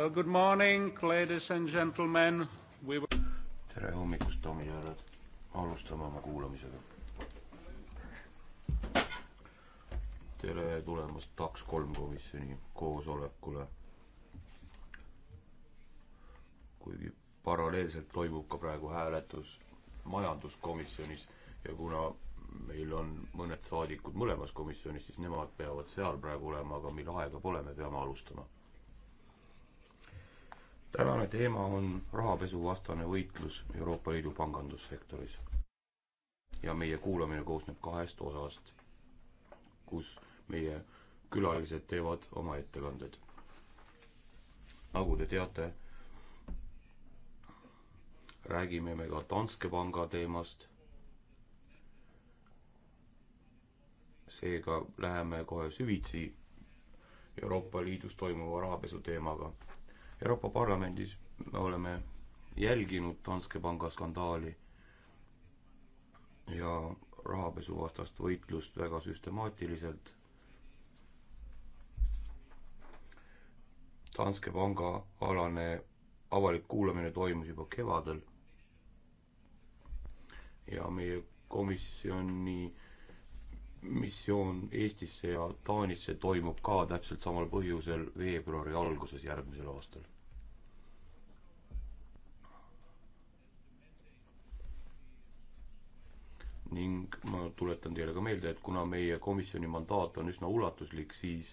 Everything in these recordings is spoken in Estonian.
Well, good morning, ladies and gentlemen. We will... tere hommikust, daamid ja härrad. alustame oma kuulamisega. tere tulemast TAKS kolm komisjoni koosolekule. kuigi paralleelselt toimub ka praegu hääletus majanduskomisjonis ja kuna meil on mõned saadikud mõlemas komisjonis, siis nemad peavad seal praegu olema, aga meil aega pole, me peame alustama tänane teema on rahapesuvastane võitlus Euroopa Liidu pangandussektoris. ja meie kuulamine koosneb kahest osast, kus meie külalised teevad oma ettekanded. nagu te teate, räägime me ka Danske panga teemast. seega läheme kohe süvitsi Euroopa Liidus toimuva rahapesu teemaga Euroopa Parlamendis me oleme jälginud Danske panga skandaali ja rahapesuvastast võitlust väga süstemaatiliselt. Danske panga alane avalik kuulamine toimus juba kevadel ja meie komisjoni missioon Eestisse ja Taanisse toimub ka täpselt samal põhjusel veebruari alguses järgmisel aastal. ning ma tuletan teile ka meelde, et kuna meie komisjoni mandaat on üsna ulatuslik, siis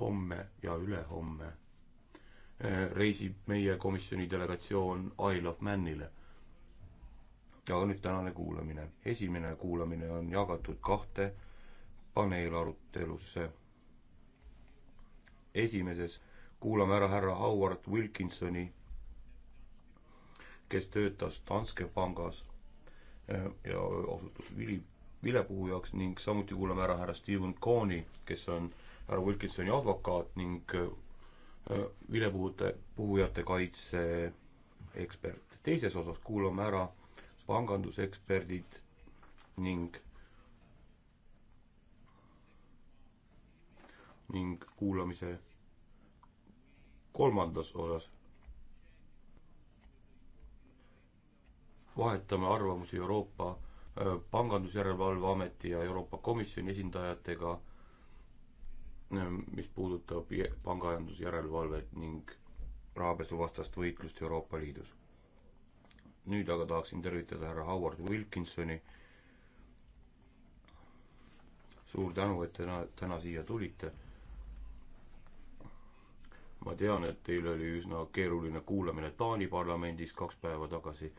homme ja ülehomme eh, reisib meie komisjoni delegatsioon Isle of Manile ja nüüd tänane kuulamine. esimene kuulamine on jagatud kahte paneelarutelusse. esimeses kuulame ära härra Howard Wilkinsoni, kes töötas Danske pangas äh, ja osutus vili, vilepuhujaks ning samuti kuulame ära härra Steven Cooni, kes on härra Wilkinsoni advokaat ning äh, vilepuhujate, puhujate kaitse ekspert. teises osas kuulame ära panganduseksperdid ning ning kuulamise kolmandas osas vahetame arvamusi Euroopa äh, Pangandusjärelevalve Ameti ja Euroopa Komisjoni esindajatega, äh, mis puudutab pangandusjärelevalvet ning rahapesuvastast võitlust Euroopa Liidus nüüd aga tahaksin tervitada härra Howard Wilkinsoni. suur tänu, et täna, täna siia tulite. ma tean, et teil oli üsna keeruline kuulamine Taani parlamendis kaks päeva tagasi.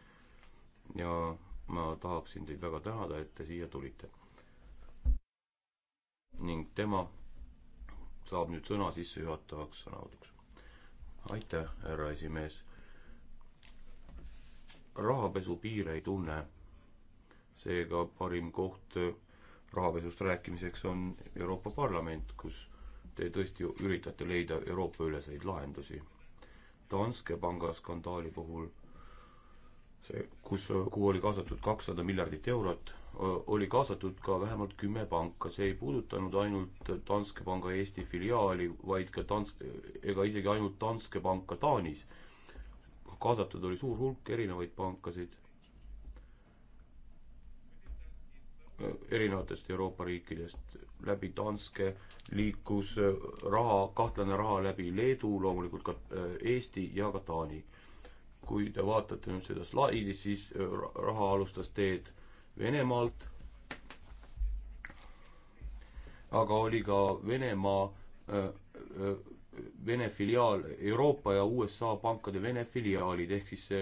ja ma tahaksin teid väga tänada, et te siia tulite. ning tema saab nüüd sõna sissejuhatavaks sõnavõtuks. aitäh, härra esimees rahapesu piire ei tunne. seega parim koht äh, rahapesust rääkimiseks on Euroopa Parlament, kus te tõesti üritate leida Euroopa-üleseid lahendusi. Danske panga skandaali puhul see, kus, äh, kuhu oli kaasatud kakssada miljardit eurot, oli kaasatud ka vähemalt kümme panka, see ei puudutanud ainult Danske panga Eesti filiaali, vaid ka Danske, ega isegi ainult Danske panka Taanis kaasatud oli suur hulk erinevaid pankasid erinevatest Euroopa riikidest, läbi Danske liikus raha, kahtlane raha läbi Leedu, loomulikult ka äh, Eesti ja ka Taani. kui te vaatate nüüd seda slaidi, siis äh, raha alustas teed Venemaalt, aga oli ka Venemaa äh, Vene filiaal, Euroopa ja USA pankade Vene filiaalid, ehk siis see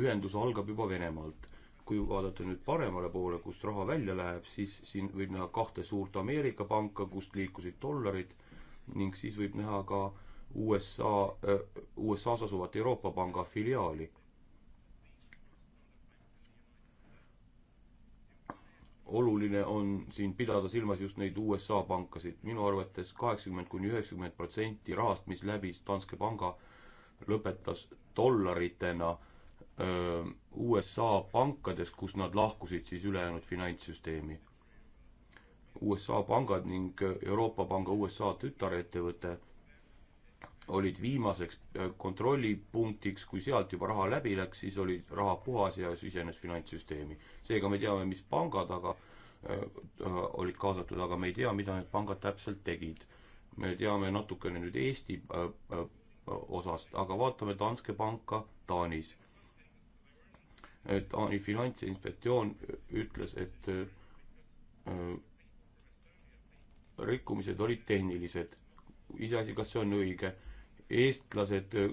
ühendus algab juba Venemaalt. kui vaadata nüüd paremale poole, kust raha välja läheb, siis siin võib näha kahte suurt Ameerika panka, kust liikusid dollarid ning siis võib näha ka USA äh,, USA-s asuvat Euroopa Panga filiaali oluline on siin pidada silmas just neid USA pankasid. minu arvates kaheksakümmend kuni üheksakümmend protsenti rahast, mis läbis Danske panga, lõpetas dollaritena öö, USA pankades, kus nad lahkusid siis ülejäänud finantssüsteemi. USA pangad ning Euroopa Panga USA tütarettevõte olid viimaseks äh, kontrollipunktiks, kui sealt juba raha läbi läks, siis oli raha puhas ja sisenes finantssüsteemi. seega me teame, mis pangad aga äh, äh, olid kaasatud, aga me ei tea, mida need pangad täpselt tegid. me teame natukene nüüd Eesti äh, äh, osast, aga vaatame Danske panka Taanis. Taani finantsinspektsioon ütles, et äh, rikkumised olid tehnilised iseasi, kas see on õige, eestlased eh,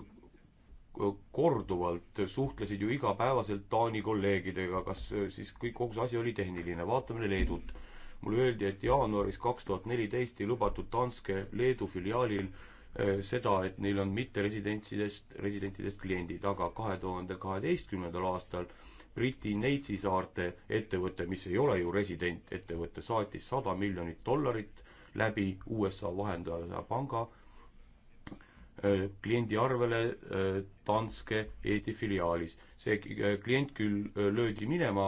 korduvalt suhtlesid ju igapäevaselt Taani kolleegidega, kas eh, siis kõik, kogu see asi oli tehniline, vaatame Leedut. mulle öeldi, et jaanuaris kaks tuhat neliteist ei lubatud Danske Leedu filiaalil eh, seda, et neil on mitteresidentsidest, residentidest kliendid, aga kahe tuhande kaheteistkümnendal aastal Briti Neitsi saarte ettevõte, mis ei ole ju resident ettevõte, saatis sada miljonit dollarit läbi USA vahendaja panga Äh, kliendi arvele äh, Danske Eesti filiaalis. see äh, klient küll löödi minema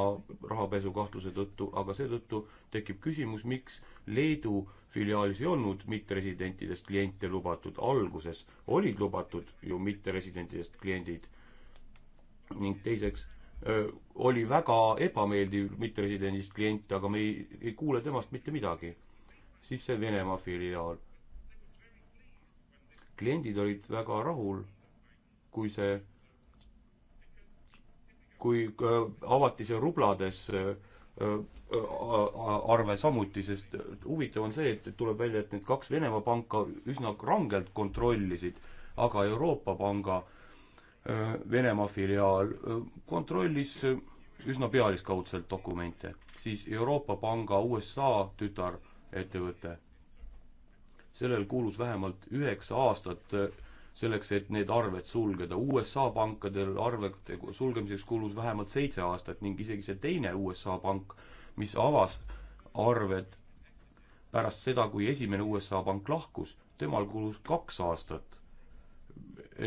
rahapesukahtluse tõttu, aga seetõttu tekib küsimus, miks Leedu filiaalis ei olnud mitteresidentidest kliente lubatud alguses, olid lubatud ju mitteresidentidest kliendid. ning teiseks, oli väga ebameeldiv mitteresidendist klient, aga me ei, ei kuule temast mitte midagi. siis see Venemaa filiaal kliendid olid väga rahul, kui see, kui äh, avati see rublades äh, äh, arve samuti, sest huvitav on see, et tuleb välja, et need kaks Venemaa panka üsna rangelt kontrollisid, aga Euroopa Panga Venemaa filiaal kontrollis üsna pealiskaudselt dokumente. siis Euroopa Panga USA tütarettevõte sellel kulus vähemalt üheksa aastat äh, selleks, et need arved sulgeda. USA pankadel arvete sulgemiseks kulus vähemalt seitse aastat ning isegi see teine USA pank, mis avas arved pärast seda, kui esimene USA pank lahkus, temal kulus kaks aastat,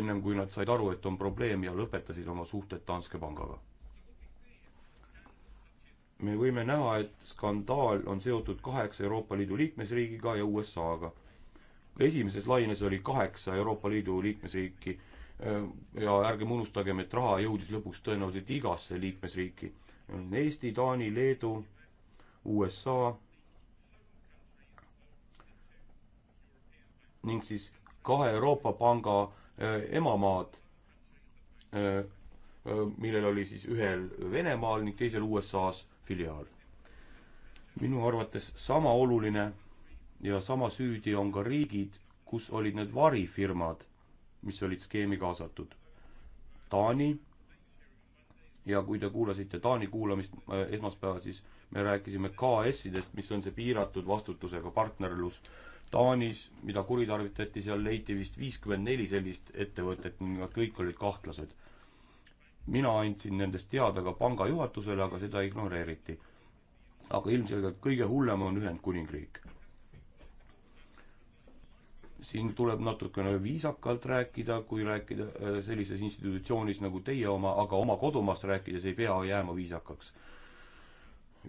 ennem kui nad said aru, et on probleem ja lõpetasid oma suhted Danske pangaga. me võime näha, et skandaal on seotud kaheksa Euroopa Liidu liikmesriigiga ja USA-ga esimeses laines oli kaheksa Euroopa Liidu liikmesriiki äh, ja ärgem unustagem, et raha jõudis lõpuks tõenäoliselt igasse liikmesriiki. on Eesti, Taani, Leedu, USA ning siis kahe Euroopa Panga äh, emamaad, äh, millel oli siis ühel Venemaal ning teisel USA-s filiaal. minu arvates sama oluline ja sama süüdi on ka riigid, kus olid need varifirmad, mis olid skeemi kaasatud. Taani ja kui te kuulasite Taani kuulamist äh, esmaspäeval, siis me rääkisime KS-idest, mis on see piiratud vastutusega partnerlus. Taanis, mida kuritarvitati, seal leiti vist viiskümmend neli sellist ettevõtet ning nad kõik olid kahtlased. mina andsin nendest teada ka panga juhatusele, aga seda ignoreeriti. aga ilmselgelt kõige hullem on Ühendkuningriik siin tuleb natukene viisakalt rääkida, kui rääkida äh, sellises institutsioonis nagu teie oma, aga oma kodumaast rääkides ei pea jääma viisakaks.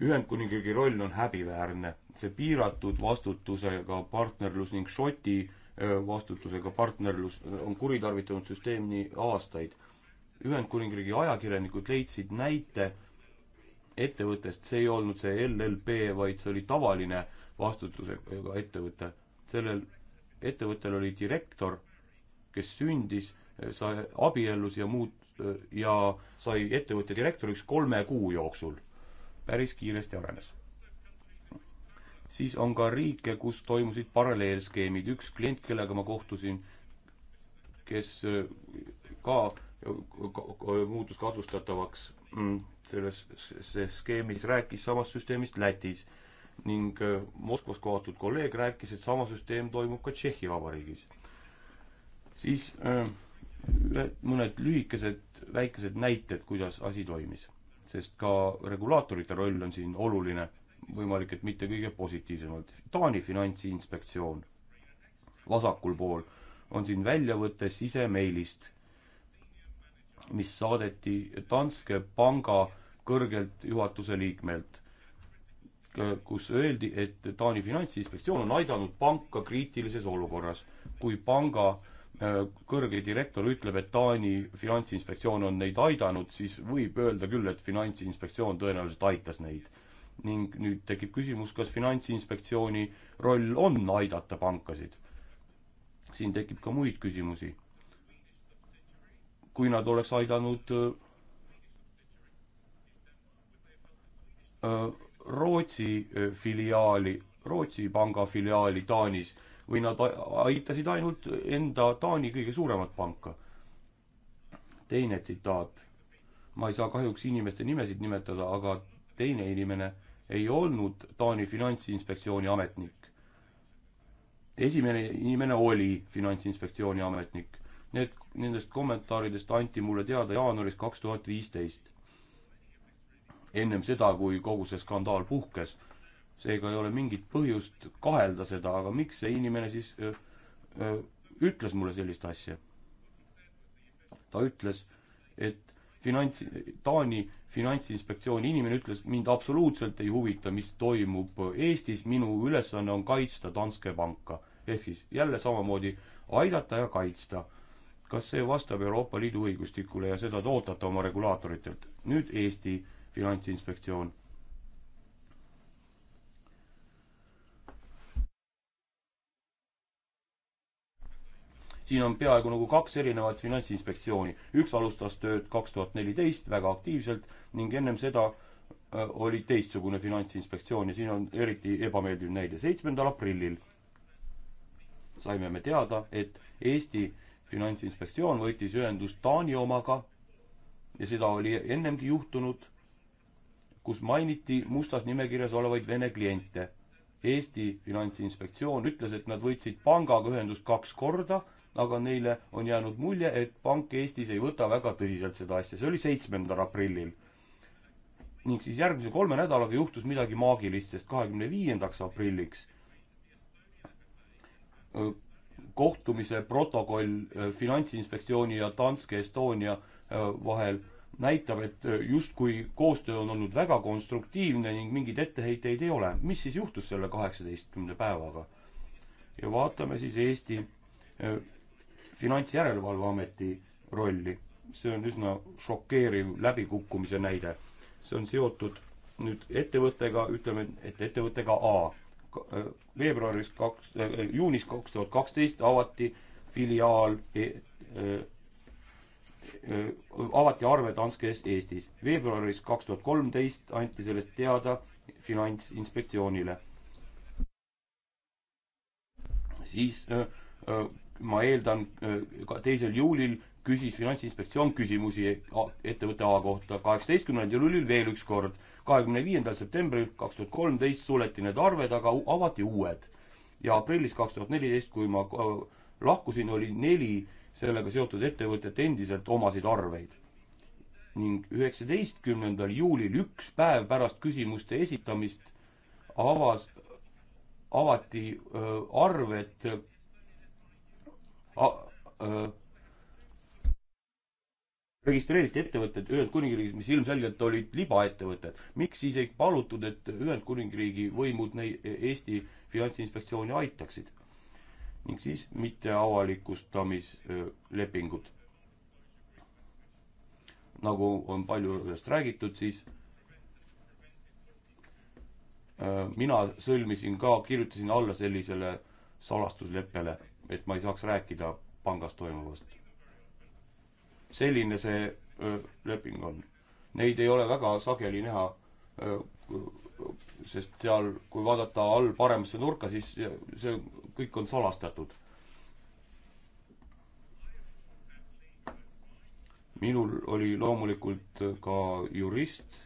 Ühendkuningriigi roll on häbiväärne, see piiratud vastutusega partnerlus ning Šoti äh, vastutusega partnerlus äh, on kuritarvitanud süsteemi aastaid. Ühendkuningriigi ajakirjanikud leidsid näite ettevõttest, see ei olnud see LLP, vaid see oli tavaline vastutusega ettevõte. sellel ettevõttel oli direktor, kes sündis, sai, abiellus ja muud ja sai ettevõtte direktoriks kolme kuu jooksul. päris kiiresti arenes. siis on ka riike, kus toimusid paralleelskeemid, üks klient, kellega ma kohtusin, kes ka, ka muutus kahtlustatavaks mm, selles, selles skeemis, rääkis samast süsteemist Lätis ning äh, Moskvas kohatud kolleeg rääkis, et sama süsteem toimub ka Tšehhi Vabariigis. siis äh, ühed, mõned lühikesed väikesed näited, kuidas asi toimis. sest ka regulaatorite roll on siin oluline, võimalik, et mitte kõige positiivsemalt. Taani finantsinspektsioon vasakul pool on siin väljavõte sisemeilist, mis saadeti Danske panga kõrgelt juhatuse liikmelt Äh, kus öeldi, et Taani finantsinspektsioon on aidanud panka kriitilises olukorras. kui panga äh, kõrge direktor ütleb, et Taani finantsinspektsioon on neid aidanud, siis võib öelda küll, et finantsinspektsioon tõenäoliselt aitas neid. ning nüüd tekib küsimus, kas finantsinspektsiooni roll on aidata pankasid. siin tekib ka muid küsimusi. kui nad oleks aidanud öö, äh, Rootsi eh, filiaali, Rootsi panga filiaali Taanis või nad aitasid ainult enda Taani kõige suuremat panka. teine tsitaat. ma ei saa kahjuks inimeste nimesid nimetada, aga teine inimene ei olnud Taani finantsinspektsiooni ametnik. esimene inimene oli finantsinspektsiooni ametnik. Need, nendest kommentaaridest anti mulle teada jaanuaris kaks tuhat viisteist ennem seda, kui kogu see skandaal puhkes. seega ei ole mingit põhjust kahelda seda, aga miks see inimene siis öö, öö, ütles mulle sellist asja? ta ütles, et finants, Taani finantsinspektsiooni inimene ütles, mind absoluutselt ei huvita, mis toimub Eestis, minu ülesanne on kaitsta Danske panka. ehk siis jälle samamoodi aidata ja kaitsta. kas see vastab Euroopa Liidu õigustikule ja seda te ootate oma regulaatoritelt? nüüd Eesti Finantsinspektsioon. siin on peaaegu nagu kaks erinevat finantsinspektsiooni. üks alustas tööd kaks tuhat neliteist väga aktiivselt ning ennem seda äh, oli teistsugune finantsinspektsioon ja siin on eriti ebameeldiv näide. seitsmendal aprillil saime me teada, et Eesti finantsinspektsioon võttis ühendust Taani omaga ja seda oli ennemgi juhtunud kus mainiti mustas nimekirjas olevaid Vene kliente. Eesti Finantsinspektsioon ütles, et nad võtsid pangaga ühendust kaks korda, aga neile on jäänud mulje, et pank Eestis ei võta väga tõsiselt seda asja, see oli seitsmendal aprillil. ning siis järgmise kolme nädalaga juhtus midagi maagilist, sest kahekümne viiendaks aprilliks kohtumise protokoll Finantsinspektsiooni ja Danske Estonia vahel näitab, et äh, justkui koostöö on olnud väga konstruktiivne ning mingeid etteheiteid ei ole. mis siis juhtus selle kaheksateistkümne päevaga? ja vaatame siis Eesti äh, Finantsjärelevalveameti rolli. see on üsna šokeeriv läbikukkumise näide. see on seotud nüüd ettevõttega, ütleme, et ettevõttega A. Äh, veebruaris kaks, juunis kaks tuhat kaksteist avati filiaal e, e Äh, avati arve Danskes Eestis. veebruaris kaks tuhat kolmteist anti sellest teada Finantsinspektsioonile. siis äh, äh, ma eeldan, ka teisel juulil küsis Finantsinspektsioon küsimusi ettevõtte A kohta. kaheksateistkümnendal juulil veel üks kord. kahekümne viiendal septembril kaks tuhat kolmteist suleti need arved, aga avati uued. ja aprillis kaks tuhat neliteist, kui ma lahkusin, oli neli sellega seotud ettevõtjad endiselt omasid arveid. ning üheksateistkümnendal juulil, üks päev pärast küsimuste esitamist, avas, avati öö, arved A, öö, registreeriti ettevõtted Ühendkuningriigis, mis ilmselgelt olid libaettevõtted. miks siis ei palutud, et Ühendkuningriigi võimud neid, Eesti Finantsinspektsiooni aitaksid? ning siis mitteavalikustamislepingud. Äh, nagu on palju sellest räägitud, siis äh, mina sõlmisin ka, kirjutasin alla sellisele salastusleppele, et ma ei saaks rääkida pangas toimuvast. selline see äh, leping on. Neid ei ole väga sageli näha, sest seal, kui vaadata all paremasse nurka, siis see kõik on salastatud. minul oli loomulikult ka jurist.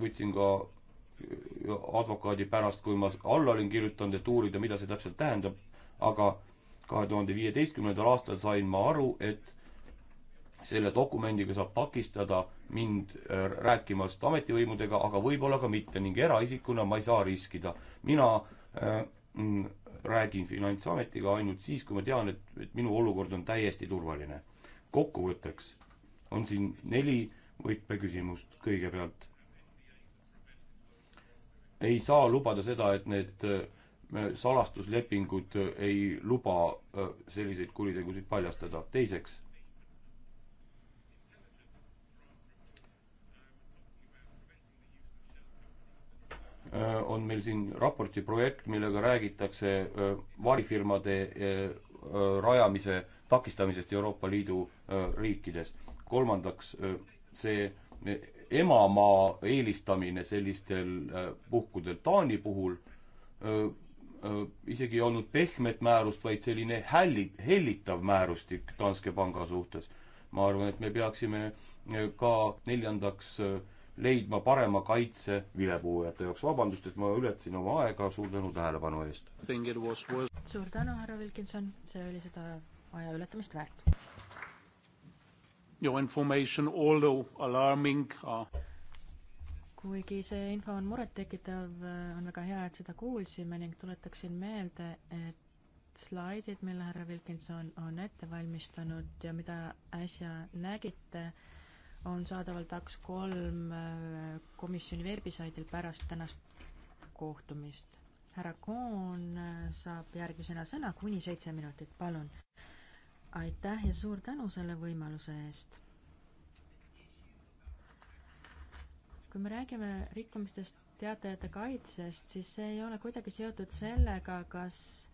võtsin ka advokaadi pärast, kui ma alla olin kirjutanud, et uurida, mida see täpselt tähendab, aga kahe tuhande viieteistkümnendal aastal sain ma aru, et selle dokumendiga saab takistada mind äh, rääkimast ametivõimudega, aga võib-olla ka mitte ning eraisikuna ma ei saa riskida. mina äh, mm, räägin Finantsametiga ainult siis, kui ma tean, et, et minu olukord on täiesti turvaline. kokkuvõtteks on siin neli võtmeküsimust kõigepealt. ei saa lubada seda, et need äh, salastuslepingud äh, ei luba selliseid kuritegusid paljastada. teiseks Äh, on meil siin raporti projekt, millega räägitakse äh, varifirmade äh, rajamise takistamisest Euroopa Liidu riikides. kolmandaks, see emamaa eelistamine sellistel puhkudel Taani puhul, isegi ei olnud pehmet määrust, vaid selline hälli, hellitav määrustik Danske panga suhtes. ma arvan, et me peaksime ka neljandaks äh, leidma parema kaitse vilepuhujate jaoks. vabandust, et ma ületasin oma aega, suur tänu tähelepanu eest! suur tänu, härra Wilkinson, see oli seda aja ületamist väärt. Your information, although alarming uh... kuigi see info on murettekitav, äh, on väga hea, et seda kuulsime ning tuletaksin meelde, et slaidid, mille härra Wilkinson on ette valmistanud ja mida äsja nägite, on saadaval taks kolm äh, komisjoni veebisaidil pärast tänast kohtumist. härra Koon äh, saab järgmisena sõna kuni seitse minutit, palun. aitäh ja suur tänu selle võimaluse eest. kui me räägime rikkumistest teatajate kaitsest, siis see ei ole kuidagi seotud sellega, kas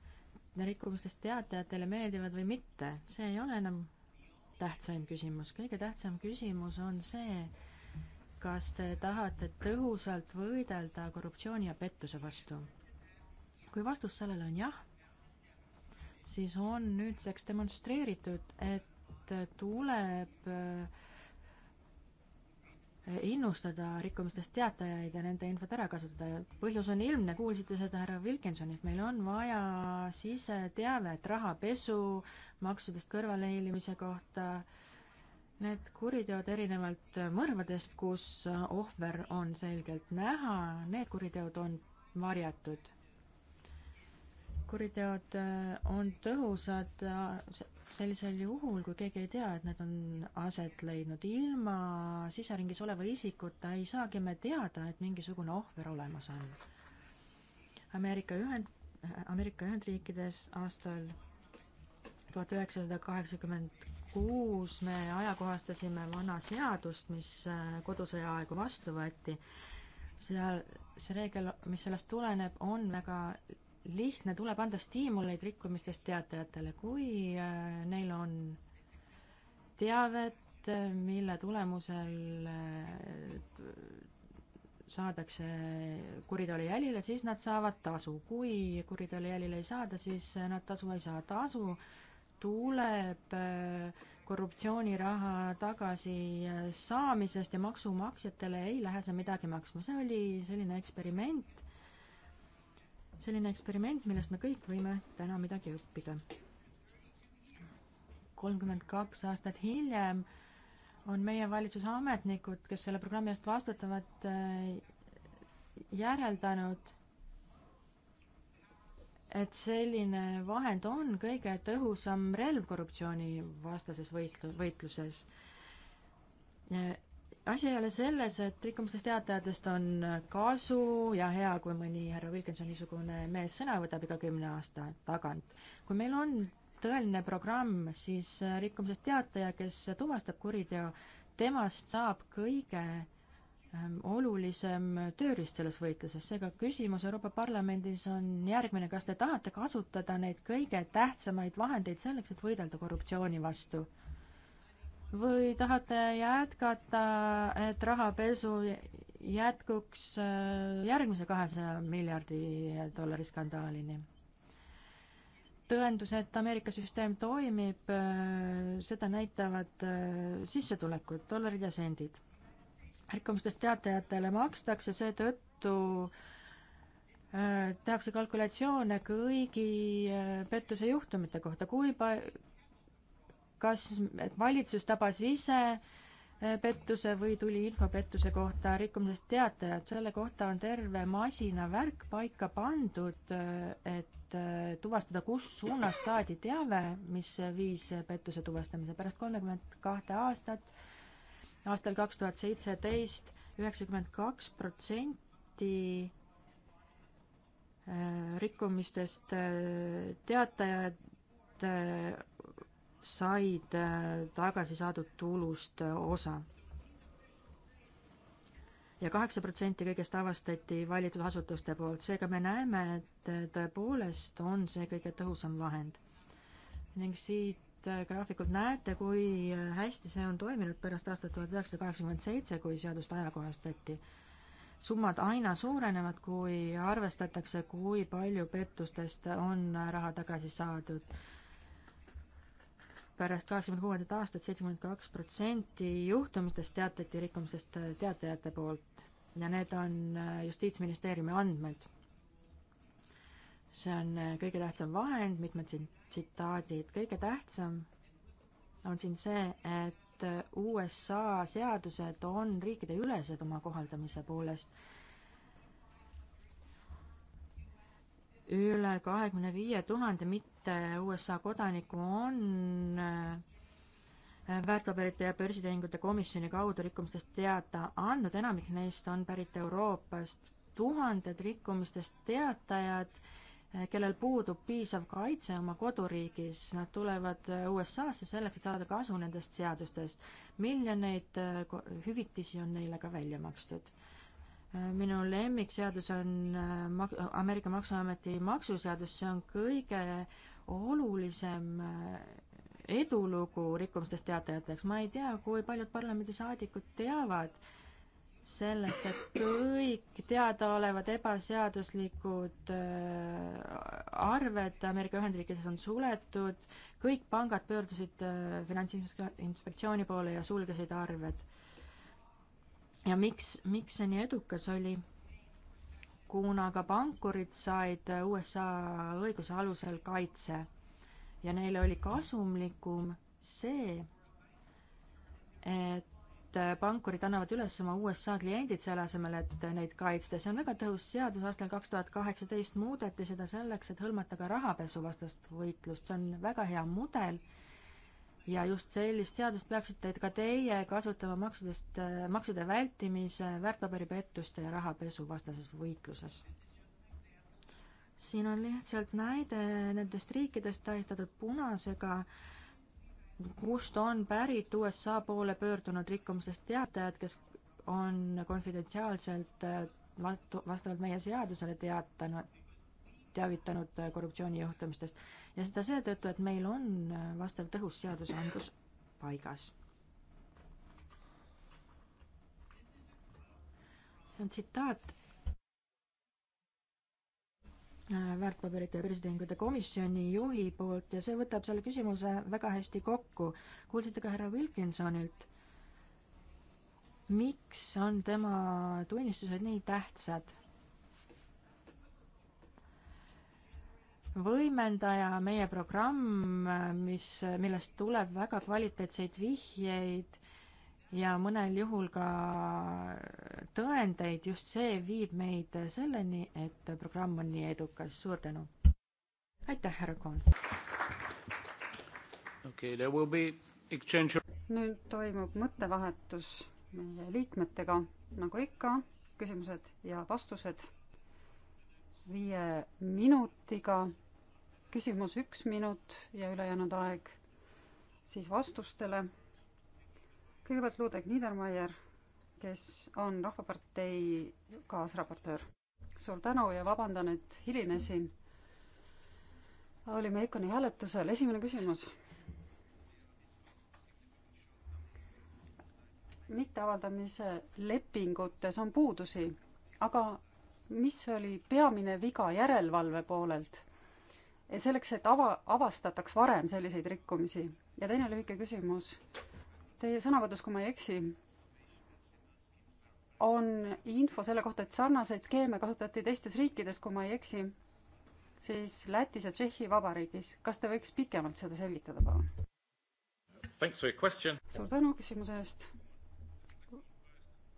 rikkumistest teatajatele meeldivad või mitte, see ei ole enam tähtsaim küsimus. kõige tähtsam küsimus on see, kas te tahate tõhusalt võidelda korruptsiooni ja pettuse vastu? kui vastus sellele on jah, siis on nüüdseks demonstreeritud, et tuleb äh, innustada rikkumistest teatajaid ja nende infot ära kasutada. põhjus on ilmne, kuulsite seda härra Wilkinsonilt, meil on vaja siseteavet rahapesu, maksudest kõrvalehiilimise kohta, need kuriteod erinevalt mõrvadest, kus ohver on selgelt näha, need kuriteod on varjatud kuriteod äh, on tõhusad äh, sellisel juhul, kui keegi ei tea, et need on aset leidnud ilma siseringis oleva isikuta, ei saagi me teada, et mingisugune ohver olemas on. Ameerika Ühend-, Ameerika Ühendriikides aastal tuhat üheksasada kaheksakümmend kuus me ajakohastasime vana seadust, mis äh, kodusõja aegu vastu võeti. seal see reegel, mis sellest tuleneb, on väga lihtne, tuleb anda stiimuleid rikkumistest teatajatele, kui äh, neil on teavet, äh, mille tulemusel äh, saadakse kuriteo jälile, siis nad saavad tasu. kui kuriteo jälile ei saada, siis nad tasu ei saa. tasu tuleb korruptsiooniraha tagasi saamisest ja maksumaksjatele ei lähe see midagi maksma. see oli selline eksperiment, selline eksperiment, millest me kõik võime täna midagi õppida. kolmkümmend kaks aastat hiljem on meie valitsuse ametnikud, kes selle programmi eest vastutavad, äh, järeldanud, et selline vahend on kõige tõhusam relv korruptsioonivastases võitlu-, võitluses asi ei ole selles, et rikkumistest teatajatest on kasu ja hea, kui mõni härra Wilkinson niisugune mees sõna võtab iga kümne aasta tagant. kui meil on tõeline programm, siis rikkumisest teataja, kes tuvastab kuriteo, temast saab kõige ähm, olulisem tööriist selles võitluses, seega küsimus Euroopa Parlamendis on järgmine, kas te tahate kasutada neid kõige tähtsamaid vahendeid selleks, et võidelda korruptsiooni vastu? või tahate jätkata, et rahapesu jätkuks äh, järgmise kahesaja miljardi dollari skandaalini? tõendus, et Ameerika süsteem toimib, äh, seda näitavad äh, sissetulekud, dollarid ja sendid. ärkamustest teatajatele makstakse seetõttu tehakse kalkulatsioone kõigi pettuse juhtumite kohta, kui pa-, kas valitsus tabas ise äh, pettuse või tuli info pettuse kohta rikkumisest teatajad, selle kohta on terve masinavärk paika pandud, äh, et äh, tuvastada, kus suunas saadi teave, mis viis pettuse tuvastamise pärast kolmekümmet kahte aastat, aastal kaks tuhat seitseteist üheksakümmend kaks protsenti rikkumistest teatajad said äh, tagasi saadud tulust äh, osa ja. ja kaheksa protsenti kõigest avastati valitud asutuste poolt, seega me näeme, et äh, tõepoolest on see kõige tõhusam vahend. ning siit graafikult näete, kui hästi see on toiminud pärast aastat tuhat üheksasada kaheksakümmend seitse, kui seadust ajakohastati. summad aina suurenevad, kui arvestatakse, kui palju pettustest on raha tagasi saadud pärast kaheksakümne kuuendat aastat seitsekümmend kaks protsenti juhtumitest teatati rikkumisest teatajate poolt ja need on äh, Justiitsministeeriumi andmed. see on äh, kõige tähtsam vahend, mitmed siin tsitaadid, kõige tähtsam on siin see, et äh, USA seadused on riikideülesed oma kohaldamise poolest üle kahekümne viie tuhande mitte USA kodaniku on äh, väärtpaberite ja börsitehingute komisjoni kaudu rikkumistest teada andnud, enamik neist on pärit Euroopast. tuhanded rikkumistest teatajad, äh, kellel puudub piisav kaitse oma koduriigis, nad tulevad äh, USA-sse selleks, et saada kasu nendest seadustest. miljoneid hüvitisi on neile ka välja makstud minu lemmikseadus on äh, mak-, Ameerika Maksuameti maksuseadus, see on kõige olulisem äh, edulugu rikkumistest teatajateks, ma ei tea, kui paljud parlamendisaadikud teavad sellest, et kõik teadaolevad ebaseaduslikud äh, arved Ameerika Ühendriikides on suletud, kõik pangad pöördusid Finantsinspektsiooni poole ja sulgesid arved ja miks, miks see nii edukas oli? kuna ka pankurid said USA õiguse alusel kaitse ja neile oli kasumlikum see, et pankurid annavad üles oma USA kliendid selle asemel, et neid kaitsta. see on väga tõhus seadus, aastal kaks tuhat kaheksateist muudeti seda selleks, et hõlmata ka rahapesuvastast võitlust. see on väga hea mudel ja just sellist seadust peaksite ka teie kasutama maksudest, maksude vältimise, väärtpaberipettuste ja rahapesu vastases võitluses. siin on lihtsalt näide nendest riikidest tähistatud punasega, kust on pärit USA poole pöördunud rikkumistest teatajad, kes on konfidentsiaalselt vastu, vastavalt meie seadusele teatanud, teavitanud äh, korruptsioonijuhtumistest ja seda seetõttu, et meil on äh, vastav tõhus seadusandlus paigas. see on tsitaat äh, väärtpaberite ja börsitehingute komisjoni juhi poolt ja see võtab selle küsimuse väga hästi kokku. kuulsite ka härra Wilkinsonilt, miks on tema tunnistused nii tähtsad? võimendaja, meie programm, mis, millest tuleb väga kvaliteetseid vihjeid ja mõnel juhul ka tõendeid, just see viib meid selleni, et programm on nii edukas, suur tänu! aitäh, härra Koon! nüüd toimub mõttevahetus meie liikmetega, nagu ikka, küsimused ja vastused viie minutiga küsimus üks minut ja ülejäänud aeg siis vastustele. kõigepealt Ludek Niedermayer, kes on Rahvapartei kaasraportöör. suur tänu ja vabandan, et hilinesin. olime EKONi hääletusel, esimene küsimus. mitteavaldamise lepingutes on puudusi, aga mis oli peamine viga järelevalve poolelt? selleks, et ava, avastataks varem selliseid rikkumisi. ja teine lühike küsimus. Teie sõnavõtus, kui ma ei eksi, on info selle kohta, et sarnaseid skeeme kasutati teistes riikides, kui ma ei eksi, siis Lätis ja Tšehhi Vabariigis. kas te võiks pikemalt seda selgitada, palun? suur tänu küsimuse eest.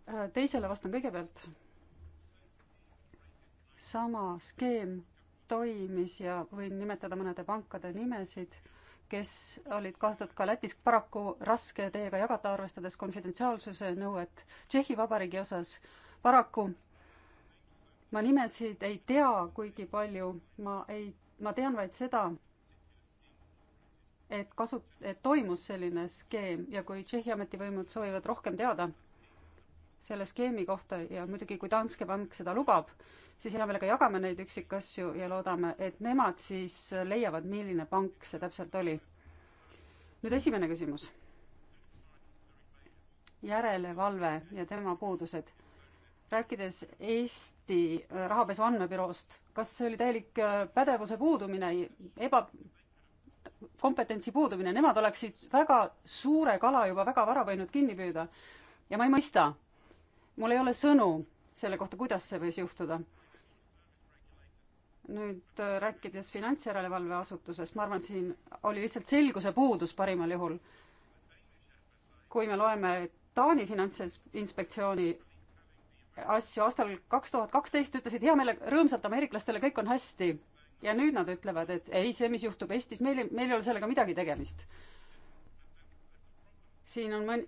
Äh, teisele vastan kõigepealt. sama skeem toimis ja võin nimetada mõnede pankade nimesid, kes olid kaasatud ka Lätis, paraku raske teiega jagada, arvestades konfidentsiaalsuse nõuet Tšehhi Vabariigi osas. paraku ma nimesid ei tea kuigi palju, ma ei, ma tean vaid seda, et kasu, et toimus selline skeem ja kui Tšehhi ametivõimud soovivad rohkem teada selle skeemi kohta ja muidugi, kui Danske pank seda lubab, siis hea meelega jagame neid üksikasju ja loodame, et nemad siis leiavad, milline pank see täpselt oli. nüüd esimene küsimus. järelevalve ja tema puudused. rääkides Eesti äh, Rahapesu Andmebüroost, kas see oli täielik äh, pädevuse puudumine, eba, kompetentsi puudumine, nemad oleksid väga suure kala juba väga vara võinud kinni püüda. ja ma ei mõista, mul ei ole sõnu selle kohta, kuidas see võis juhtuda nüüd äh, rääkides finantsjärelevalveasutusest, ma arvan, siin oli lihtsalt selguse puudus parimal juhul. kui me loeme Taani finantsinspektsiooni asju aastal kaks tuhat kaksteist, ütlesid hea meelega rõõmsalt ameeriklastele, kõik on hästi. ja nüüd nad ütlevad, et ei, see, mis juhtub Eestis, meil ei, meil ei ole sellega midagi tegemist. siin on mõn-,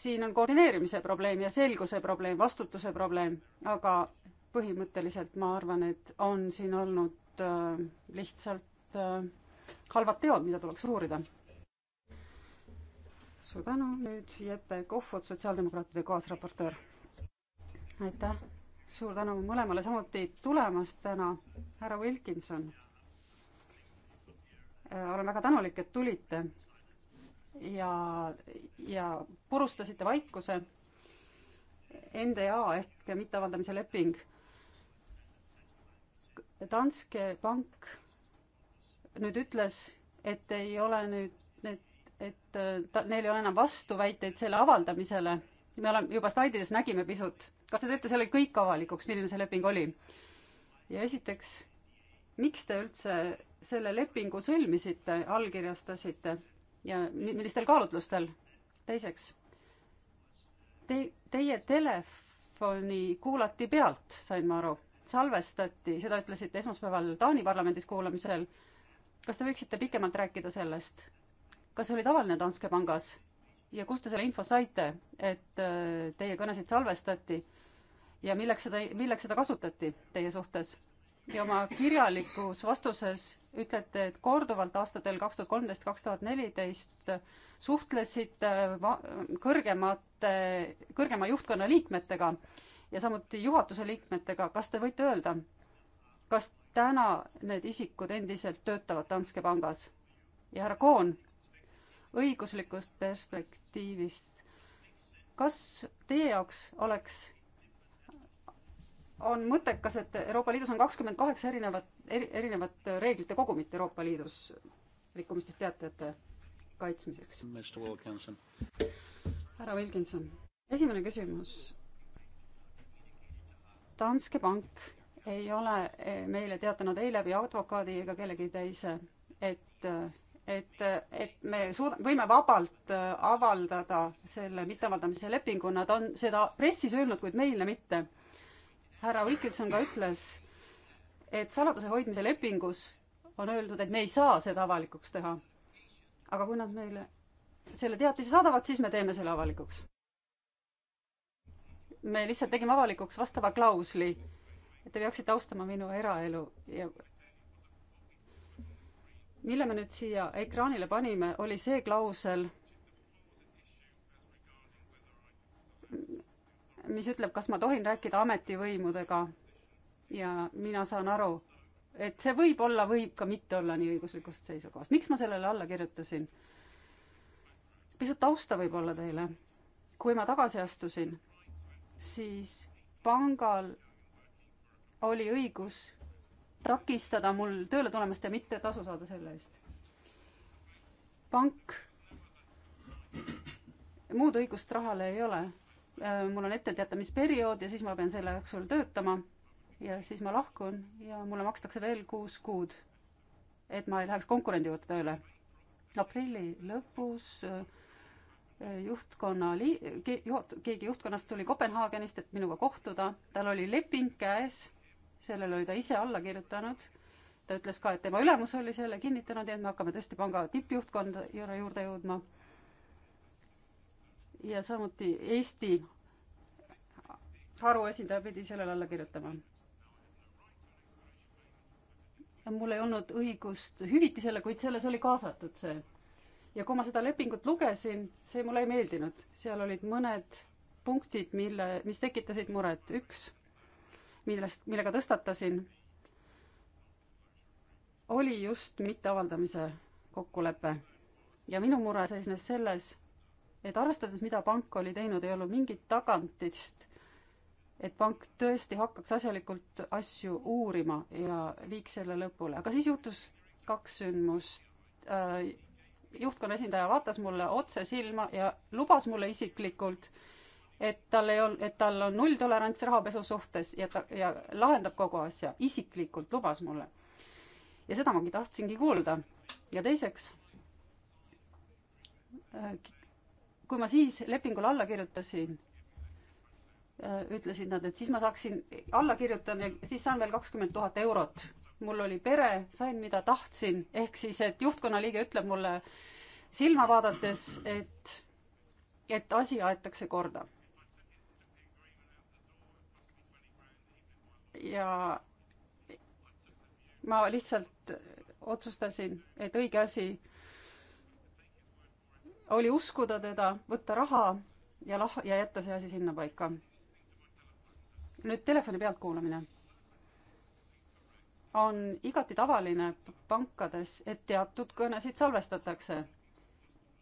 siin on koordineerimise probleem ja selguse probleem, vastutuse probleem, aga põhimõtteliselt ma arvan, et on siin olnud äh, lihtsalt äh, halvad teod, mida tuleks uurida. suur tänu, nüüd Jeppe Kohvot, sotsiaaldemokraatide kaasraportöör. aitäh, suur tänu mõlemale samuti tulemast täna, härra Wilkinson äh,. olen väga tänulik, et tulite ja, ja purustasite vaikuse NDA ehk mitteavaldamise leping Danske pank nüüd ütles, et ei ole nüüd, et, et äh, ta, neil ei ole enam vastuväiteid selle avaldamisele. me oleme juba slaidides nägime pisut, kas te teete selle kõik avalikuks, milline see leping oli? ja esiteks, miks te üldse selle lepingu sõlmisite, allkirjastasite ja millistel kaalutlustel? teiseks, te, teie telefoni kuulati pealt, sain ma aru salvestati, seda ütlesite esmaspäeval Taani parlamendis kuulamisel. kas te võiksite pikemalt rääkida sellest? kas oli tavaline Danske pangas ja kust te selle info saite, et äh, teie kõnesid salvestati ja milleks seda, milleks seda kasutati teie suhtes? ja oma kirjalikus vastuses ütlete, et korduvalt aastatel kaks tuhat kolmteist, kaks tuhat neliteist suhtlesite kõrgemate, kõrgema juhtkonna liikmetega ja samuti juhatuse liikmetega, kas te võite öelda, kas täna need isikud endiselt töötavad Danske pangas? ja härra Koon, õiguslikust perspektiivist, kas teie jaoks oleks on mõttekas, et Euroopa Liidus on kakskümmend kaheksa erinevat eri,, erinevat reeglite kogumit Euroopa Liidus rikkumistest teatajate kaitsmiseks. härra Wilkinson, esimene küsimus Danske Bank ei ole eh, meile teatanud ei läbi advokaadi ega kellegi teise, et, eh, et, eh, et me suud-, võime vabalt avaldada selle mitteavaldamise lepingu, nad on seda pressis öelnud, kuid meile mitte. härra Wilkinson ka ütles, et saladuse hoidmise lepingus on öeldud, et me ei saa seda avalikuks teha. aga kui nad meile selle teatise saadavad, siis me teeme selle avalikuks me lihtsalt tegime avalikuks vastava klausli, et te peaksite austama minu eraelu ja mille me nüüd siia ekraanile panime, oli see klausel, mis ütleb, kas ma tohin rääkida ametivõimudega. ja mina saan aru, et see võib olla, võib ka mitte olla nii õiguslikust seisukohast. miks ma sellele alla kirjutasin? pisut tausta võib-olla teile. kui ma tagasi astusin siis pangal oli õigus takistada mul tööle tulemast ja mitte tasu saada selle eest. pank, muud õigust rahale ei ole. Äh, mul on etteteatamisperiood ja siis ma pean selle jooksul töötama ja siis ma lahkun ja mulle makstakse veel kuus kuud, et ma ei läheks konkurendi juurde tööle. aprilli lõpus äh, juhtkonna li-, keegi juhtkonnast tuli Kopenhaagenist, et minuga kohtuda, tal oli leping käes, sellele oli ta ise alla kirjutanud, ta ütles ka, et tema ülemus oli selle kinnitanud ja et me hakkame tõesti panga tippjuhtkonda juurde jõudma. ja samuti Eesti haru esindaja pidi sellele alla kirjutama. mul ei olnud õigust hüvitisele, kuid selles oli kaasatud see ja kui ma seda lepingut lugesin, see mulle ei meeldinud, seal olid mõned punktid, mille, mis tekitasid muret, üks, millest, millega tõstatasin, oli just mitteavaldamise kokkulepe. ja minu mure seisnes selles, et arvestades, mida pank oli teinud, ei olnud mingit tagantist, et pank tõesti hakkaks asjalikult asju uurima ja viiks selle lõpule, aga siis juhtus kaks sündmust äh, juhtkonna esindaja vaatas mulle otse silma ja lubas mulle isiklikult, et tal ei olnud, et tal on nulltolerants rahapesu suhtes ja ta, ja lahendab kogu asja, isiklikult lubas mulle. ja seda magi tahtsingi kuulda. ja teiseks, äh, kui ma siis lepingule alla kirjutasin, äh, ütlesid nad, et siis ma saaksin, alla kirjutan ja siis saan veel kakskümmend tuhat eurot mul oli pere, sain, mida tahtsin, ehk siis, et juhtkonna liige ütleb mulle silma vaadates, et, et asi aetakse korda. ja ma lihtsalt otsustasin, et õige asi oli uskuda teda, võtta raha ja lah-, ja jätta see asi sinnapaika. nüüd telefoni pealtkuulamine on igati tavaline pankades, et teatud kõnesid salvestatakse.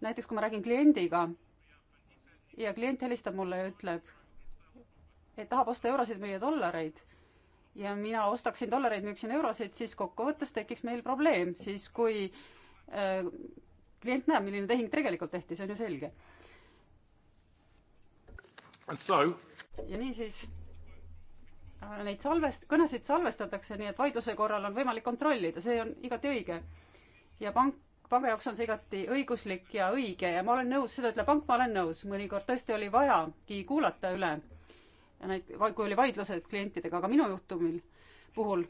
näiteks kui ma räägin kliendiga ja klient helistab mulle ja ütleb, et tahab osta eurosid, müüa dollareid ja mina ostaksin dollareid, müüksin eurosid, siis kokkuvõttes tekiks meil probleem, siis kui äh, klient näeb, milline tehing tegelikult tehti, see on ju selge. ja niisiis neid salvest-, kõnesid salvestatakse, nii et vaidluse korral on võimalik kontrollida, see on igati õige. ja pank, panga jaoks on see igati õiguslik ja õige ja ma olen nõus, seda ütleb pank, ma olen nõus, mõnikord tõesti oli vajagi kuulata üle neid, kui oli vaidlused klientidega, aga minu juhtumil, puhul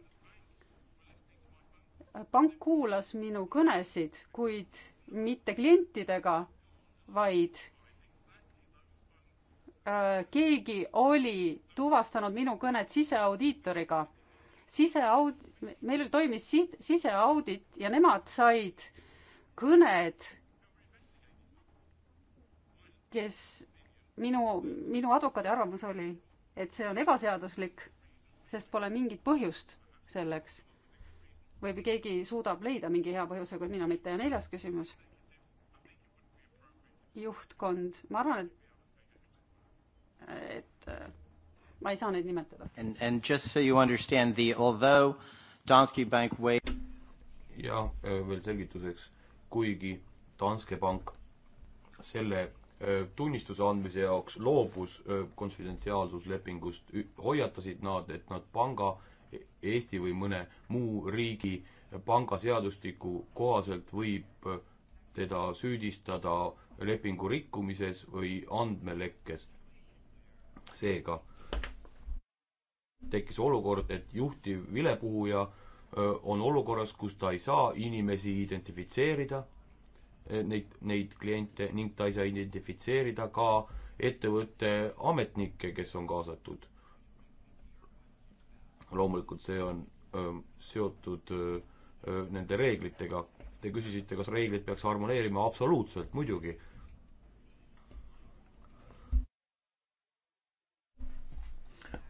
pank kuulas minu kõnesid, kuid mitte klientidega, vaid Äh, keegi oli tuvastanud minu kõnet siseaudiitoriga. siseaud-, meil toimis si-, siseaudit ja nemad said kõned, kes minu, minu advokaadi arvamus oli, et see on ebaseaduslik, sest pole mingit põhjust selleks. võib-olla keegi suudab leida mingi hea põhjuse, kuid mina mitte. ja neljas küsimus. juhtkond, ma arvan, et et äh, ma ei saa neid nimetada. And, and just so you understand the although Danske Bank way ja äh, veel selgituseks, kuigi Danske Bank selle äh, tunnistuse andmise jaoks loobus konfidentsiaalsuslepingust, hoiatasid nad, et nad panga, Eesti või mõne muu riigi pangaseadustiku kohaselt võib teda süüdistada lepingu rikkumises või andmelekkes seega tekkis olukord, et juhtiv vilepuhuja on olukorras, kus ta ei saa inimesi identifitseerida, neid, neid kliente, ning ta ei saa identifitseerida ka ettevõtte ametnikke, kes on kaasatud. loomulikult see on öö, seotud öö, nende reeglitega. Te küsisite, kas reeglid peaks harmoneerima, absoluutselt, muidugi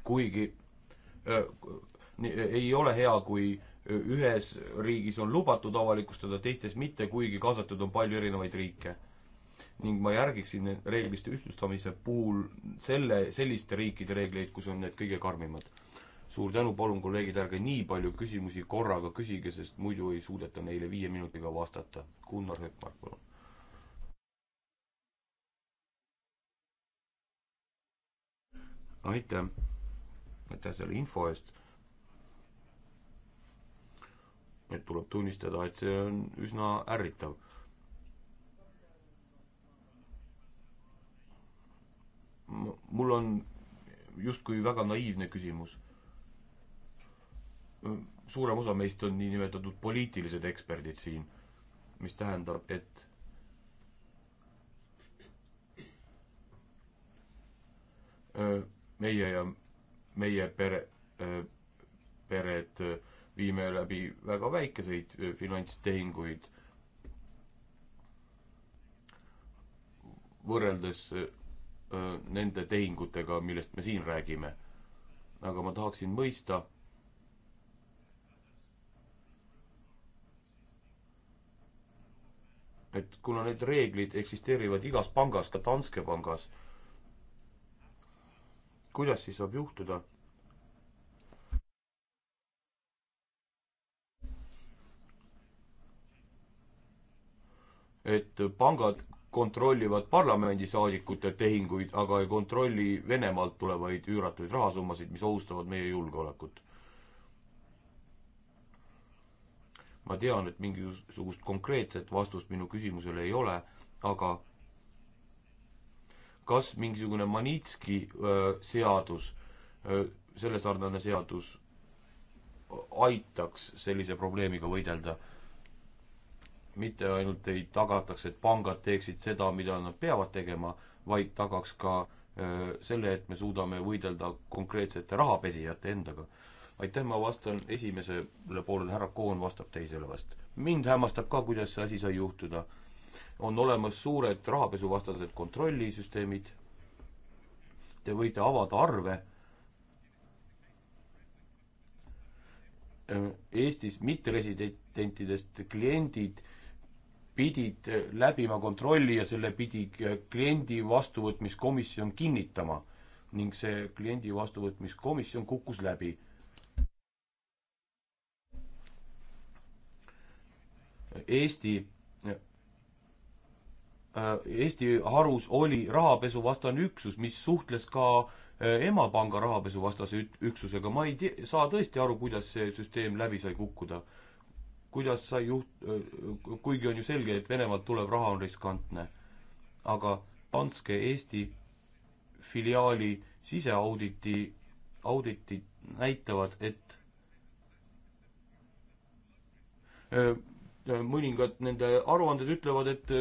kuigi äh, äh, ei ole hea, kui äh, ühes riigis on lubatud avalikustada, teistes mitte, kuigi kaasatud on palju erinevaid riike. ning ma järgiksin reegliste ühtlustamise puhul selle, selliste riikide reegleid, kus on need kõige karmimad. suur tänu, palun kolleegid, ärge nii palju küsimusi korraga küsige, sest muidu ei suudeta neile viie minutiga vastata. Gunnar Hökmark, palun. aitäh! aitäh selle info eest. et tuleb tunnistada, et see on üsna ärritav. mul on justkui väga naiivne küsimus. suurem osa meist on niinimetatud poliitilised eksperdid siin, mis tähendab, et meie ja meie pere, äh, pered äh, viime läbi väga väikeseid äh, finantstehinguid võrreldes nende tehingutega, millest me siin räägime. aga ma tahaksin mõista, et kuna need reeglid eksisteerivad igas pangas, ka Danske pangas, kuidas siis saab juhtuda? et pangad kontrollivad parlamendisaadikute tehinguid, aga ei kontrolli Venemaalt tulevaid üüratuid rahasummasid, mis ohustavad meie julgeolekut. ma tean, et mingisugust konkreetset vastust minu küsimusele ei ole, aga kas mingisugune Manitski seadus, sellesarnane seadus aitaks sellise probleemiga võidelda? mitte ainult ei tagataks, et pangad teeksid seda, mida nad peavad tegema, vaid tagaks ka öö, selle, et me suudame võidelda konkreetsete rahapesijate endaga. aitäh, ma vastan esimesele poolele, härra Koon vastab teisele vast. mind hämmastab ka, kuidas see asi sai juhtuda on olemas suured rahapesuvastased kontrollisüsteemid, te võite avada arve ehm, Eestis mitteresidentidest kliendid pidid läbima kontrolli ja selle pidi kliendi vastuvõtmiskomisjon kinnitama ning see kliendi vastuvõtmiskomisjon kukkus läbi. Eesti Äh, Eesti harus oli rahapesuvastane üksus, mis suhtles ka äh, emapanga rahapesuvastase üksusega, ma ei tea, saa tõesti aru, kuidas see süsteem läbi sai kukkuda. kuidas sai juht-, äh, kuigi on ju selge, et Venemaalt tulev raha on riskantne. aga Danske Eesti filiaali siseauditi, auditid näitavad, et mõningad nende aruanded ütlevad, et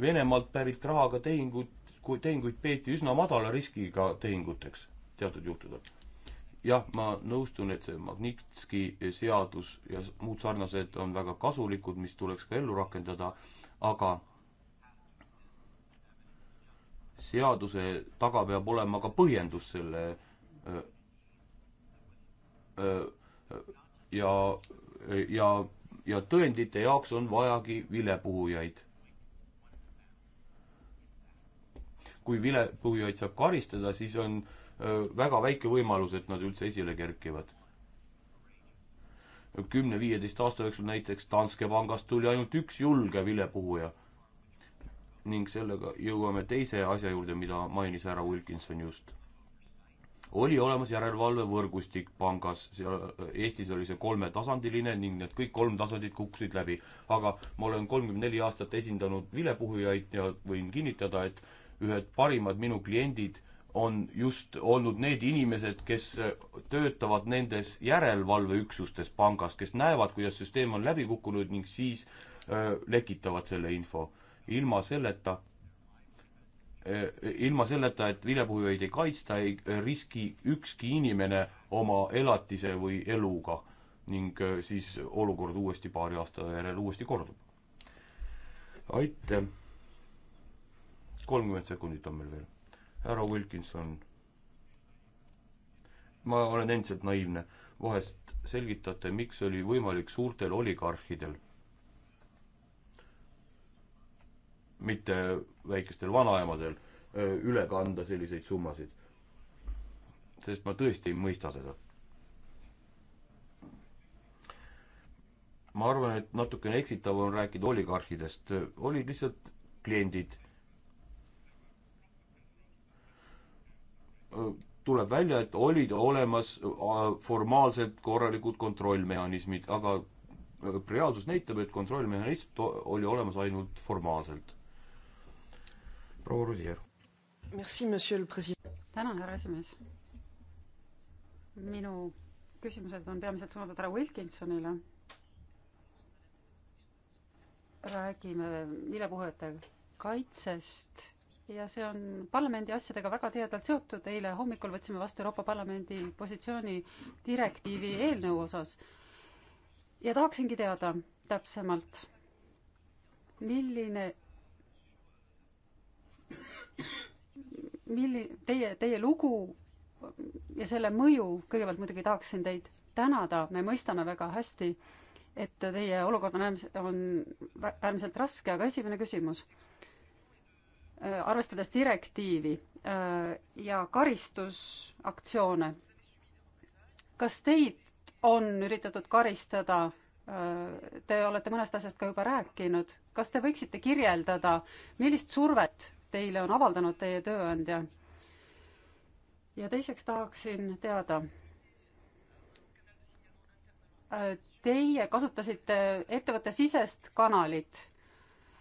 Venemaalt pärit rahaga tehingud, kui tehinguid peeti üsna madala riskiga tehinguteks teatud juhtudel. jah, ma nõustun, et see Magnitski seadus ja muud sarnased on väga kasulikud, mis tuleks ka ellu rakendada, aga seaduse taga peab olema ka põhjendus selle öö, öö, ja, ja, ja tõendite jaoks on vajagi vilepuhujaid kui vilepuhujaid saab karistada, siis on väga väike võimalus, et nad üldse esile kerkivad. kümne-viieteist aasta jooksul näiteks Danske pangast tuli ainult üks julge vilepuhuja. ning sellega jõuame teise asja juurde, mida mainis härra Wilkinson just. oli olemas järelevalvevõrgustik pangas, seal Eestis oli see kolmetasandiline ning need kõik kolm tasandit kukkusid läbi. aga ma olen kolmkümmend neli aastat esindanud vilepuhujaid ja võin kinnitada, et ühed parimad minu kliendid on just olnud need inimesed, kes äh, töötavad nendes järelevalveüksustes pangas, kes näevad, kuidas süsteem on läbi kukkunud ning siis öö, äh, lekitavad selle info. ilma selleta, äh, ilma selleta, et vilepuhujaid ei kaitsta, ei riski ükski inimene oma elatise või eluga ning siis olukord uuesti paari aasta järel uuesti kordub. aitäh! kolmkümmend sekundit on meil veel. härra Wilkinson, ma olen endiselt naiivne, vahest selgitate, miks oli võimalik suurtel oligarhidel, mitte väikestel vanaemadel, üle kanda selliseid summasid? sest ma tõesti ei mõista seda ma arvan, et natukene eksitav on rääkida oligarhidest, olid lihtsalt kliendid tuleb välja, et olid olemas äh, formaalselt korralikud kontrollmehhanismid, aga äh, reaalsus näitab, et kontrollmehhanism oli olemas ainult formaalselt. proua Rosier. tänan, härra esimees. minu küsimused on peamiselt suunatud härra Wilkinsonile. räägime vilepuhujate kaitsest ja see on parlamendi asjadega väga tihedalt seotud. eile hommikul võtsime vastu Euroopa Parlamendi positsiooni direktiivi eelnõu osas. ja tahaksingi teada täpsemalt, milline, milli-, teie, teie lugu ja selle mõju, kõigepealt muidugi tahaksin teid tänada, me mõistame väga hästi, et teie olukord on äärmiselt, on äärmiselt raske, aga esimene küsimus Äh, arvestades direktiivi äh, ja karistusaktsioone. kas teid on üritatud karistada? Äh, te olete mõnest asjast ka juba rääkinud. kas te võiksite kirjeldada, millist survet teile on avaldanud teie tööandja? ja teiseks tahaksin teada. Teie kasutasite ettevõtte sisest kanalit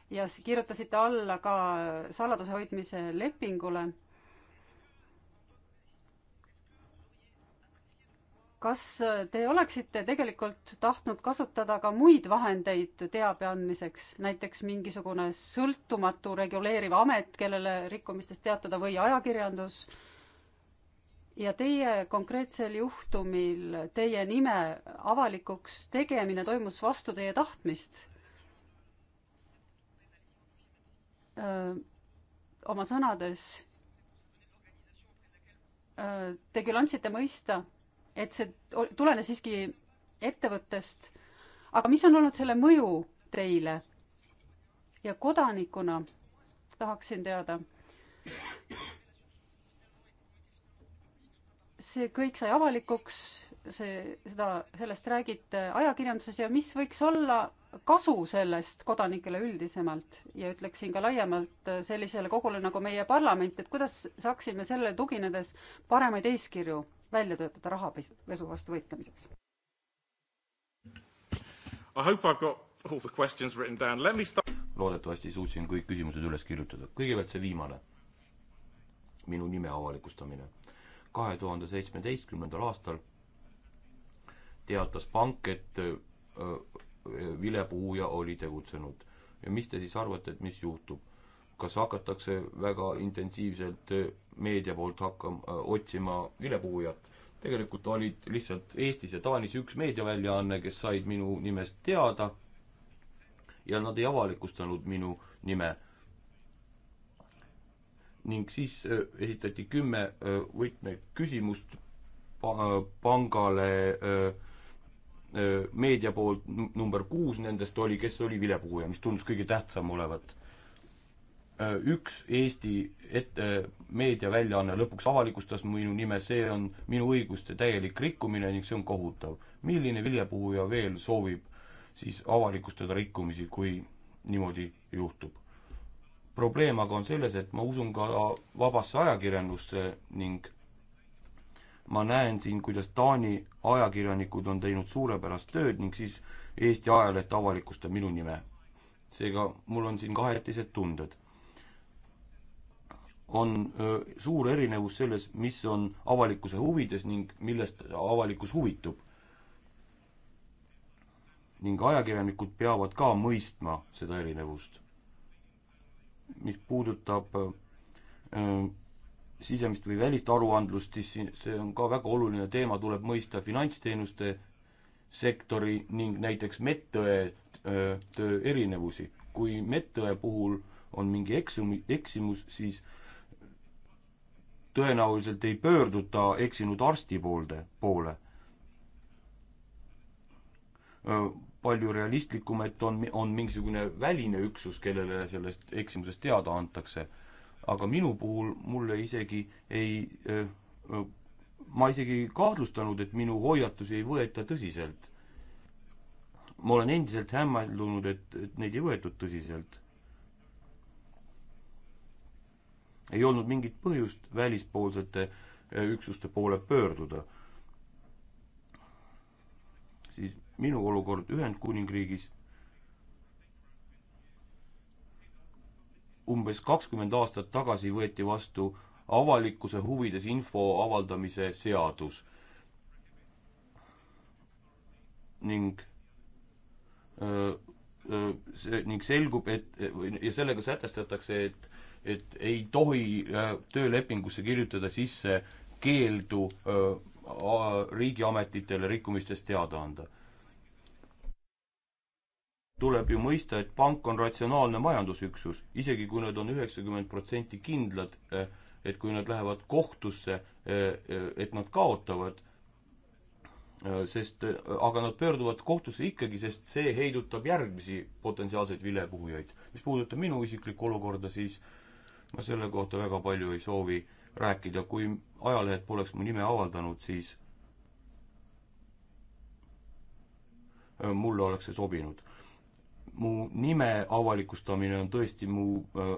ja kirjutasite alla ka saladuse hoidmise lepingule. kas te oleksite tegelikult tahtnud kasutada ka muid vahendeid teabe andmiseks, näiteks mingisugune sõltumatu reguleeriv amet, kellele rikkumistest teatada või ajakirjandus? ja teie konkreetsel juhtumil teie nime avalikuks tegemine toimus vastu teie tahtmist oma sõnades te küll andsite mõista, et see tulenes siiski ettevõttest, aga mis on olnud selle mõju teile? ja kodanikuna tahaksin teada. see kõik sai avalikuks, see, seda, sellest räägite ajakirjanduses ja mis võiks olla kasu sellest kodanikele üldisemalt ja ütleksin ka laiemalt äh, sellisele kogule nagu meie parlament, et kuidas saaksime sellele tuginedes paremaid eeskirju välja töötada rahapesu vastu võitlemiseks? loodetavasti suutsin kõik küsimused üles kirjutada. kõigepealt see viimane, minu nime avalikustamine. kahe tuhande seitsmeteistkümnendal aastal teatas pank, et öö, äh, vilepuhuja oli tegutsenud. ja mis te siis arvate, et mis juhtub? kas hakatakse väga intensiivselt meedia poolt hakkama, äh, otsima vilepuhujat? tegelikult olid lihtsalt Eestis ja Taanis üks meediaväljaanne, kes said minu nimest teada ja nad ei avalikustanud minu nime. ning siis äh, esitati kümme äh, võtmeküsimust pangale äh, Äh, meedia poolt number kuus nendest oli, kes oli vilepuhuja, mis tundus kõige tähtsam olevat. Äh, üks Eesti ette, äh, meediaväljaanne lõpuks avalikustas minu nime, see on minu õiguste täielik rikkumine ning see on kohutav. milline vilepuhuja veel soovib siis avalikustada rikkumisi, kui niimoodi juhtub? probleem aga on selles, et ma usun ka vabasse ajakirjandusse ning ma näen siin, kuidas Taani ajakirjanikud on teinud suurepärast tööd ning siis Eesti ajaleht avalikustab minu nime. seega mul on siin kahetised tunded. on öö, suur erinevus selles, mis on avalikkuse huvides ning millest avalikkus huvitub. ning ajakirjanikud peavad ka mõistma seda erinevust. mis puudutab öö, sisemist või välist aruandlust, siis see on ka väga oluline teema, tuleb mõista finantsteenuste sektori ning näiteks medõe töö erinevusi. kui medõe puhul on mingi eksum-, eksimus, siis tõenäoliselt ei pöörduta eksinud arsti poolde, poole. palju realistlikum, et on, on mingisugune väline üksus, kellele sellest eksimusest teada antakse aga minu puhul mulle isegi ei, eh, eh, ma isegi ei kahtlustanud, et minu hoiatusi ei võeta tõsiselt. ma olen endiselt hämmeldunud, et, et neid ei võetud tõsiselt. ei olnud mingit põhjust välispoolsete eh, üksuste poole pöörduda. siis minu olukord Ühendkuningriigis umbes kakskümmend aastat tagasi võeti vastu avalikkuse huvides info avaldamise seadus ning öö, öö, see ning selgub, et ja sellega sätestatakse, et et ei tohi töölepingusse kirjutada sisse keeldu öö, riigiametitele rikkumistest teada anda tuleb ju mõista, et pank on ratsionaalne majandusüksus, isegi kui nad on üheksakümmend protsenti kindlad, eh, et kui nad lähevad kohtusse, eh, eh, et nad kaotavad, sest, aga nad pöörduvad kohtusse ikkagi, sest see heidutab järgmisi potentsiaalseid vilepuhujaid. mis puudutab minu isiklikku olukorda, siis ma selle kohta väga palju ei soovi rääkida, kui ajalehed poleks mu nime avaldanud, siis mulle oleks see sobinud mu nime avalikustamine on tõesti mu äh,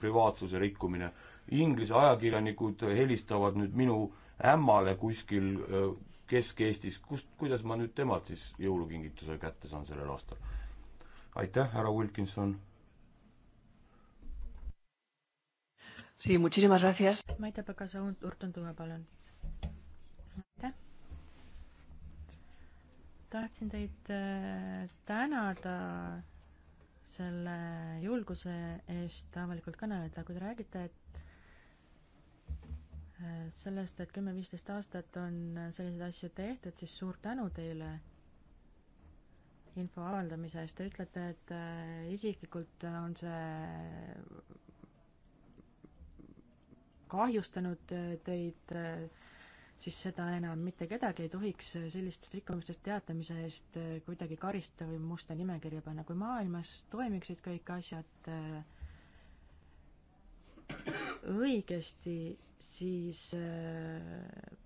privaatsuse rikkumine. Inglise ajakirjanikud helistavad nüüd minu ämmale kuskil äh, Kesk-Eestis, kust, kuidas ma nüüd temalt siis jõulukingituse kätte saan sellel aastal? aitäh, härra Wilkinson. Maite Pakasaun-Urtundua, palun. aitäh. tahtsin teid äh, tänada selle julguse eest avalikult kõneleda, kui te räägite, et sellest, et kümme-viisteist aastat on selliseid asju tehtud, siis suur tänu teile info avaldamise eest. Te ütlete, et äh, isiklikult on see kahjustanud äh, teid äh, siis seda enam mitte kedagi ei tohiks sellistest rikkumistest teatamise eest kuidagi karistada või musta nimekirja panna. kui maailmas toimiksid kõik asjad äh, õigesti, siis äh,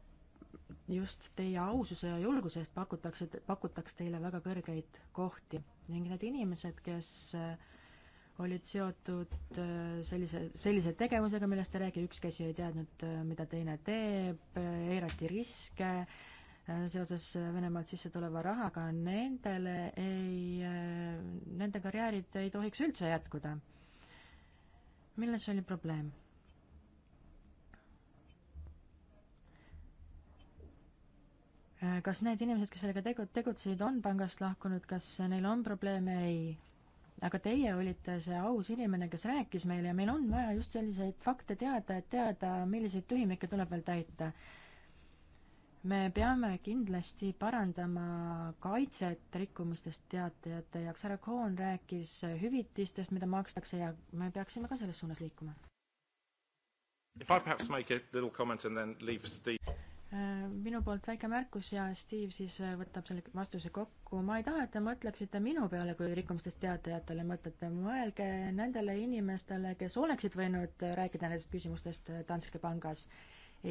just teie aususe ja julguse eest pakutakse, pakutaks teile väga kõrgeid kohti ning need inimesed, kes äh, olid seotud äh, sellise, sellise tegevusega, millest ei räägi, üks käsi ei teadnud, äh, mida teine teeb, äh, eirati riske seoses Venemaalt sisse tuleva rahaga, nendele ei, nende karjäärid ei tohiks üldse jätkuda. milles oli probleem? kas need inimesed, kes sellega tegu-, tegutsesid, on pangast lahkunud, kas neil on probleeme? ei aga teie olite see aus inimene, kes rääkis meile ja meil on vaja just selliseid fakte teada, et teada, milliseid tühimikke tuleb veel täita. me peame kindlasti parandama kaitset rikkumistest teatajate jaoks, härra Cohn rääkis hüvitistest, mida makstakse ja me peaksime ka selles suunas liikuma. If I perhaps make a little comment and then leave Steve minu poolt väike märkus ja Steve siis äh, võtab selle vastuse kokku. ma ei taha, et te mõtleksite minu peale kui rikkumistest teatajatele mõtlete. mõelge nendele inimestele, kes oleksid võinud äh, rääkida nendest küsimustest äh, Danske pangas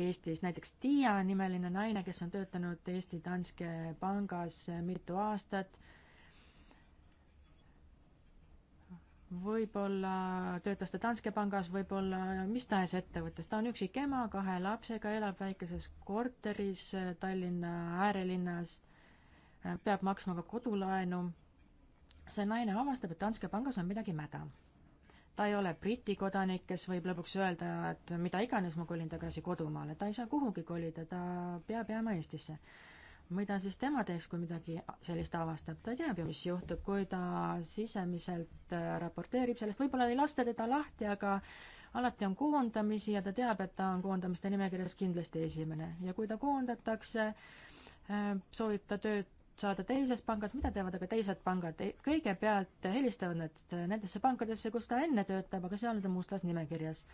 Eestis. näiteks Tiia nimeline naine, kes on töötanud Eesti Danske pangas mitu aastat võib-olla töötas ta Danske pangas, võib-olla mis tahes ettevõttes, ta on üksik ema kahe lapsega, elab väikeses korteris äh, Tallinna äärelinnas, äh, peab maksma ka kodulaenu. see naine avastab, et Danske pangas on midagi mäda. ta ei ole Briti kodanik, kes võib lõpuks öelda, et mida iganes, ma kolin tagasi kodumaale, ta ei saa kuhugi kolida, ta peab jääma Eestisse mida siis tema teeks, kui midagi sellist avastab, ta teab ju, mis juhtub, kui ta sisemiselt äh, raporteerib sellest, võib-olla ei lasta teda lahti, aga alati on koondamisi ja ta teab, et ta on koondamiste nimekirjas kindlasti esimene ja kui ta koondatakse, äh, soovib ta tööd saada teises pangas, mida teevad aga teised pangad, kõigepealt helistavad nad äh, nendesse pankadesse, kus ta enne töötab, aga seal on ta mustas nimekirjas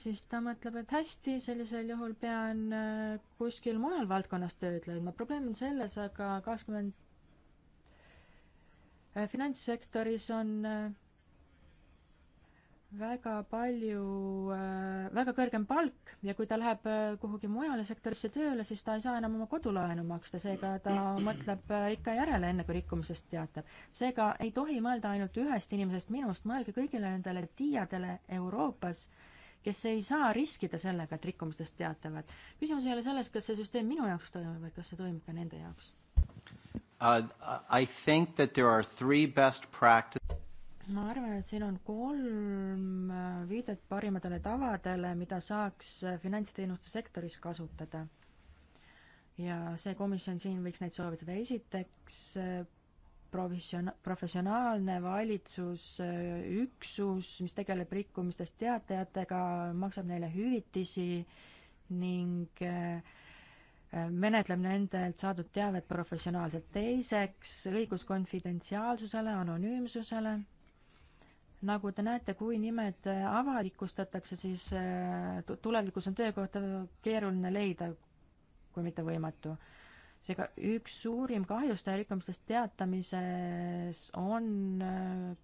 siis ta mõtleb, et hästi, sellisel juhul pean äh, kuskil mujal valdkonnas tööd leidma. probleem on selles aga kakskümmend 20... Äh, finantssektoris on äh, väga palju, väga kõrgem palk ja kui ta läheb kuhugi mujale sektorisse tööle, siis ta ei saa enam oma kodulaenu maksta, seega ta mõtleb ikka järele, enne kui rikkumisest teatab. seega ei tohi mõelda ainult ühest inimesest minust, mõelge kõigile nendele tiiadele Euroopas, kes ei saa riskida sellega, et rikkumistest teatavad. küsimus ei ole selles, kas see süsteem minu jaoks toimib, vaid kas see toimib ka nende jaoks uh,. I think that there are three best practice- ma arvan, et siin on kolm äh, viidet parimatele tavadele, mida saaks äh, finantsteenuste sektoris kasutada. ja see komisjon siin võiks neid soovitada. esiteks äh, provision-, professionaalne valitsusüksus, mis tegeleb rikkumistest teatajatega, maksab neile hüvitisi ning äh, menetleb nendelt saadud teavet professionaalselt. teiseks, õigus konfidentsiaalsusele, anonüümsusele. nagu te näete, kui nimed äh, avalikustatakse, siis äh, tulevikus on töökohta keeruline leida, kui mitte võimatu seega üks suurim kahjustaja rikkumistest teatamises on äh,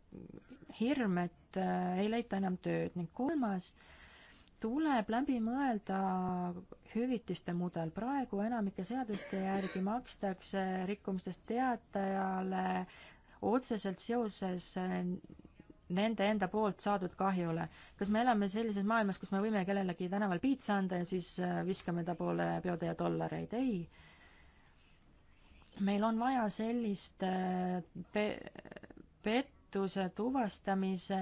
hirm, et äh, ei leita enam tööd ning kolmas, tuleb läbi mõelda hüvitiste mudel. praegu enamike seaduste järgi makstakse rikkumistest teatajale otseselt seoses äh, nende enda poolt saadud kahjule. kas me elame sellises maailmas, kus me võime kellelegi tänaval piitsa anda ja siis viskame ta poole peotäie dollareid? ei meil on vaja sellist äh, pe-, pettuse tuvastamise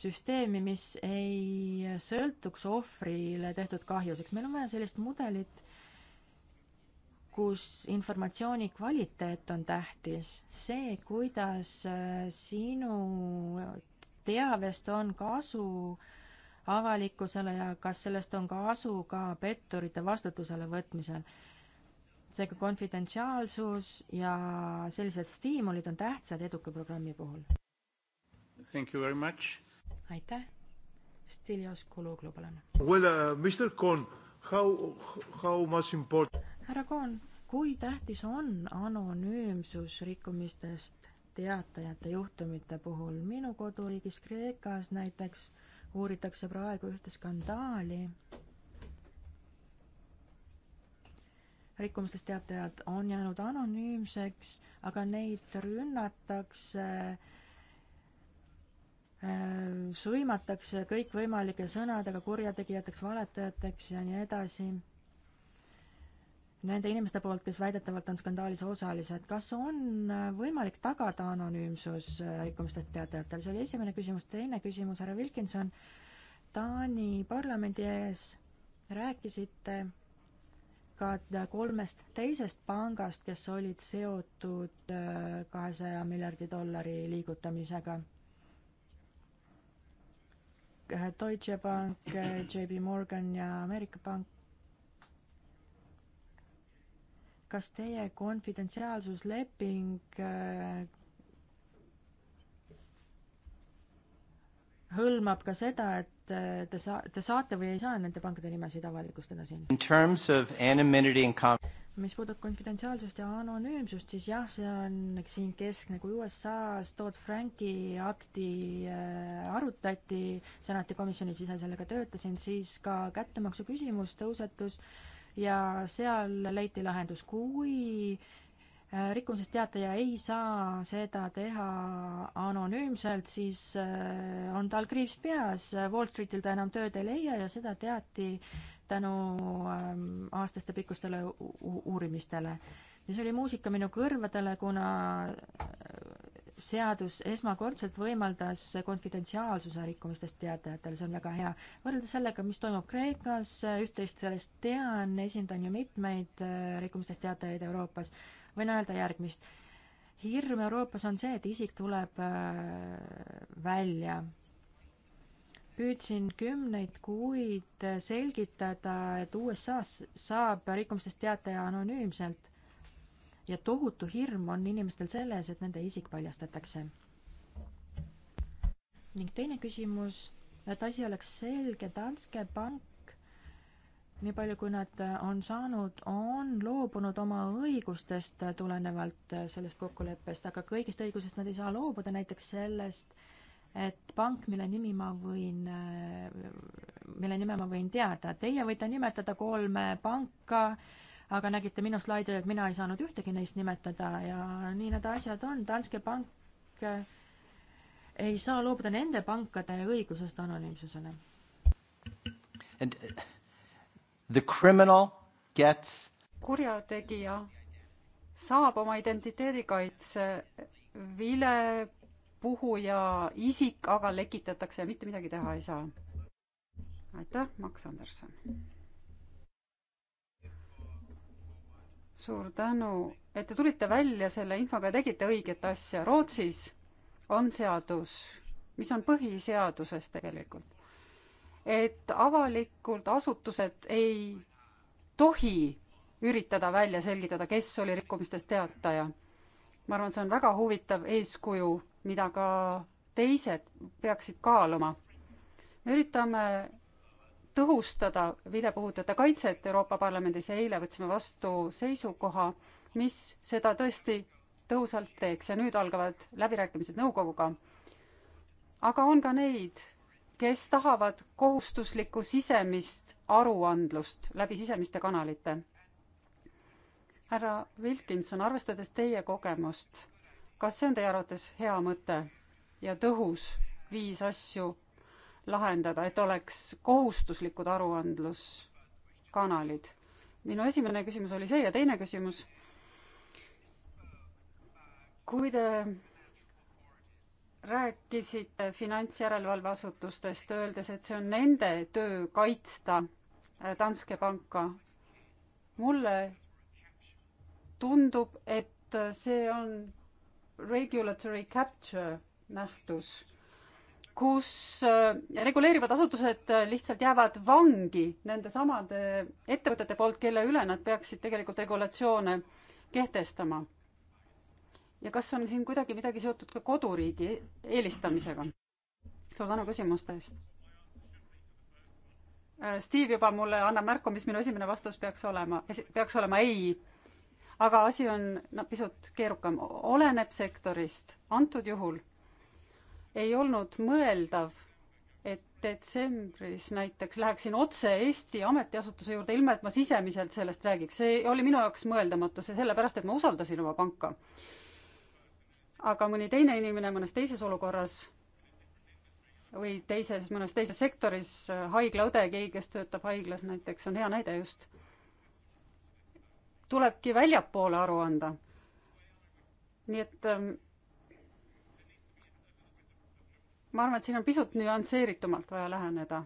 süsteemi, mis ei sõltuks ohvrile tehtud kahjuseks. meil on vaja sellist mudelit, kus informatsiooni kvaliteet on tähtis. see, kuidas äh, sinu teavest on kasu avalikkusele ja kas sellest on kasu ka petturite vastutusele võtmisel seega konfidentsiaalsus ja sellised stiimulid on tähtsad eduka programmi puhul. aitäh. Stilios Kuluglu, palun. Uh, härra Kohn, kui tähtis on anonüümsus rikkumistest teatajate juhtumite puhul? minu koduriigis Kreekas näiteks uuritakse praegu ühte skandaali rikkumistest teatajad on jäänud anonüümseks, aga neid rünnatakse äh, sõimatakse kõikvõimalike sõnadega kurjategijateks, valetajateks ja nii edasi. Nende inimeste poolt, kes väidetavalt on skandaalis osalised, kas on äh, võimalik tagada anonüümsus äh, rikkumistest teatajatel, see oli esimene küsimus, teine küsimus, härra Wilkinson, Taani parlamendi ees rääkisite ka kolmest teisest pangast, kes olid seotud äh, kahesaja miljardi dollari liigutamisega. Deutsche Bank, äh, JP Morgan ja Ameerika Pank. kas teie konfidentsiaalsusleping äh, hõlmab ka seda, et te saa-, te saate või ei saa nende pankade nimesid avalikustada siin? mis puudutab konfidentsiaalsust ja anonüümsust, siis jah, see on siin keskne, kui USA-s Dodd-Franki akti äh, arutati, senati komisjonis ise sellega töötasin, siis ka kättemaksu küsimus tõusetus ja seal leiti lahendus, kui äh, rikkumisteataja ei saa seda teha anonüümselt, siis äh, on tal kriips peas, Wall Streetil ta enam tööd ei leia ja seda teati tänu ähm, aastaste pikkustele uurimistele. ja see oli muusika minu kõrvadele, kuna äh, seadus esmakordselt võimaldas konfidentsiaalsuse rikkumistest teatajatel, see on väga hea. võrreldes sellega, mis toimub Kreekas, üht-teist sellest tean, esindan ju mitmeid äh, rikkumistest teatajaid Euroopas võin öelda järgmist. hirm Euroopas on see, et isik tuleb äh, välja. püüdsin kümneid kuid selgitada, et USA-s saab rikkumistest teataja anonüümselt ja tohutu hirm on inimestel selles, et nende isik paljastatakse. ning teine küsimus, et asi oleks selge, Danske pank nii palju, kui nad on saanud, on loobunud oma õigustest tulenevalt sellest kokkuleppest, aga kõigist õigusest nad ei saa loobuda, näiteks sellest, et pank, mille nimi ma võin, mille nime ma võin teada, teie võite nimetada kolme panka, aga nägite minu slaidil, et mina ei saanud ühtegi neist nimetada ja nii need asjad on, Danske pank ei saa loobuda nende pankade õigusest anonüümsusele. And uh The criminal gets kurjategija saab oma identiteedikaitse vilepuhuja isik, aga lekitatakse ja mitte midagi teha ei saa. aitäh, Max Anderson. suur tänu, et te tulite välja selle infoga ja tegite õiget asja. Rootsis on seadus, mis on põhiseadusest tegelikult et avalikult asutused ei tohi üritada välja selgitada, kes oli rikkumistest teataja. ma arvan, see on väga huvitav eeskuju, mida ka teised peaksid kaaluma. me üritame tõhustada vilepuhujate kaitset Euroopa Parlamendis ja eile võtsime vastu seisukoha, mis seda tõesti tõhusalt teeks ja nüüd algavad läbirääkimised nõukoguga. aga on ka neid kes tahavad kohustuslikku sisemist aruandlust läbi sisemiste kanalite. härra Wilkinson, arvestades teie kogemust, kas see on teie arvates hea mõte ja tõhus viis asju lahendada, et oleks kohustuslikud aruandluskanalid? minu esimene küsimus oli see ja teine küsimus, kui te rääkisite finantsjärelevalveasutustest, öeldes, et see on nende töö kaitsta äh, Danske panka. mulle tundub, et see on regulatory capture nähtus, kus äh, reguleerivad asutused äh, lihtsalt jäävad vangi nendesamade ettevõtete poolt, kelle üle nad peaksid tegelikult regulatsioone kehtestama ja kas on siin kuidagi midagi seotud ka koduriigi eelistamisega? suur tänu küsimuste eest. Äh, Steve juba mulle annab märku, mis minu esimene vastus peaks olema, peaks olema ei. aga asi on no, pisut keerukam, oleneb sektorist. antud juhul ei olnud mõeldav, et detsembris näiteks läheksin otse Eesti ametiasutuse juurde, ilma et ma sisemiselt sellest räägiks. see oli minu jaoks mõeldamatu, see sellepärast, et ma usaldasin oma panka aga mõni teine inimene mõnes teises olukorras või teises, mõnes teises sektoris, haiglaõde, keegi, kes töötab haiglas näiteks, on hea näide just, tulebki väljapoole aru anda. nii et ähm, ma arvan, et siin on pisut nüansseeritumalt vaja läheneda.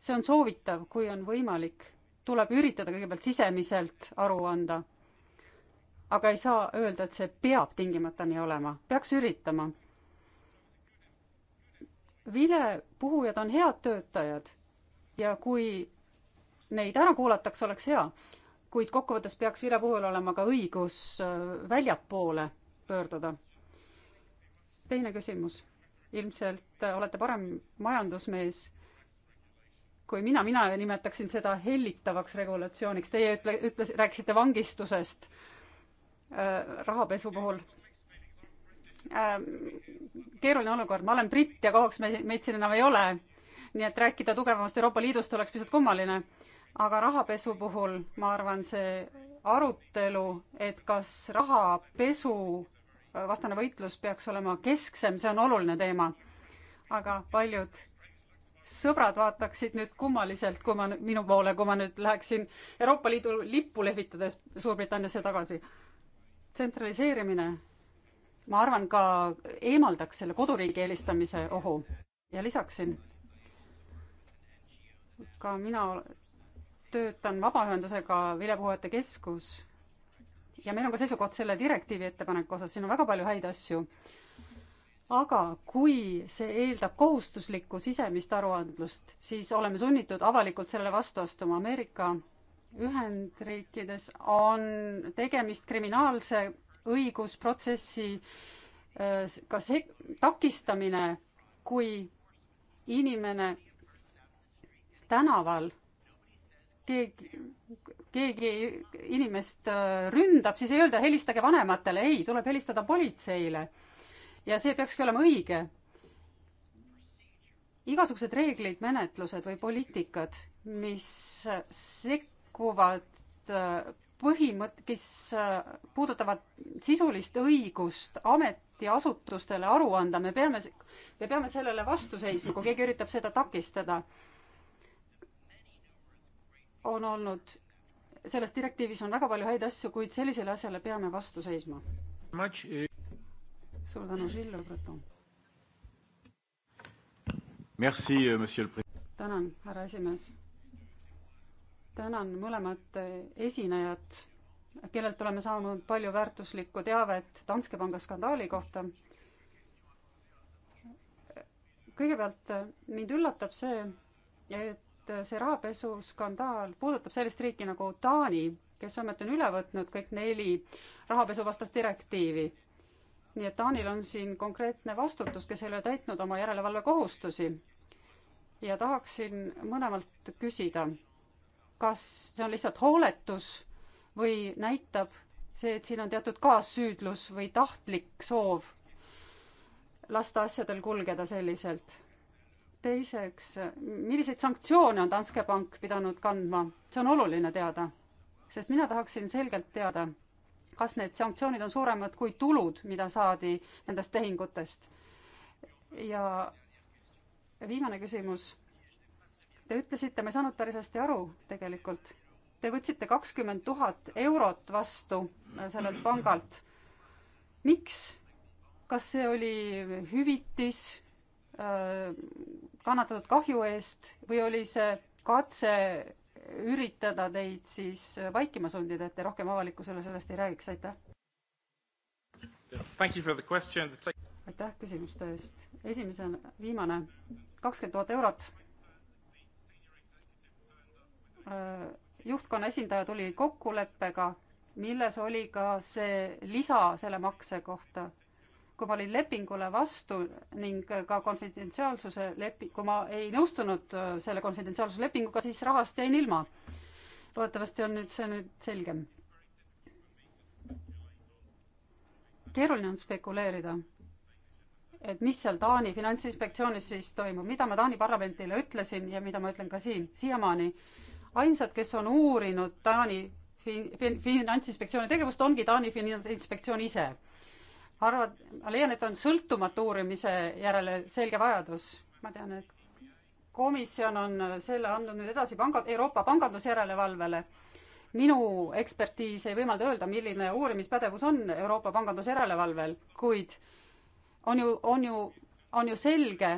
see on soovitav, kui on võimalik, tuleb üritada kõigepealt sisemiselt aru anda aga ei saa öelda, et see peab tingimata nii olema, peaks üritama. vilepuhujad on head töötajad ja kui neid ära kuulatakse, oleks hea, kuid kokkuvõttes peaks vilepuhul olema ka õigus äh, väljapoole pöörduda. teine küsimus. ilmselt äh, olete parem majandusmees kui mina, mina nimetaksin seda hellitavaks regulatsiooniks, teie ütle, ütles, rääkisite vangistusest Äh, rahapesu puhul ähm, keeruline olukord, ma olen britt ja kauaks me, meid siin enam ei ole. nii et rääkida tugevamast Euroopa Liidust oleks pisut kummaline. aga rahapesu puhul ma arvan, see arutelu, et kas rahapesu äh, vastane võitlus peaks olema kesksem, see on oluline teema. aga paljud sõbrad vaataksid nüüd kummaliselt, kui ma minu poole, kui ma nüüd läheksin Euroopa Liidu lippu lehvitades Suurbritanniasse tagasi tsentraliseerimine, ma arvan, ka eemaldaks selle koduriigi eelistamise ohu ja lisaksin, ka mina töötan vabaühendusega Vilepuhujate Keskus ja meil on ka seisukoht selle direktiivi ettepaneku osas, siin on väga palju häid asju. aga kui see eeldab kohustuslikku sisemist aruandlust, siis oleme sunnitud avalikult sellele vastu astuma. Ameerika Ühendriikides on tegemist kriminaalse õigusprotsessi äh, ka see takistamine, kui inimene tänaval keegi, keegi inimest äh, ründab, siis ei öelda helistage vanematele, ei, tuleb helistada politseile. ja see peakski olema õige. igasugused reeglid, menetlused või poliitikad, mis sek-, rikuvad äh, põhimõt-, kes äh, puudutavad sisulist õigust ametiasutustele aru anda, me peame, me peame sellele vastu seisma, kui keegi üritab seda takistada. on olnud, selles direktiivis on väga palju häid asju, kuid sellisele asjale peame vastu seisma. suur tänu, Gilles euh, Le Breton. tänan, härra esimees tänan mõlemat esinejat, kellelt oleme saanud palju väärtuslikku teavet Danske panga skandaali kohta. kõigepealt mind üllatab see, et see rahapesuskandaal puudutab sellist riiki nagu Taani, kes ometi on üle võtnud kõik neli rahapesuvastast direktiivi. nii et Taanil on siin konkreetne vastutus, kes ei ole täitnud oma järelevalvekohustusi. ja tahaksin mõlemalt küsida kas see on lihtsalt hooletus või näitab see, et siin on teatud kaassüüdlus või tahtlik soov lasta asjadel kulgeda selliselt? teiseks, milliseid sanktsioone on Danske Bank pidanud kandma? see on oluline teada, sest mina tahaksin selgelt teada, kas need sanktsioonid on suuremad kui tulud, mida saadi nendest tehingutest. ja viimane küsimus te ütlesite, ma ei saanud päris hästi aru tegelikult. Te võtsite kakskümmend tuhat eurot vastu sellelt pangalt. miks? kas see oli hüvitis äh, kannatatud kahju eest või oli see katse üritada teid siis vaikima sundida, et te rohkem avalikkusele sellest ei räägiks, aitäh! aitäh küsimuste eest. esimese, viimane, kakskümmend tuhat eurot Äh, juhtkonna esindaja tuli kokkuleppega, milles oli ka see lisa selle makse kohta. kui ma olin lepingule vastu ning ka konfidentsiaalsuse lepi-, kui ma ei nõustunud äh, selle konfidentsiaalsuse lepinguga, siis rahast jäin ilma. loodetavasti on nüüd see nüüd selgem. keeruline on spekuleerida, et mis seal Taani finantsinspektsioonis siis toimub, mida ma Taani parlamendile ütlesin ja mida ma ütlen ka siin siiamaani ainsad, kes on uurinud Taani fin-, fin-, finantsinspektsiooni tegevust, ongi Taani finantsinspektsioon ise. arvad, ma leian, et on sõltumatu uurimise järele selge vajadus. ma tean, et komisjon on selle andnud nüüd edasi panga, Euroopa pangandusjärelevalvele. minu ekspertiis ei võimalda öelda, milline uurimispädevus on Euroopa pangandusjärelevalvel, kuid on ju, on ju, on ju selge,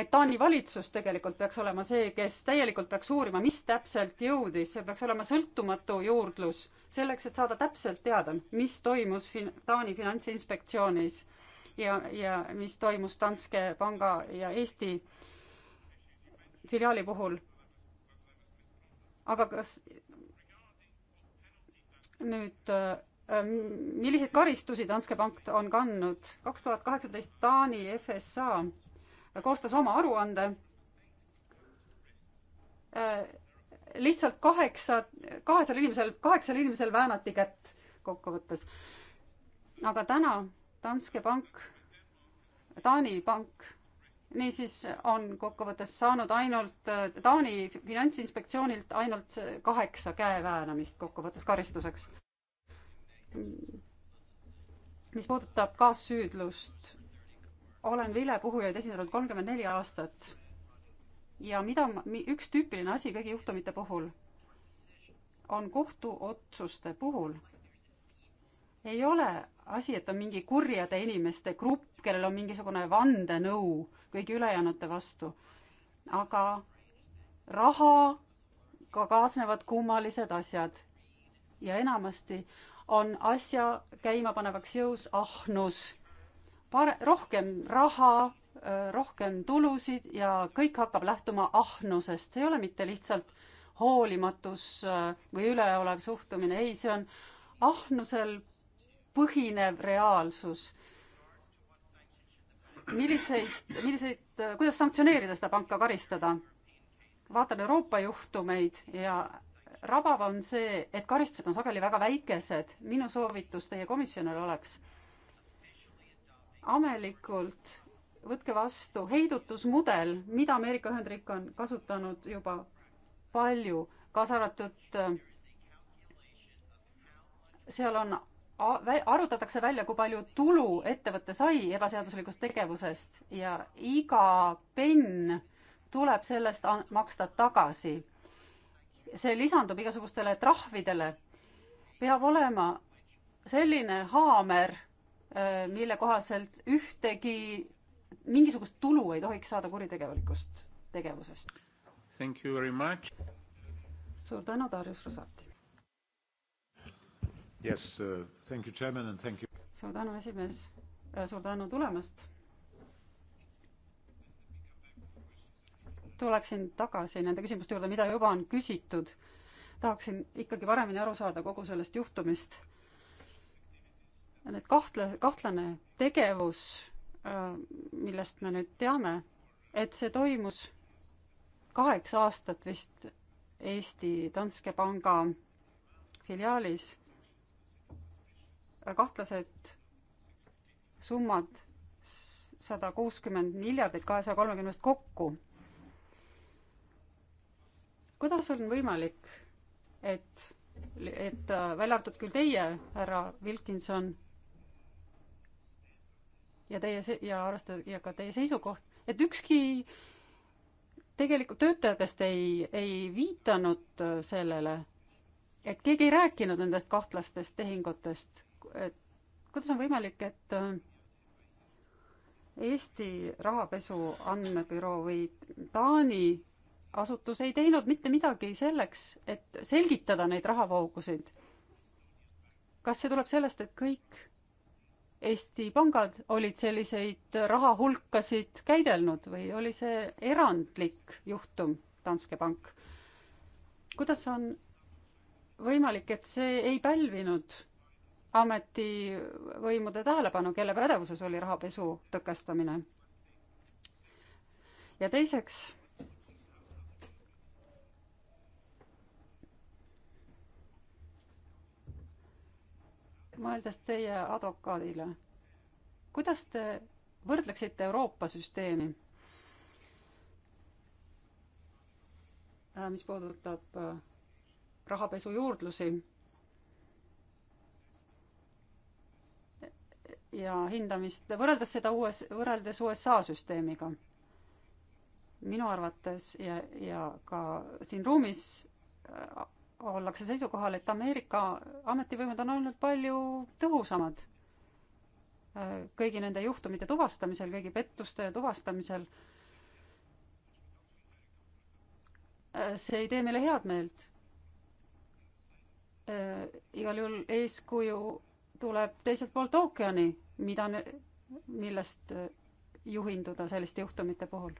et Taani valitsus tegelikult peaks olema see, kes täielikult peaks uurima, mis täpselt jõudis, see peaks olema sõltumatu juurdlus selleks, et saada täpselt teada, mis toimus fin-, Taani finantsinspektsioonis ja, ja mis toimus Danske panga ja Eesti filiaali puhul. aga kas nüüd äh, milliseid karistusi Danske pank on kandnud? kaks tuhat kaheksateist Taani FSA koostas oma aruande. lihtsalt kaheksa, kaheksal inimesel, kaheksal inimesel väänati kätt kokkuvõttes. aga täna Danske Bank, Taani pank, niisiis on kokkuvõttes saanud ainult Taani finantsinspektsioonilt ainult kaheksa käeväänamist kokkuvõttes karistuseks mis puudutab kaassüüdlust olen vilepuhujaid esindanud kolmkümmend neli aastat. ja mida, üks tüüpiline asi kõigi juhtumite puhul on kohtuotsuste puhul ei ole asi, et on mingi kurjade inimeste grupp, kellel on mingisugune vandenõu kõigi ülejäänute vastu. aga rahaga ka kaasnevad kummalised asjad ja enamasti on asja käimapanevaks jõus ahnus pare-, rohkem raha, rohkem tulusid ja kõik hakkab lähtuma ahnusest, see ei ole mitte lihtsalt hoolimatus või üleolev suhtumine, ei, see on ahnusel põhinev reaalsus. milliseid, milliseid, kuidas sanktsioneerida seda panka, karistada? vaatan Euroopa juhtumeid ja rabav on see, et karistused on sageli väga väikesed. minu soovitus teie komisjonile oleks ametlikult võtke vastu heidutusmudel, mida Ameerika Ühendriik on kasutanud juba palju, kaasa arvatud äh, seal on, arvutatakse välja, kui palju tulu ettevõte sai ebaseaduslikust tegevusest ja iga penn tuleb sellest maksta tagasi. see lisandub igasugustele trahvidele. peab olema selline haamer Äh, mille kohaselt ühtegi, mingisugust tulu ei tohiks saada kuritegelikust tegevusest. suur tänu, Darius Rosati. Yes, uh, thank you, Chairman, and thank you. suur tänu, esimees. Äh, suur tänu tulemast. tuleksin tagasi nende küsimuste juurde, mida juba on küsitud. tahaksin ikkagi paremini aru saada kogu sellest juhtumist need kahtle, kahtlane tegevus, äh, millest me nüüd teame, et see toimus kaheksa aastat vist Eesti Danske panga filiaalis. Äh, kahtlased summad sada kuuskümmend miljardit kahesaja kolmekümnest kokku. kuidas on võimalik, et, et äh, välja arvatud küll teie, härra Wilkinson ja teie se-, ja arvestada ja ka teie seisukoht, et ükski tegelikult töötajatest ei, ei viitanud äh, sellele, et keegi ei rääkinud nendest kahtlastest tehingutest, et kuidas on võimalik, et äh, Eesti rahapesu andmebüroo või Taani asutus ei teinud mitte midagi selleks, et selgitada neid rahavoogusid. kas see tuleb sellest, et kõik Eesti pangad olid selliseid rahahulkasid käidelnud või oli see erandlik juhtum, Danske Bank? kuidas on võimalik, et see ei pälvinud ametivõimude tähelepanu, kelle pädevuses oli rahapesu tõkestamine? ja teiseks mõeldes teie advokaadile, kuidas te võrdleksite Euroopa süsteemi, äh, mis puudutab äh, rahapesujuurdlusi ja hindamist, võrreldes seda US, võrreldes USA süsteemiga, minu arvates ja, ja ka siin ruumis äh, ollakse seisukohal, et Ameerika ametivõimud on olnud palju tõhusamad äh, kõigi nende juhtumite tuvastamisel, kõigi pettuste tuvastamisel. Äh, see ei tee meile head meelt. Äh, igal juhul eeskuju tuleb teiselt poolt ookeani, mida, millest juhinduda selliste juhtumite puhul.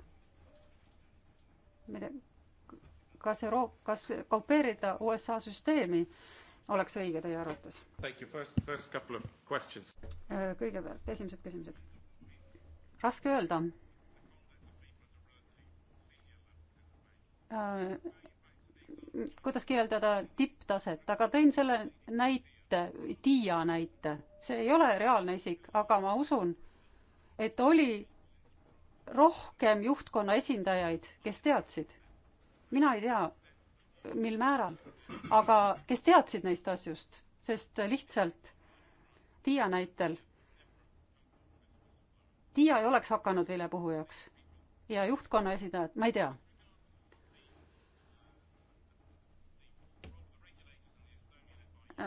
ma ei tea kas Euroop-, kas kopeerida USA süsteemi oleks õige teie arvates? Äh, kõigepealt esimesed küsimused. raske öelda. Äh, kuidas kirjeldada tipptaset, aga tõin selle näite, Tiia näite, see ei ole reaalne isik, aga ma usun, et oli rohkem juhtkonna esindajaid, kes teadsid mina ei tea, mil määral, aga kes teadsid neist asjust, sest lihtsalt Tiia näitel, Tiia ei oleks hakanud vilepuhujaks ja juhtkonna esindajad, ma ei tea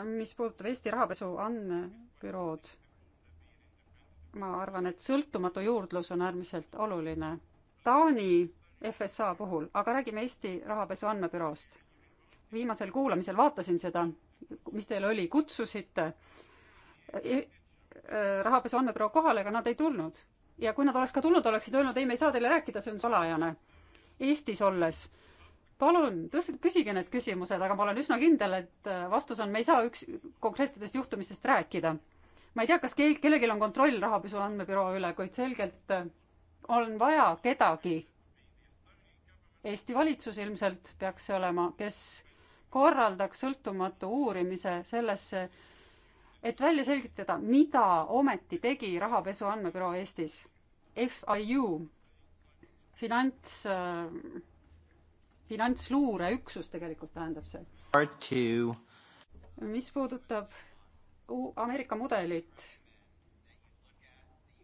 mis puudutab Eesti rahapesu andmebürood, ma arvan, et sõltumatu juurdlus on äärmiselt oluline. Taani FSA puhul, aga räägime Eesti Rahapesu Andmebüroost. viimasel kuulamisel vaatasin seda, mis teil oli, kutsusite e, e, rahapesu andmebüroo kohale, aga nad ei tulnud. ja kui nad oleks ka tulnud, oleksid öelnud, ei, me ei saa teile rääkida, see on salajane. Eestis olles palun tõst-, küsige need küsimused, aga ma olen üsna kindel, et äh, vastus on, me ei saa üks konkreetsetest juhtumistest rääkida. ma ei tea, kas keel, kellelgi on kontroll rahapesu andmebüroo üle, kuid selgelt äh, on vaja kedagi, Eesti valitsus ilmselt peaks see olema, kes korraldaks sõltumatu uurimise sellesse, et välja selgitada, mida ometi tegi rahapesu andmebüroo Eestis. FIU, finants, finantsluureüksus tegelikult tähendab see. mis puudutab Ameerika mudelit,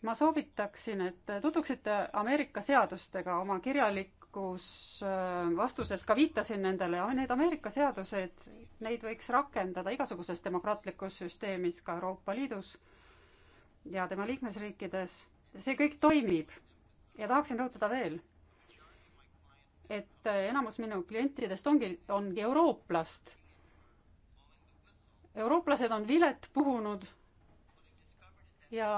ma soovitaksin, et tutvuksite Ameerika seadustega, oma kirjalik avalikus äh, vastuses ka viitasin nendele, need Ameerika seadused, neid võiks rakendada igasuguses demokraatlikus süsteemis, ka Euroopa Liidus ja tema liikmesriikides. see kõik toimib ja tahaksin rõhutada veel, et äh, enamus minu klientidest ongi, ongi eurooplast. eurooplased on vilet puhunud ja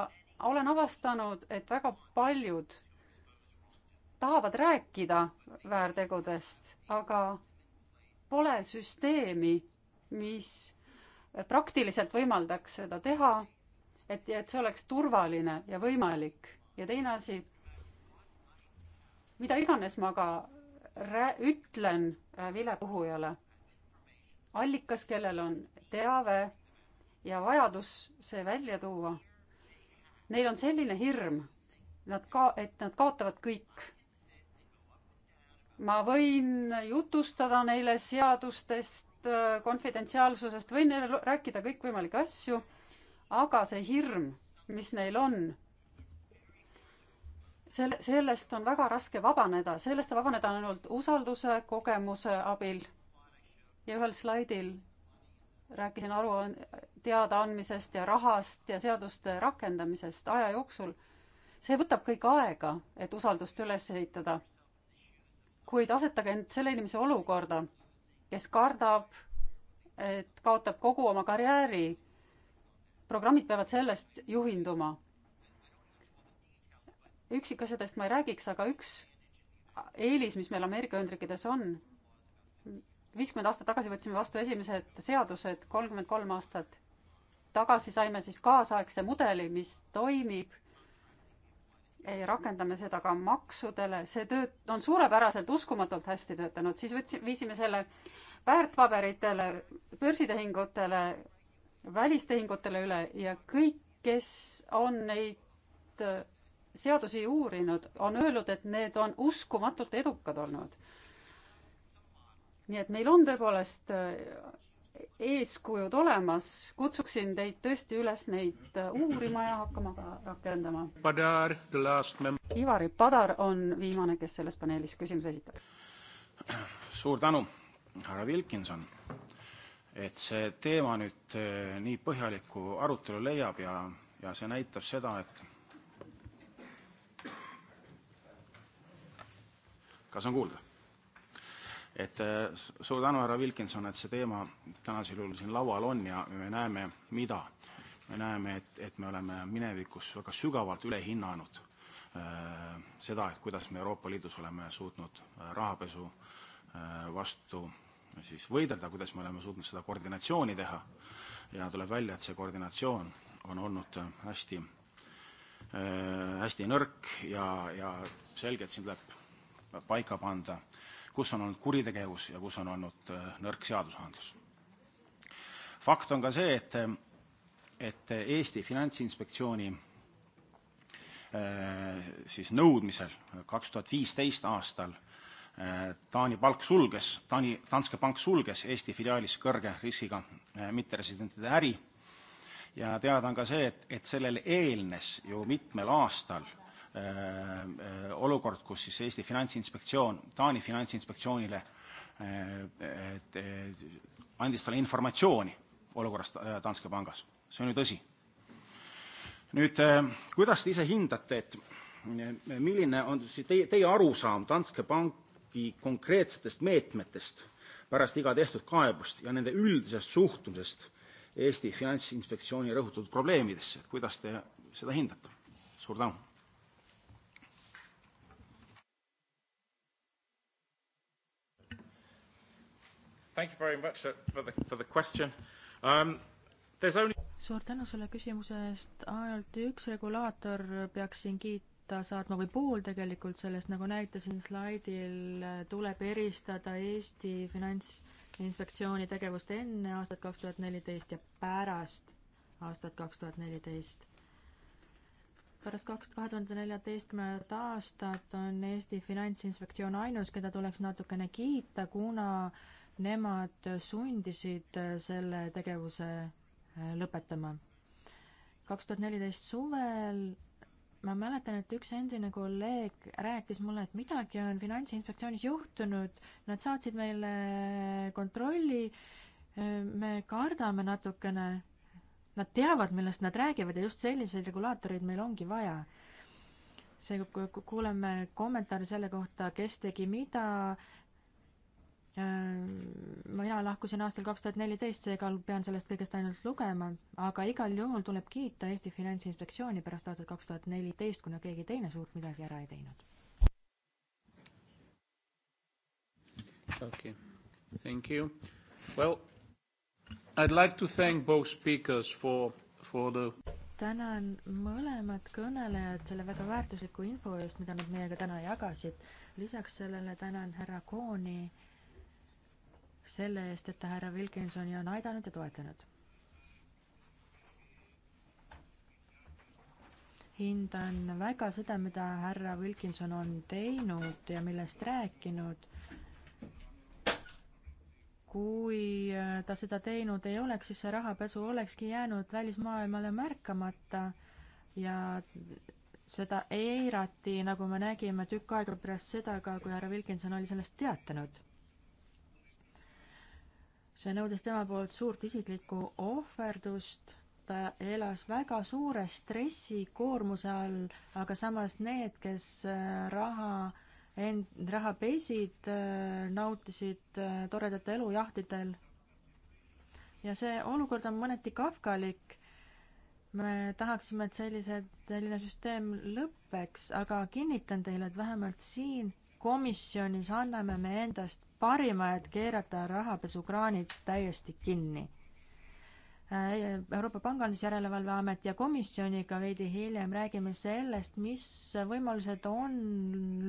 olen avastanud, et väga paljud tahavad rääkida väärtegudest, aga pole süsteemi, mis praktiliselt võimaldaks seda teha, et, et see oleks turvaline ja võimalik. ja teine asi, mida iganes ma ka rää-, ütlen äh, vilepuhujale, allikas, kellel on teave ja vajadus see välja tuua, neil on selline hirm, nad ka, et nad kaotavad kõik ma võin jutustada neile seadustest, konfidentsiaalsusest, võin neile rääkida kõikvõimalikke asju, aga see hirm, mis neil on, selle, sellest on väga raske vabaneda, sellest vabaneda on ainult usalduse, kogemuse abil. ja ühel slaidil rääkisin aru teadaandmisest ja rahast ja seaduste rakendamisest aja jooksul. see võtab kõik aega, et usaldust üles ehitada kuid asetage end selle inimese olukorda, kes kardab, et kaotab kogu oma karjääri. programmid peavad sellest juhinduma. üksikasjadest ma ei räägiks, aga üks eelis, mis meil Ameerika Ühendriikides on, viiskümmend aastat tagasi võtsime vastu esimesed seadused, kolmkümmend kolm aastat tagasi saime siis kaasaegse mudeli, mis toimib rakendame seda ka maksudele, see töö on suurepäraselt, uskumatult hästi töötanud, siis võtsi-, viisime selle väärtpaberitele, börsitehingutele, välistehingutele üle ja kõik, kes on neid äh, seadusi uurinud, on öelnud, et need on uskumatult edukad olnud. nii et meil on tõepoolest äh, eeskujud olemas, kutsuksin teid tõesti üles neid äh, uurima ja hakkama ka rakendama. Ivari Padar on viimane, kes selles paneelis küsimuse esitab. suur tänu, härra Wilkinson, et see teema nüüd äh, nii põhjalikku arutelu leiab ja, ja see näitab seda, et kas on kuulda? et äh, suur tänu, härra Wilkinson, et see teema tänasel juhul siin laual on ja me näeme, mida? me näeme, et, et me oleme minevikus väga sügavalt üle hinnanud äh, seda, et kuidas me Euroopa Liidus oleme suutnud äh, rahapesu äh, vastu siis võidelda, kuidas me oleme suutnud seda koordinatsiooni teha ja tuleb välja, et see koordinatsioon on olnud äh, hästi äh,, hästi nõrk ja, ja selgelt siin tuleb paika panda äh, kus on olnud kuritegevus ja kus on olnud äh, nõrk seadusandlus. fakt on ka see, et, äh, et Eesti Finantsinspektsiooni äh, siis nõudmisel kaks tuhat viisteist aastal Taani palk sulges, Taani, Danske pank sulges Eesti filiaalis kõrge riskiga mitteresidentide äri ja teada on ka see, et, et sellele eelnes ju mitmel aastal Äh, äh, olukord, kus siis Eesti Finantsinspektsioon Taani Finantsinspektsioonile äh, andis talle informatsiooni olukorrast Danske pangas, see on ju tõsi. nüüd, kuidas te ise hindate, et milline on siis teie, teie arusaam Danske Banki konkreetsetest meetmetest pärast iga tehtud kaebust ja nende üldisest suhtumisest Eesti Finantsinspektsiooni rõhutatud probleemidesse, et kuidas te seda hindate? suur tänu Thank you very much uh, for the, for the question um,. There's only suur tänu selle küsimuse eest, ainult üks regulaator peaks siin kiita saatma või pool tegelikult sellest, nagu näitasin slaidil, tuleb eristada Eesti Finantsinspektsiooni tegevust enne aastat kaks tuhat neliteist ja pärast aastat kaks tuhat neliteist pärast kaks, kahe tuhande neljateistkümnendat aastat on Eesti Finantsinspektsioon ainus, keda tuleks natukene kiita, kuna nemad sundisid äh, selle tegevuse äh, lõpetama. kaks tuhat neliteist suvel ma mäletan, et üks endine kolleeg rääkis mulle, et midagi on Finantsinspektsioonis juhtunud, nad saatsid meile kontrolli, äh, me kardame natukene, nad teavad, millest nad räägivad ja just selliseid regulaatoreid meil ongi vaja. seega kuuleme kommentaare selle kohta, kes tegi mida, Äh, mina lahkusin aastal kaks tuhat neliteist, seega pean sellest kõigest ainult lugema, aga igal juhul tuleb kiita Eesti Finantsinspektsiooni pärast aastat kaks tuhat neliteist, kuna keegi teine suurt midagi ära ei teinud. okei okay., thank you. Well, I'd like to thank both speakers for, for the tänan mõlemad kõnelejad selle väga väärtusliku info eest, mida nad meiega täna jagasid. lisaks sellele tänan härra Kooni selle eest, et ta härra Wilkinsoni on aidanud ja toetanud. hindan väga seda, mida härra Wilkinson on teinud ja millest rääkinud. kui äh, ta seda teinud ei oleks, siis see rahapesu olekski jäänud välismaailmale märkamata ja seda eirati, nagu me nägime tükk aega pärast seda ka, kui härra Wilkinson oli sellest teatanud see nõudis tema poolt suurt isiklikku ohverdust, ta elas väga suure stressikoormuse all, aga samas need, kes äh, raha end-, raha pesid, äh, nautisid äh, toredat elu jahtidel. ja see olukord on mõneti kafkalik. me tahaksime, et sellised, selline süsteem lõpeks, aga kinnitan teile, et vähemalt siin komisjonis anname me endast parima, et keerata rahapesukraanid täiesti kinni. Euroopa Pangandusjärelevalveamet ja komisjoniga veidi hiljem räägime sellest, mis võimalused on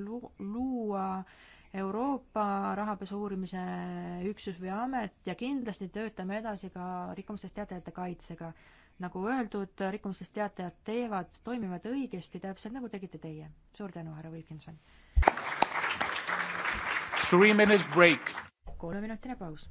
luua Euroopa rahapesu uurimise üksus või amet ja kindlasti töötame edasi ka rikkumistest teatajate kaitsega. nagu öeldud, rikkumistest teatajad teevad, toimivad õigesti, täpselt nagu tegite teie. suur tänu, härra Wilkinson Three minutes break. kolmeminutine paus.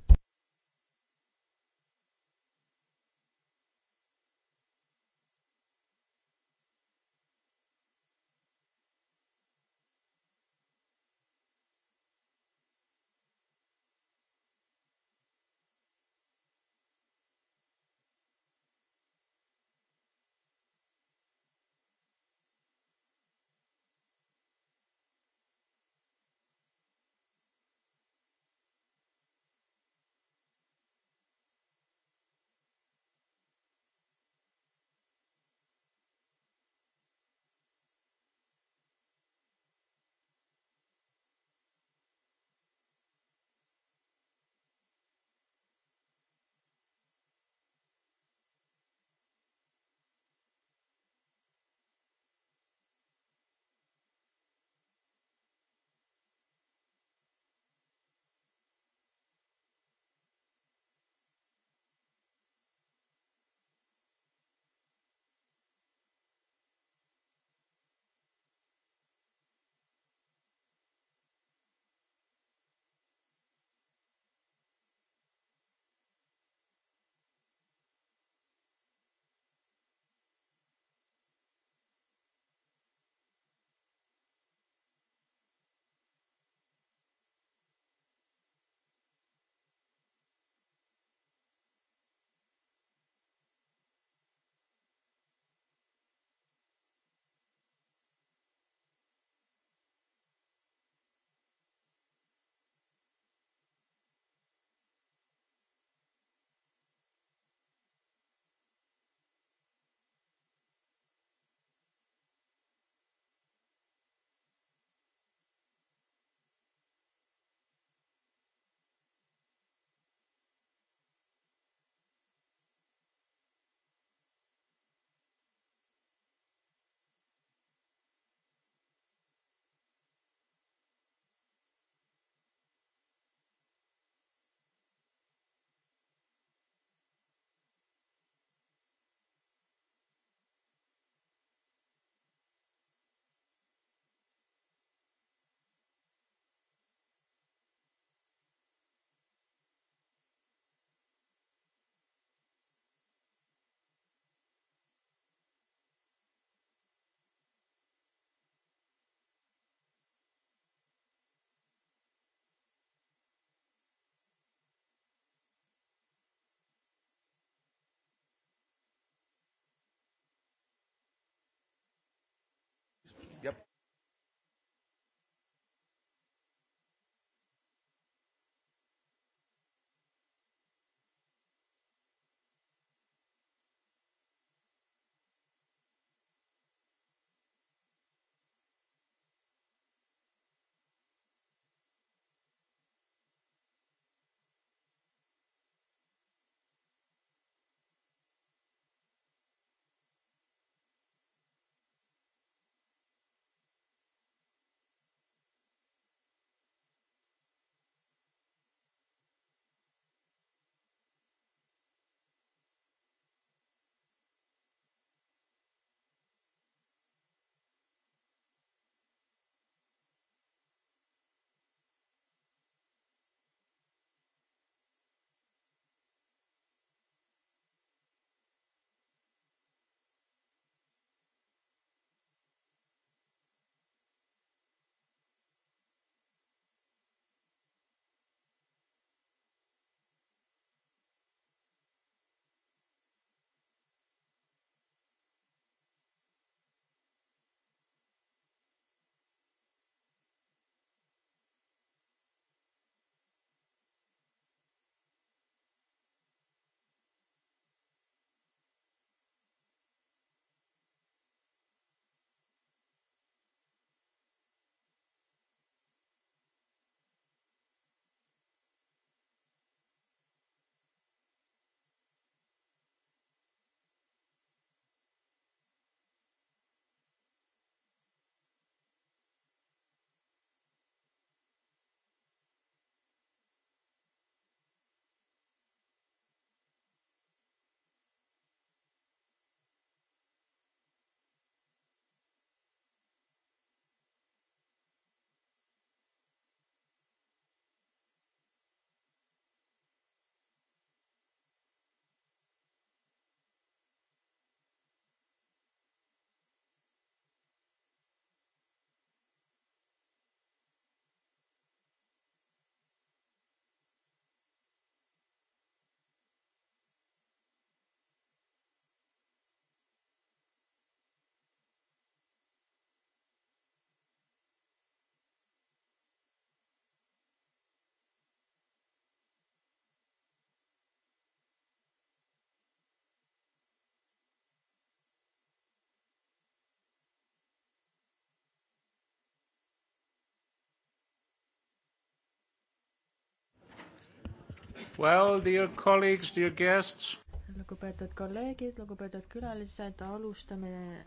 Well, dear colleagues, dear guests. lugupeetud kolleegid, lugupeetud külalised, alustame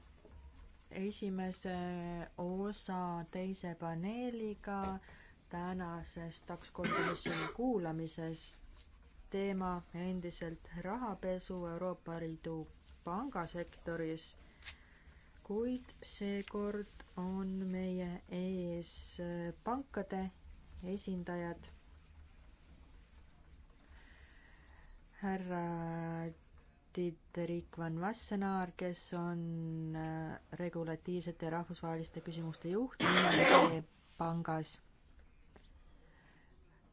esimese osa teise paneeliga tänases taks komisjoni kuulamises. teema endiselt rahapesu Euroopa Liidu pangasektoris, kuid seekord on meie ees pankade esindajad härra Tiit-Riik Van Vassenaar, kes on äh, regulatiivsete ja rahvusvaheliste küsimuste juht Viimane pangas.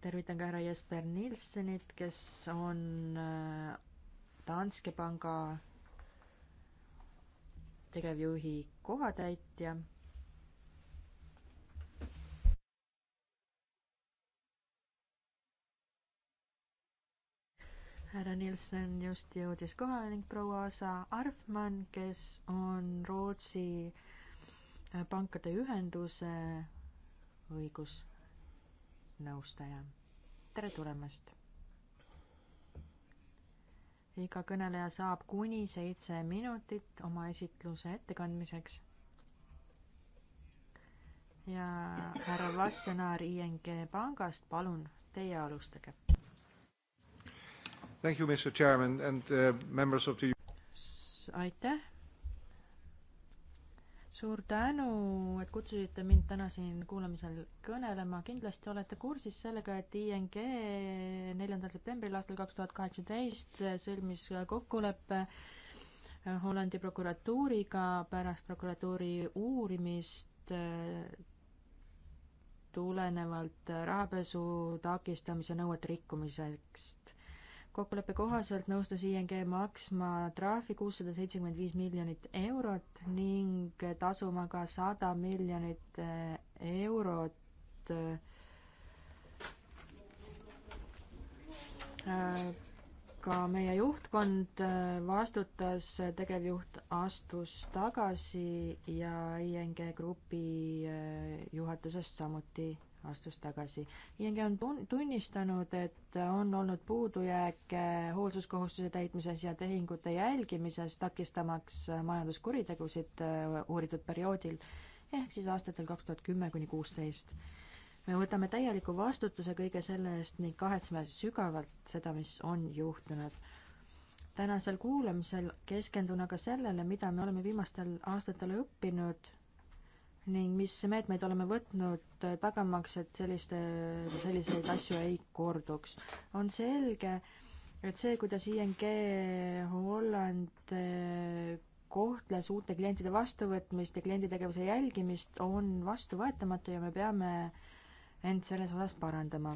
tervitan ka härra Jesper Nilsenit, kes on äh, Danske panga tegevjuhi kohatäitja härra Nilsen just jõudis kohale ning proua Asa Arfmann, kes on Rootsi äh, pankade ühenduse õigusnõustaja. tere tulemast! iga kõneleja saab kuni seitse minutit oma esitluse ettekandmiseks. ja härra Vassenaar ING pangast, palun, teie alustage Thank you, Mr Chairman and uh, members of the aitäh! suur tänu, et kutsusite mind täna siin kuulamisel kõnelema. kindlasti olete kursis sellega, et ING neljandal septembril aastal kaks tuhat kaheksateist sõlmis kokkuleppe Hollandi prokuratuuriga pärast prokuratuuri uurimist tulenevalt rahapesu takistamise nõuete rikkumisest kokkuleppe kohaselt nõustus ING maksma trahvi kuussada seitsekümmend viis miljonit eurot ning tasuma ka sada miljonit eh, eurot eh, ka meie juhtkond eh, vastutas, tegevjuht astus tagasi ja ING grupi juhatusest samuti astus tagasi. ING on tun-, tunnistanud, et on olnud puudujääke hoolsuskohustuse täitmises ja tehingute jälgimises, takistamaks majanduskuritegusid äh, uuritud perioodil, ehk siis aastatel kaks tuhat kümme kuni kuusteist me võtame täieliku vastutuse kõige selle eest ning kahetseme sügavalt seda, mis on juhtunud. tänasel kuulamisel keskendun aga sellele, mida me oleme viimastel aastatel õppinud ning mis meetmeid oleme võtnud äh, tagamaks, et selliste, selliseid asju ei korduks. on selge, et see, kuidas ING Holland äh, kohtles uute klientide vastuvõtmist ja klienditegevuse jälgimist, on vastuvõetamatu ja me peame end selles osas parandama.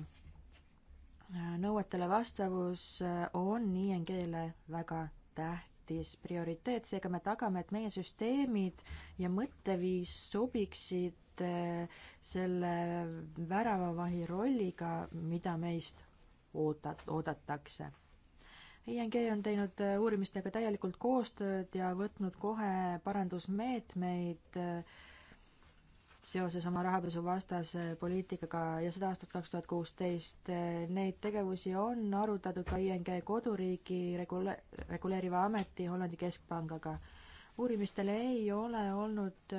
Äh, nõuetele vastavus on ING-le väga tähtis tähtis prioriteet, seega me tagame, et meie süsteemid ja mõtteviis sobiksid eh, selle väravavahi rolliga, mida meist oodat-, oodatakse. ING on teinud eh, uurimistega täielikult koostööd ja võtnud kohe parandusmeetmeid äh, seoses oma rahapesuvastase poliitikaga ja seda aastast kaks tuhat kuusteist. Neid tegevusi on arutatud ka ING koduriigi regule-, reguleeriva ameti Hollandi keskpangaga. uurimistel ei ole olnud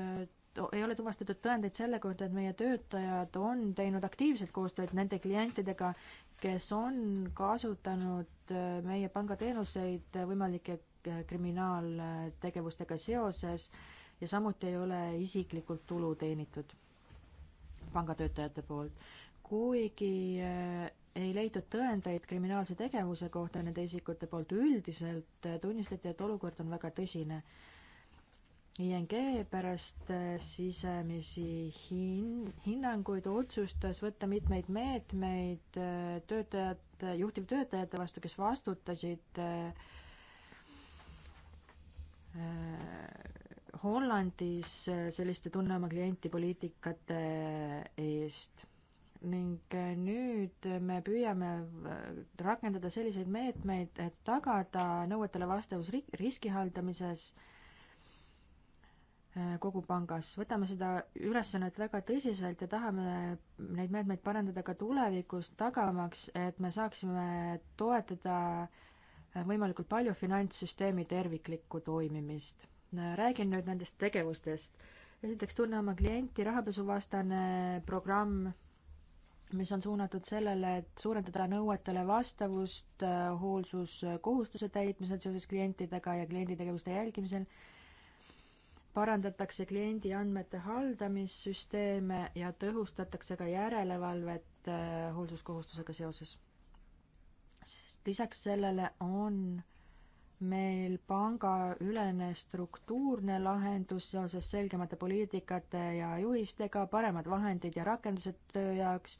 ei ole tuvastatud tõendeid selle kohta, et meie töötajad on teinud aktiivselt koostööd nende klientidega, kes on kasutanud meie pangateenuseid võimalike kriminaaltegevustega seoses ja samuti ei ole isiklikult tulu teenitud pangatöötajate poolt. kuigi äh, ei leitud tõendeid kriminaalse tegevuse kohta nende isikute poolt üldiselt, äh, tunnistati, et olukord on väga tõsine. ING pärast äh, sisemisi hin-, hinnanguid otsustas võtta mitmeid meetmeid töötajate, juhtivtöötajate vastu, kes vastutasid äh, Hollandis äh, selliste tunne oma klienti poliitikate äh, eest ning äh, nüüd me püüame rakendada selliseid meetmeid, et tagada nõuetele vastavus riski haldamises kogu pangas. võtame seda ülesannet väga tõsiselt ja tahame neid meetmeid parandada ka tulevikus, tagamaks, et me saaksime toetada võimalikult palju finantssüsteemi terviklikku toimimist räägin nüüd nendest tegevustest. esiteks tunne oma klienti, rahapesuvastane programm, mis on suunatud sellele, et suurendada nõuetele vastavust äh, hoolsuskohustuse täitmisel seoses klientidega ja kliendi tegevuste jälgimisel parandatakse kliendi andmete haldamissüsteeme ja tõhustatakse ka järelevalvet äh, hoolsuskohustusega seoses. sest lisaks sellele on meil pangaülene struktuurne lahendus seoses selgemate poliitikate ja juhistega, paremad vahendid ja rakendused töö jaoks,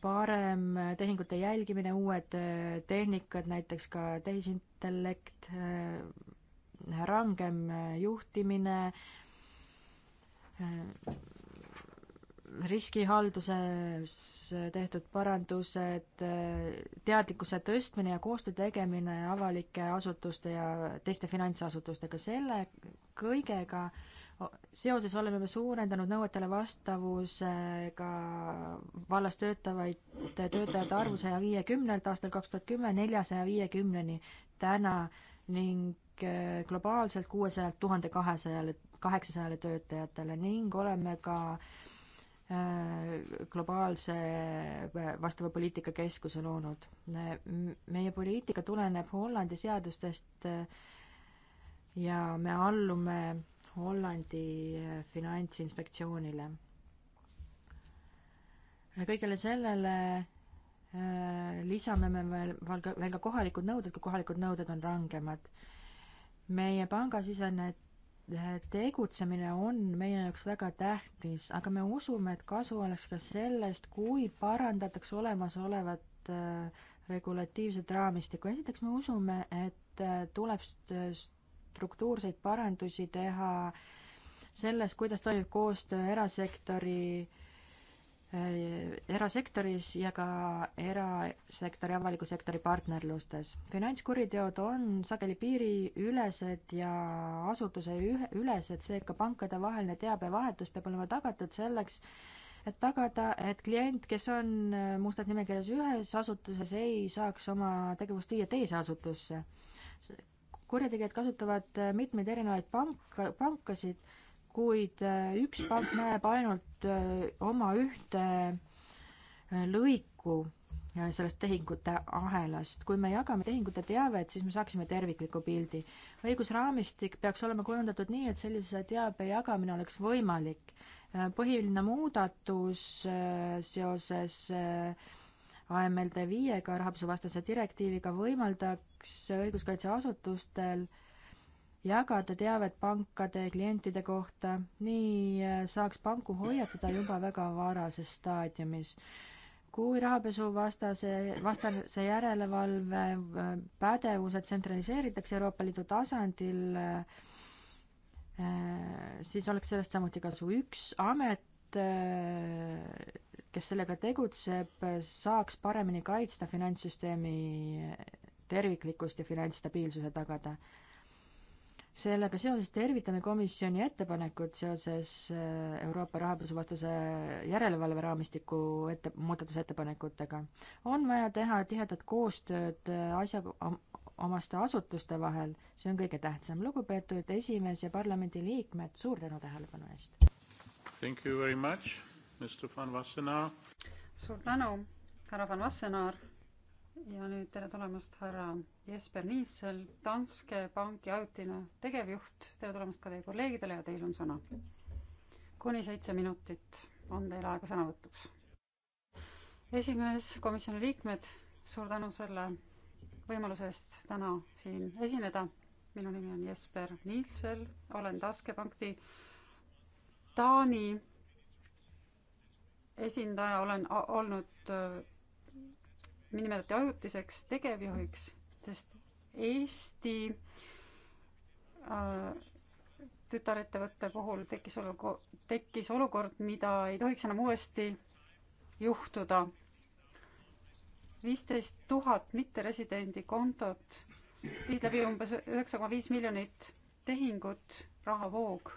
parem tehingute jälgimine, uued äh, tehnikad, näiteks ka tehisintellekt, äh, rangem äh, juhtimine, riskihalduses tehtud parandused, teadlikkuse tõstmine ja koostöö tegemine avalike asutuste ja teiste finantsasutustega, selle kõigega seoses oleme me suurendanud nõuetele vastavusega vallas töötavaid, töötajate arvu saja viiekümnelt aastal kaks tuhat kümme neljasaja viiekümneni täna ning äh, globaalselt kuuesajalt tuhande kahesajale, kaheksasajale töötajatele ning oleme ka äh, Äh, globaalse äh, vastava poliitikakeskuse loonud. Äh, meie poliitika tuleneb Hollandi seadustest ja me allume Hollandi finantsinspektsioonile. kõigele sellele lisame me veel, veel ka kohalikud nõuded, kui kohalikud nõuded on rangemad. meie pangasisene tegutsemine on meie jaoks väga tähtis, aga me usume, et kasu oleks ka sellest, kui parandatakse olemasolevat äh, regulatiivset raamistikku. esiteks me usume, et äh, tuleb äh, struktuurseid parandusi teha selles, kuidas toimib koostöö erasektori äh, Äh, erasektoris ja ka erasektori, avaliku sektori partnerlustes. finantskuriteod on sageli piiriülesed ja asutuse ühe, ülesed, seega pankadevaheline teabevahetus peab olema tagatud selleks, et tagada, et klient, kes on äh, mustas nimekirjas ühes asutuses, ei saaks oma tegevust viia teise asutusse. kurjategijad kasutavad äh, mitmeid erinevaid panka, pankasid kuid äh, üks pank näeb ainult äh, oma ühte äh, lõiku sellest tehingute ahelast. kui me jagame tehingute teavet, siis me saaksime tervikliku pildi. õigusraamistik peaks olema kujundatud nii, et sellise teabe jagamine oleks võimalik. põhiline muudatus seoses AMLD viiega, rahapesuvastase direktiiviga, võimaldaks õiguskaitseasutustel jagada teavet pankade klientide kohta, nii äh, saaks panku hoiatada juba väga varases staadiumis. kui rahapesuvastase, vastase järelevalve äh, pädevused tsentraliseeritakse Euroopa Liidu tasandil, äh, siis oleks sellest samuti kasu. üks amet, kes sellega tegutseb, saaks paremini kaitsta finantssüsteemi terviklikkust ja finantsstabiilsuse tagada sellega seoses tervitame komisjoni ettepanekut seoses äh, Euroopa rahapesuvastase järelevalve raamistiku ette, muudatusettepanekutega. on vaja teha tihedat koostööd äh, asja, omaste asutuste vahel, see on kõige tähtsam. lugupeetud esimees ja parlamendiliikmed, suur tänu tähelepanu eest! Thank you very much, Mr Van Wassenaar! suur tänu, härra Van Wassenaar! ja nüüd tere tulemast, härra Jesper Niissel, Danske Banki ajutine tegevjuht, tere tulemast ka teie kolleegidele ja teil on sõna. kuni seitse minutit on teil aega sõnavõtuks. esimees, komisjoni liikmed, suur tänu selle võimaluse eest täna siin esineda. minu nimi on Jesper Niissel, olen Danske Banki Taani esindaja, olen olnud äh, mind nimetati ajutiseks tegevjuhiks, sest Eesti äh, tütarettevõtte puhul tekkis oluko-, tekkis olukord, mida ei tohiks enam uuesti juhtuda. viisteist tuhat mitteresidendi kontot viis läbi umbes üheksa koma viis miljonit tehingut, rahavoog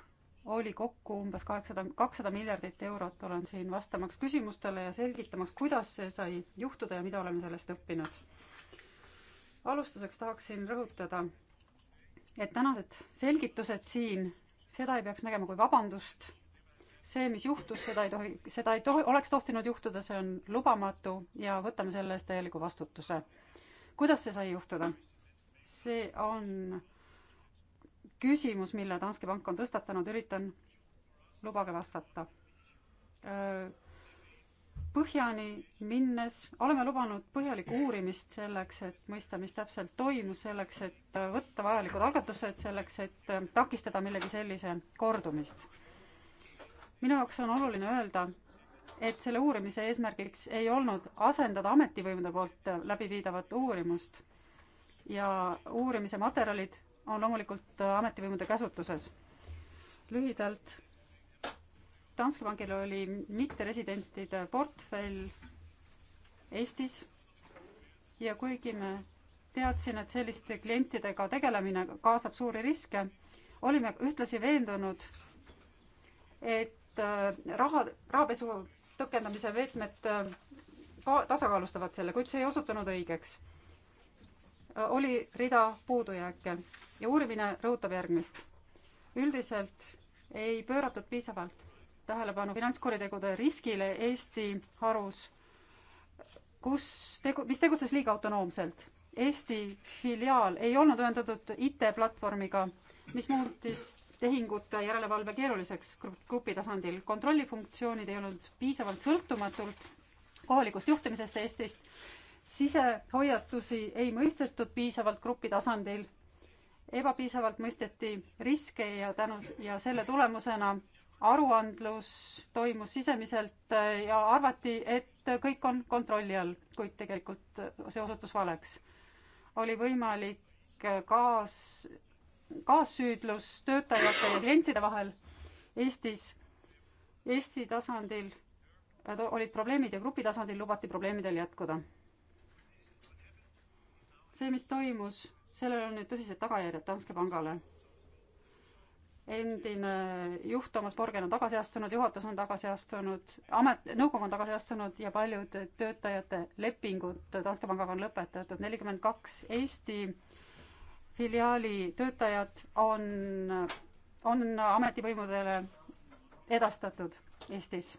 oli kokku umbes kaheksasada, kakssada miljardit eurot, olen siin vastamaks küsimustele ja selgitamaks, kuidas see sai juhtuda ja mida oleme sellest õppinud. alustuseks tahaksin rõhutada, et tänased selgitused siin, seda ei peaks nägema kui vabandust, see, mis juhtus, seda ei tohi, seda ei tohi, oleks tohtinud juhtuda, see on lubamatu ja võtame selle eest täieliku vastutuse. kuidas see sai juhtuda? see on küsimus, mille Danske Bank on tõstatanud, üritan, lubage vastata. Põhjani minnes oleme lubanud põhjalikku uurimist selleks, et mõista, mis täpselt toimus, selleks, et võtta vajalikud algatused, selleks, et takistada millegi sellise kordumist. minu jaoks on oluline öelda, et selle uurimise eesmärgiks ei olnud asendada ametivõimude poolt läbiviidavat uurimust ja uurimise materjalid on loomulikult äh, ametivõimude käsutuses. lühidalt, Danske pangil oli mitteresidentide portfell Eestis ja kuigi me teadsin, et selliste klientidega tegelemine kaasab suuri riske, olime ühtlasi veendunud, et äh, raha, rahapesu tõkendamise meetmed äh, ka tasakaalustavad selle, kuid see ei osutunud õigeks. oli rida puudujääke ja uurimine rõhutab järgmist. üldiselt ei pööratud piisavalt tähelepanu finantskuritegude riskile Eesti harus, kus tegu, mis tegutses liiga autonoomselt. Eesti filiaal ei olnud ühendatud IT-platvormiga, mis muutis tehingute järelevalve keeruliseks grupi tasandil. kontrollifunktsioonid ei olnud piisavalt sõltumatult kohalikust juhtimisest Eestist, sisehoiatusi ei mõistetud piisavalt grupi tasandil ebapiisavalt mõisteti riske ja tänu ja selle tulemusena aruandlus toimus sisemiselt äh, ja arvati, et kõik on kontrolli all, kuid tegelikult see osutus valeks. oli võimalik äh, kaas, kaassüüdlus töötajate ja klientide vahel Eestis, Eesti tasandil äh, olid probleemid ja grupi tasandil lubati probleemidel jätkuda. see, mis toimus sellel on nüüd tõsised tagajärjed Danske pangale. endine juht Toomas Borgen on tagasi astunud, juhatus on tagasi astunud, amet, nõukogu on tagasi astunud ja paljud töötajate lepingud Danske pangaga on lõpetatud. nelikümmend kaks Eesti filiaali töötajad on, on ametivõimudele edastatud Eestis.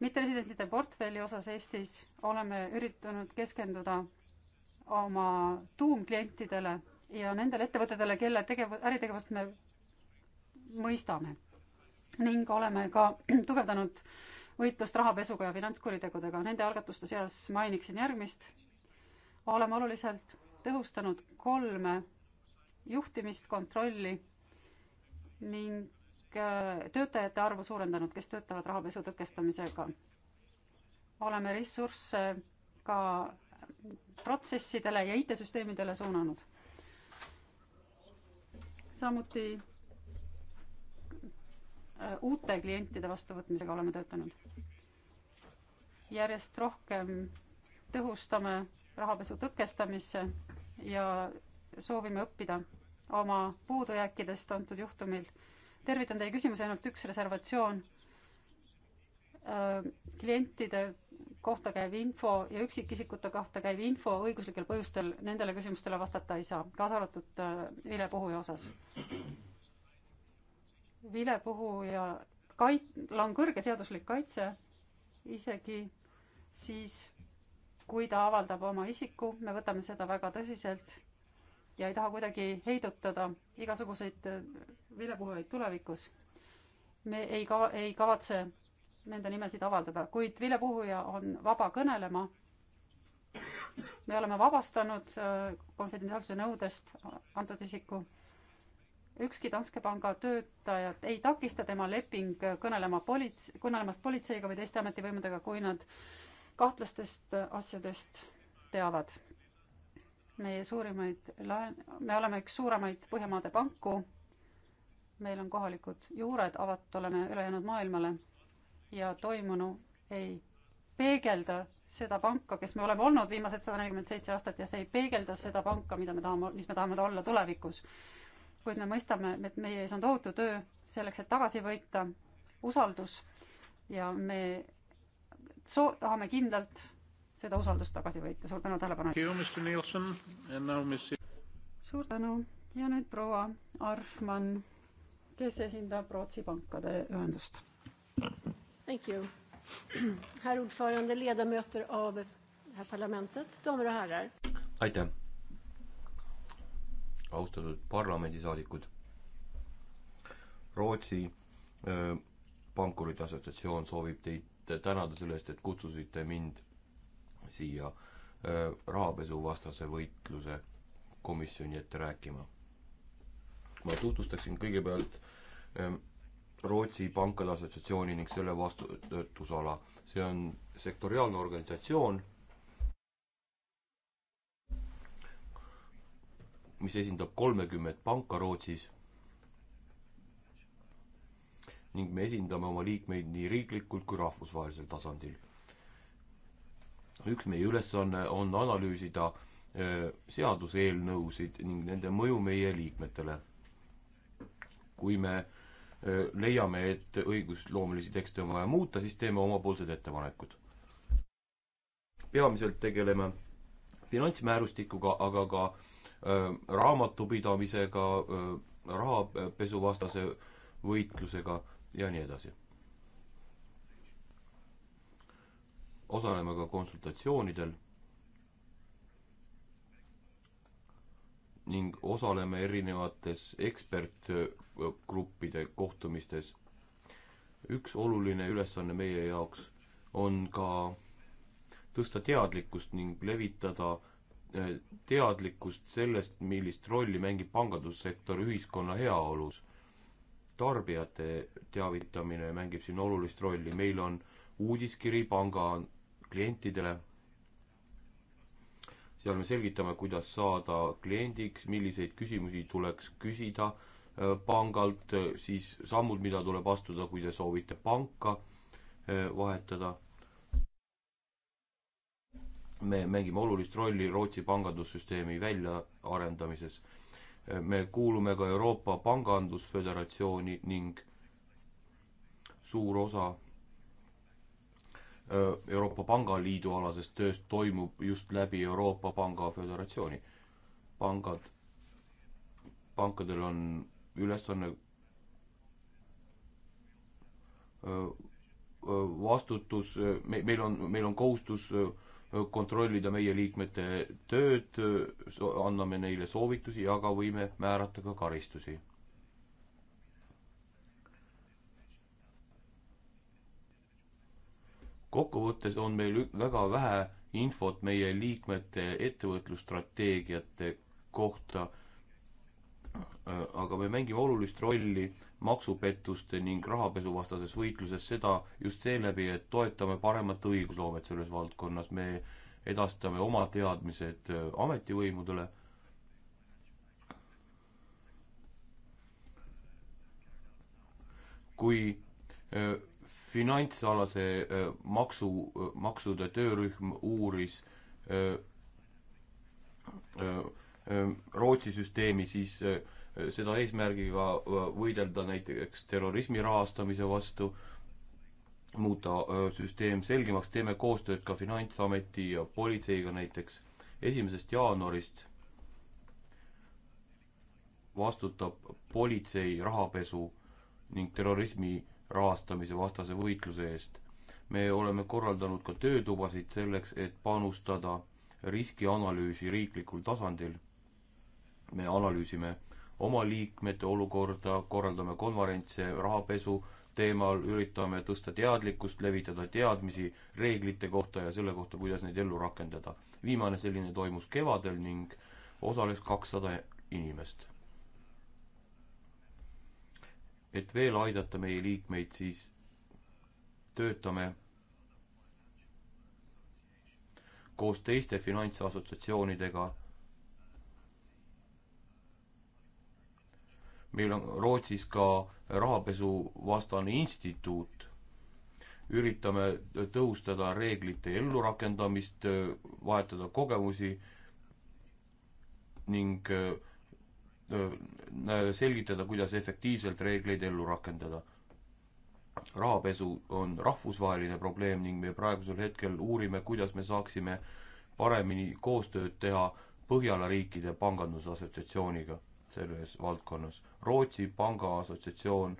mitteresidentide portfelli osas Eestis oleme üritanud keskenduda oma tuumklientidele ja nendele ettevõtetele, kelle tegev-, äritegevust me mõistame. ning oleme ka tugevdanud võitlust rahapesuga ja finantskuritegudega. Nende algatuste seas mainiksin järgmist. oleme oluliselt tõhustanud kolme juhtimist, kontrolli ning äh, töötajate arvu suurendanud, kes töötavad rahapesu tõkestamisega. oleme ressursse ka protsessidele ja IT-süsteemidele suunanud samuti äh, uute klientide vastuvõtmisega oleme töötanud. järjest rohkem tõhustame rahapesu tõkestamisse ja soovime õppida oma puudujääkidest antud juhtumil. tervitan teie küsimuse, ainult üks reservatsioon. Äh, klientide kohta käiv info ja üksikisikute kohta käiv info õiguslikel põhjustel nendele küsimustele vastata ei saa, kaasa arvatud äh, vilepuhuja osas. vilepuhuja kait-, on kõrge seaduslik kaitse, isegi siis, kui ta avaldab oma isiku, me võtame seda väga tõsiselt ja ei taha kuidagi heidutada igasuguseid äh, vilepuhujaid tulevikus. me ei kava, ei kavatse nende nimesid avaldada, kuid vilepuhuja on vaba kõnelema. me oleme vabastanud äh, konfidentsiaalsuse nõudest antud isiku. ükski Danske panga töötajat ei takista tema leping kõnelema polits-, kõnelemast politseiga või teiste ametivõimudega, kui nad kahtlastest asjadest teavad. meie suurimaid laen-, me oleme üks suuremaid Põhjamaade panku, meil on kohalikud juured, avatud oleme ülejäänud maailmale ja toimunu ei peegelda seda panka, kes me oleme olnud viimased sada nelikümmend seitse aastat ja see ei peegelda seda panka, mida me tahame, mis me tahame ta olla tulevikus. kuid me mõistame, et meie ees on tohutu töö selleks, et tagasi võita usaldus ja me soo-, tahame kindlalt seda usaldust tagasi võita. suur tänu tähelepanu eest! suur tänu ja nüüd proua Arfmann, kes esindab Rootsi pankade ühendust. Thank you. Herr ordförande, ledamöter av det här parlamentet, damer och herrar. aitäh. austatud parlamendisaadikud. Rootsi öö, äh, pankurite assotsiatsioon soovib teid tänada selle eest, et kutsusite mind siia äh, rahapesuvastase võitluse komisjoni ette rääkima. ma tutvustaksin kõigepealt öö, ähm, Rootsi Pankade Assotsiatsiooni ning selle vastutusala. see on sektoriaalne organisatsioon, mis esindab kolmekümmet panka Rootsis ning me esindame oma liikmeid nii riiklikult kui rahvusvahelisel tasandil. üks meie ülesanne on analüüsida äh, seaduseelnõusid ning nende mõju meie liikmetele. kui me leiame, et õigusloomelisi tekste on vaja muuta, siis teeme omapoolsed ettepanekud. peamiselt tegeleme finantsmäärustikuga, aga ka öö, raamatupidamisega, rahapesuvastase võitlusega ja nii edasi. osaleme ka konsultatsioonidel ning osaleme erinevates ekspertgruppide kohtumistes. üks oluline ülesanne meie jaoks on ka tõsta teadlikkust ning levitada eh, teadlikkust sellest, millist rolli mängib pangandussektor ühiskonna heaolus. tarbijate teavitamine mängib siin olulist rolli, meil on uudiskiri panga klientidele seal me selgitame, kuidas saada kliendiks, milliseid küsimusi tuleks küsida äh, pangalt, äh, siis sammud, mida tuleb astuda, kui te soovite panka äh, vahetada. me mängime olulist rolli Rootsi pangandussüsteemi väljaarendamises. me kuulume ka Euroopa Pangandusföderatsiooni ning suur osa Euroopa Pangaliidu alasest tööst toimub just läbi Euroopa Panga Föderatsiooni. pangad, pankadel on ülesanne vastutus, me, meil on, meil on kohustus kontrollida meie liikmete tööd, anname neile soovitusi, aga võime määrata ka karistusi kokkuvõttes on meil väga vähe infot meie liikmete ettevõtlusstrateegiate kohta, äh, aga me mängime olulist rolli maksupettuste ning rahapesuvastases võitluses, seda just seeläbi, et toetame paremat õigusloomet selles valdkonnas, me edastame oma teadmised äh, ametivõimudele kui äh, finantsalase maksu, maksude töörühm uuris Rootsi süsteemi, siis seda eesmärgiga võidelda näiteks terrorismi rahastamise vastu, muuta süsteem selgemaks, teeme koostööd ka Finantsameti ja politseiga näiteks. esimesest jaanuarist vastutab politsei rahapesu ning terrorismi rahastamise vastase võitluse eest. me oleme korraldanud ka töötubasid selleks, et panustada riskianalüüsi riiklikul tasandil. me analüüsime oma liikmete olukorda, korraldame konverentse rahapesu teemal, üritame tõsta teadlikkust, levitada teadmisi reeglite kohta ja selle kohta, kuidas neid ellu rakendada. viimane selline toimus kevadel ning osales kakssada inimest et veel aidata meie liikmeid, siis töötame koos teiste finantsassotsiatsioonidega. meil on Rootsis ka rahapesuvastane instituut. üritame tõhustada reeglite ellurakendamist, vahetada kogemusi ning äh, selgitada, kuidas efektiivselt reegleid ellu rakendada. rahapesu on rahvusvaheline probleem ning me praegusel hetkel uurime, kuidas me saaksime paremini koostööd teha Põhjala riikide pangandusassotsiatsiooniga selles valdkonnas. Rootsi Pangaassotsiatsioon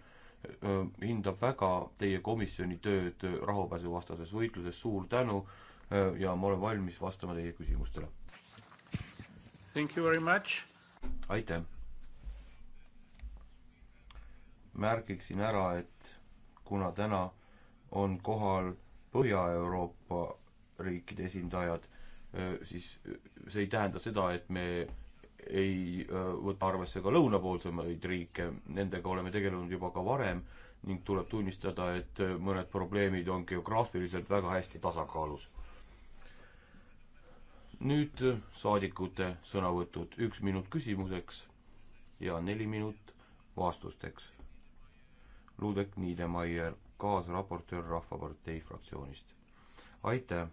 hindab väga teie komisjoni tööd rahapesuvastases võitluses, suur tänu ja ma olen valmis vastama teie küsimustele. Thank you very much! aitäh! märgiksin ära, et kuna täna on kohal Põhja-Euroopa riikide esindajad, siis see ei tähenda seda, et me ei võta arvesse ka lõunapoolsemaid riike, nendega oleme tegelenud juba ka varem ning tuleb tunnistada, et mõned probleemid on geograafiliselt väga hästi tasakaalus. nüüd saadikute sõnavõtud, üks minut küsimuseks ja neli minut vastusteks Ludek Niedemeier, kaasraportöör Rahvapartei fraktsioonist. aitäh!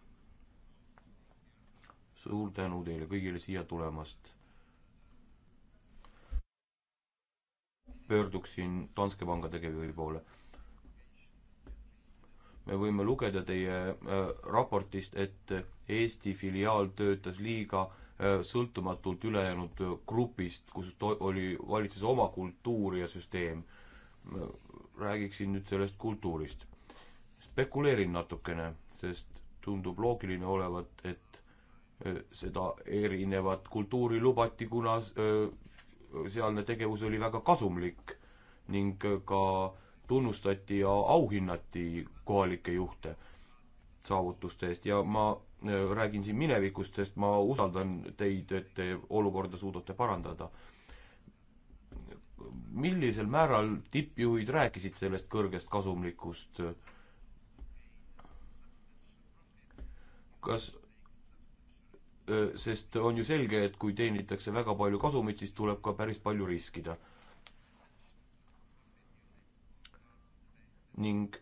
suur tänu teile kõigile siia tulemast. pöörduksin Danske panga tegevjuhi poole. me võime lugeda teie äh, raportist, et Eesti filiaal töötas liiga äh, sõltumatult ülejäänud grupist, kus to-, oli, valitses oma kultuur ja süsteem räägiksin nüüd sellest kultuurist. spekuleerin natukene, sest tundub loogiline olevat, et seda erinevat kultuuri lubati, kuna sealne tegevus oli väga kasumlik ning ka tunnustati ja auhinnati kohalikke juhte saavutuste eest ja ma räägin siin minevikust, sest ma usaldan teid, et te olukorda suudate parandada millisel määral tippjuhid rääkisid sellest kõrgest kasumlikust? kas, sest on ju selge, et kui teenitakse väga palju kasumit, siis tuleb ka päris palju riskida. ning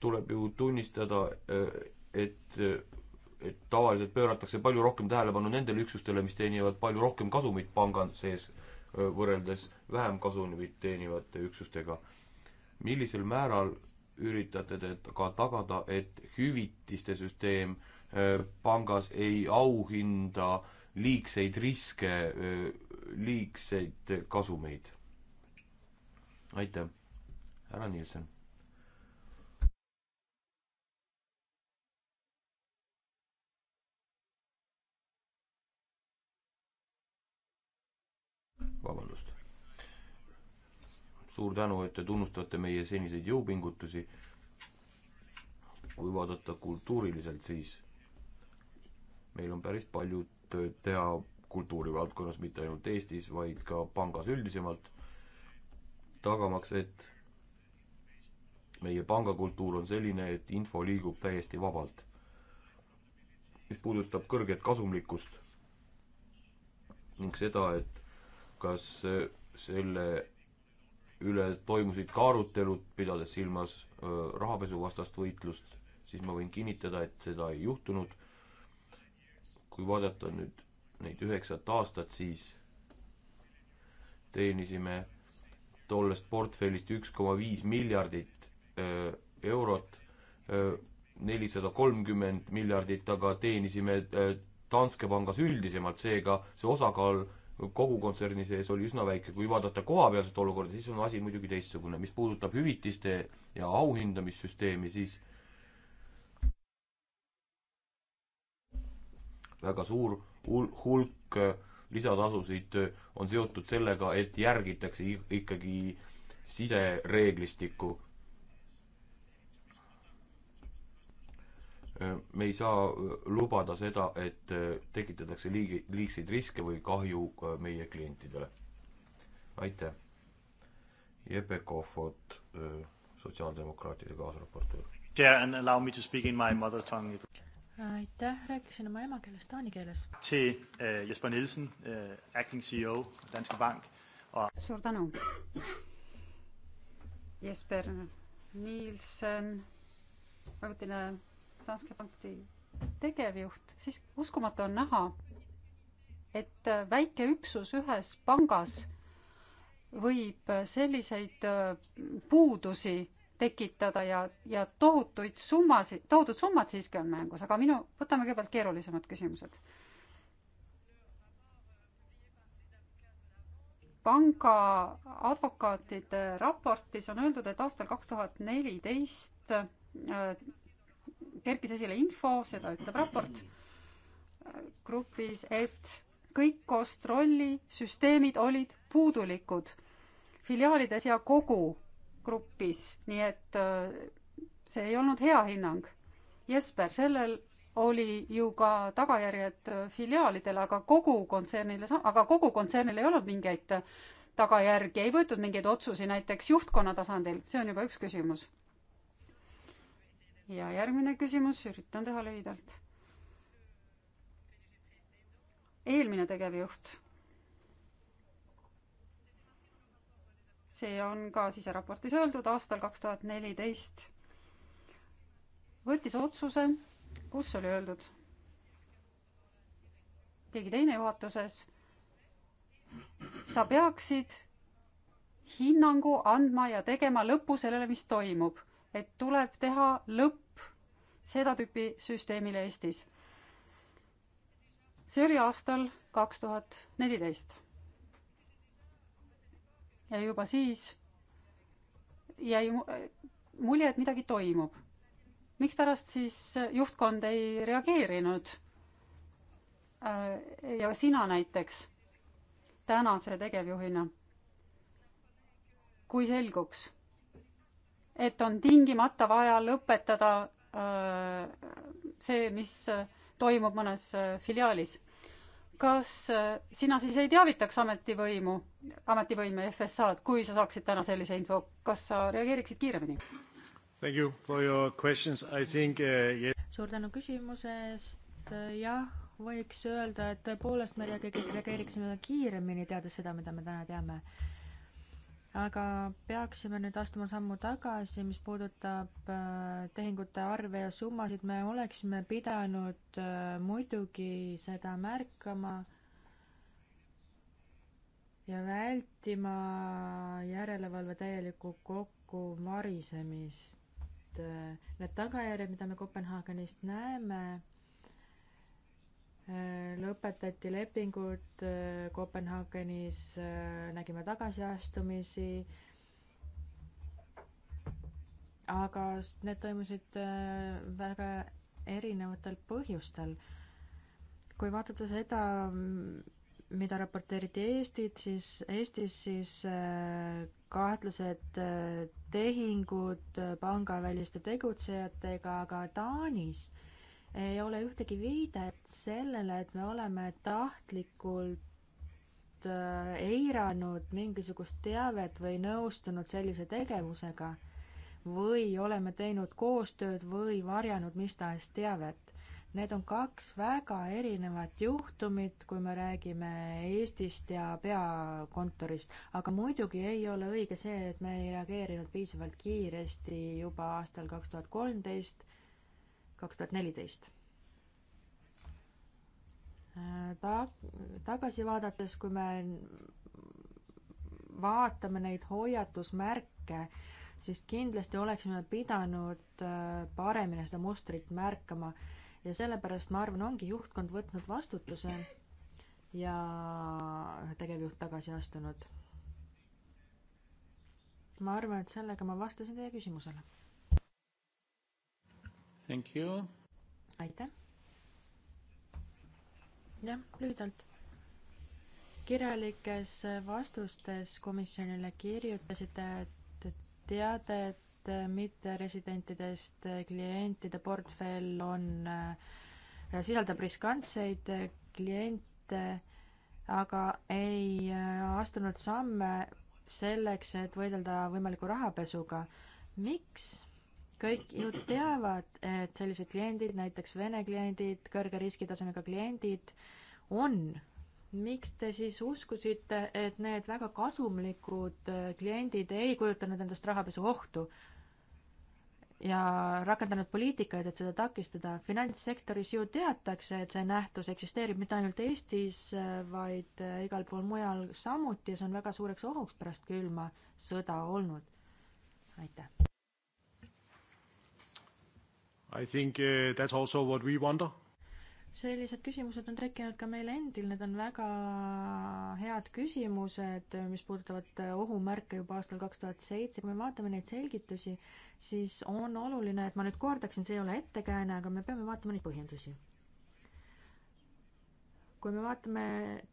tuleb ju tunnistada, et et tavaliselt pööratakse palju rohkem tähelepanu nendele üksustele, mis teenivad palju rohkem kasumit panga sees, võrreldes vähem kasumit teenivate üksustega. millisel määral üritate te ka tagada, et hüvitiste süsteem pangas ei auhinda liigseid riske, liigseid kasumeid? aitäh, härra Nielsen suur tänu, et te tunnustate meie seniseid jõupingutusi. kui vaadata kultuuriliselt, siis meil on päris palju tööd teha kultuurivaldkonnas, mitte ainult Eestis, vaid ka pangas üldisemalt, tagamaks, et meie pangakultuur on selline, et info liigub täiesti vabalt. mis puudutab kõrget kasumlikkust ning seda, et kas selle üle toimusid ka arutelud, pidades silmas rahapesuvastast võitlust, siis ma võin kinnitada, et seda ei juhtunud. kui vaadata nüüd neid üheksat aastat, siis teenisime tollest portfellist üks koma viis miljardit eurot, nelisada kolmkümmend miljardit aga teenisime Danske pangas üldisemalt, seega see osakaal kogu kontserni sees oli üsna väike, kui vaadata kohapealset olukorda, siis on asi muidugi teistsugune, mis puudutab hüvitiste ja auhindamissüsteemi, siis väga suur hulk äh, lisatasusid äh, on seotud sellega, et järgitakse ikkagi sisereeglistikku Äh, me ei saa äh, lubada seda, et äh, tekitatakse liigi, liigseid riske või kahju meie klientidele. aitäh. Jeppe Kohvot, sotsiaaldemokraatide kaasraportöör. aitäh, rääkisin oma emakeeles taani keeles. Jesper Nielsen, acting CEO Danske Bank. suur tänu. Jesper Nielsen, ajutine Danske Banki tegevjuht, siis uskumatu on näha, et väike üksus ühes pangas võib selliseid äh, puudusi tekitada ja, ja tohutuid summasid, tohutud summad siiski on mängus, aga minu, võtame kõigepealt keerulisemad küsimused. panga advokaatide raportis on öeldud, et aastal kaks tuhat neliteist äh, kerkis esile info, seda ütleb raport grupis, et kõik kontrollisüsteemid olid puudulikud filiaalides ja kogu grupis, nii et äh, see ei olnud hea hinnang. Jesper, sellel oli ju ka tagajärjed äh, filiaalidele, aga kogu kontsernile, aga kogu kontsernil ei olnud mingeid äh, tagajärgi, ei võetud mingeid otsusi näiteks juhtkonna tasandil, see on juba üks küsimus ja järgmine küsimus, üritan teha lühidalt. eelmine tegevjuht. see on ka siseraportis öeldud, aastal kaks tuhat neliteist võttis otsuse, kus oli öeldud, keegi teine juhatuses, sa peaksid hinnangu andma ja tegema lõpu sellele, mis toimub et tuleb teha lõpp seda tüüpi süsteemile Eestis. see oli aastal kaks tuhat neliteist. ja juba siis jäi mulje, et midagi toimub. mikspärast siis juhtkond ei reageerinud? Äh, ja sina näiteks tänase tegevjuhina, kui selguks et on tingimata vaja lõpetada äh, see, mis äh, toimub mõnes äh, filiaalis. kas sina siis ei teavitaks ametivõimu, ametivõime FSA-d, kui sa saaksid täna sellise info, kas sa reageeriksid kiiremini? Thank you for your questions, I think uh, yes. suur tänu küsimuse eest, jah, võiks öelda, et tõepoolest me reageeriksime kiiremini, teades seda, mida me täna teame aga peaksime nüüd astuma sammu tagasi, mis puudutab äh, tehingute arve ja summasid, me oleksime pidanud äh, muidugi seda märkama ja vältima järelevalve täielikku kokkuvarisemist. Äh, need tagajärjed, mida me Kopenhaagenist näeme lõpetati lepingud äh, Kopenhaagenis, äh, nägime tagasiastumisi, aga need toimusid äh, väga erinevatel põhjustel. kui vaadata seda, mida raporteeriti Eestit, siis Eestis siis kahtlased tehingud pangaväliste tegutsejatega, aga Taanis äh, ei ole ühtegi viidet sellele, et me oleme tahtlikult äh, eiranud mingisugust teavet või nõustunud sellise tegevusega või oleme teinud koostööd või varjanud mis tahes teavet. Need on kaks väga erinevat juhtumit, kui me räägime Eestist ja peakontorist, aga muidugi ei ole õige see, et me ei reageerinud piisavalt kiiresti juba aastal kaks tuhat kolmteist kaks tuhat neliteist. Ta-, tagasi vaadates, kui me vaatame neid hoiatusmärke, siis kindlasti oleksime pidanud äh, paremini seda mustrit märkama ja sellepärast ma arvan, ongi juhtkond võtnud vastutuse ja tegevjuht tagasi astunud. ma arvan, et sellega ma vastasin teie küsimusele Thank you. aitäh. jah, lühidalt. kirjalikes vastustes komisjonile kirjutasite, et teadet mitteresidentidest klientide portfell on, äh, sisaldab riskantseid kliente, aga ei äh, astunud samme selleks, et võidelda võimaliku rahapesuga. miks? kõik ju teavad, et sellised kliendid, näiteks Vene kliendid, kõrge riskitasemega kliendid on. miks te siis uskusite, et need väga kasumlikud äh, kliendid ei kujutanud endast rahapesu ohtu? ja rakendanud poliitikaid, et seda takistada. finantssektoris ju teatakse, et see nähtus eksisteerib mitte ainult Eestis, äh, vaid äh, igal pool mujal samuti ja see on väga suureks ohuks pärast külma sõda olnud. aitäh! I think uh, that's also what we wonder. sellised küsimused on tekkinud ka meile endil, need on väga head küsimused, äh, mis puudutavad äh, ohumärke juba aastal kaks tuhat seitse, kui me vaatame neid selgitusi, siis on oluline, et ma nüüd kordaksin, see ei ole ettekääne, aga me peame vaatama neid põhjendusi kui me vaatame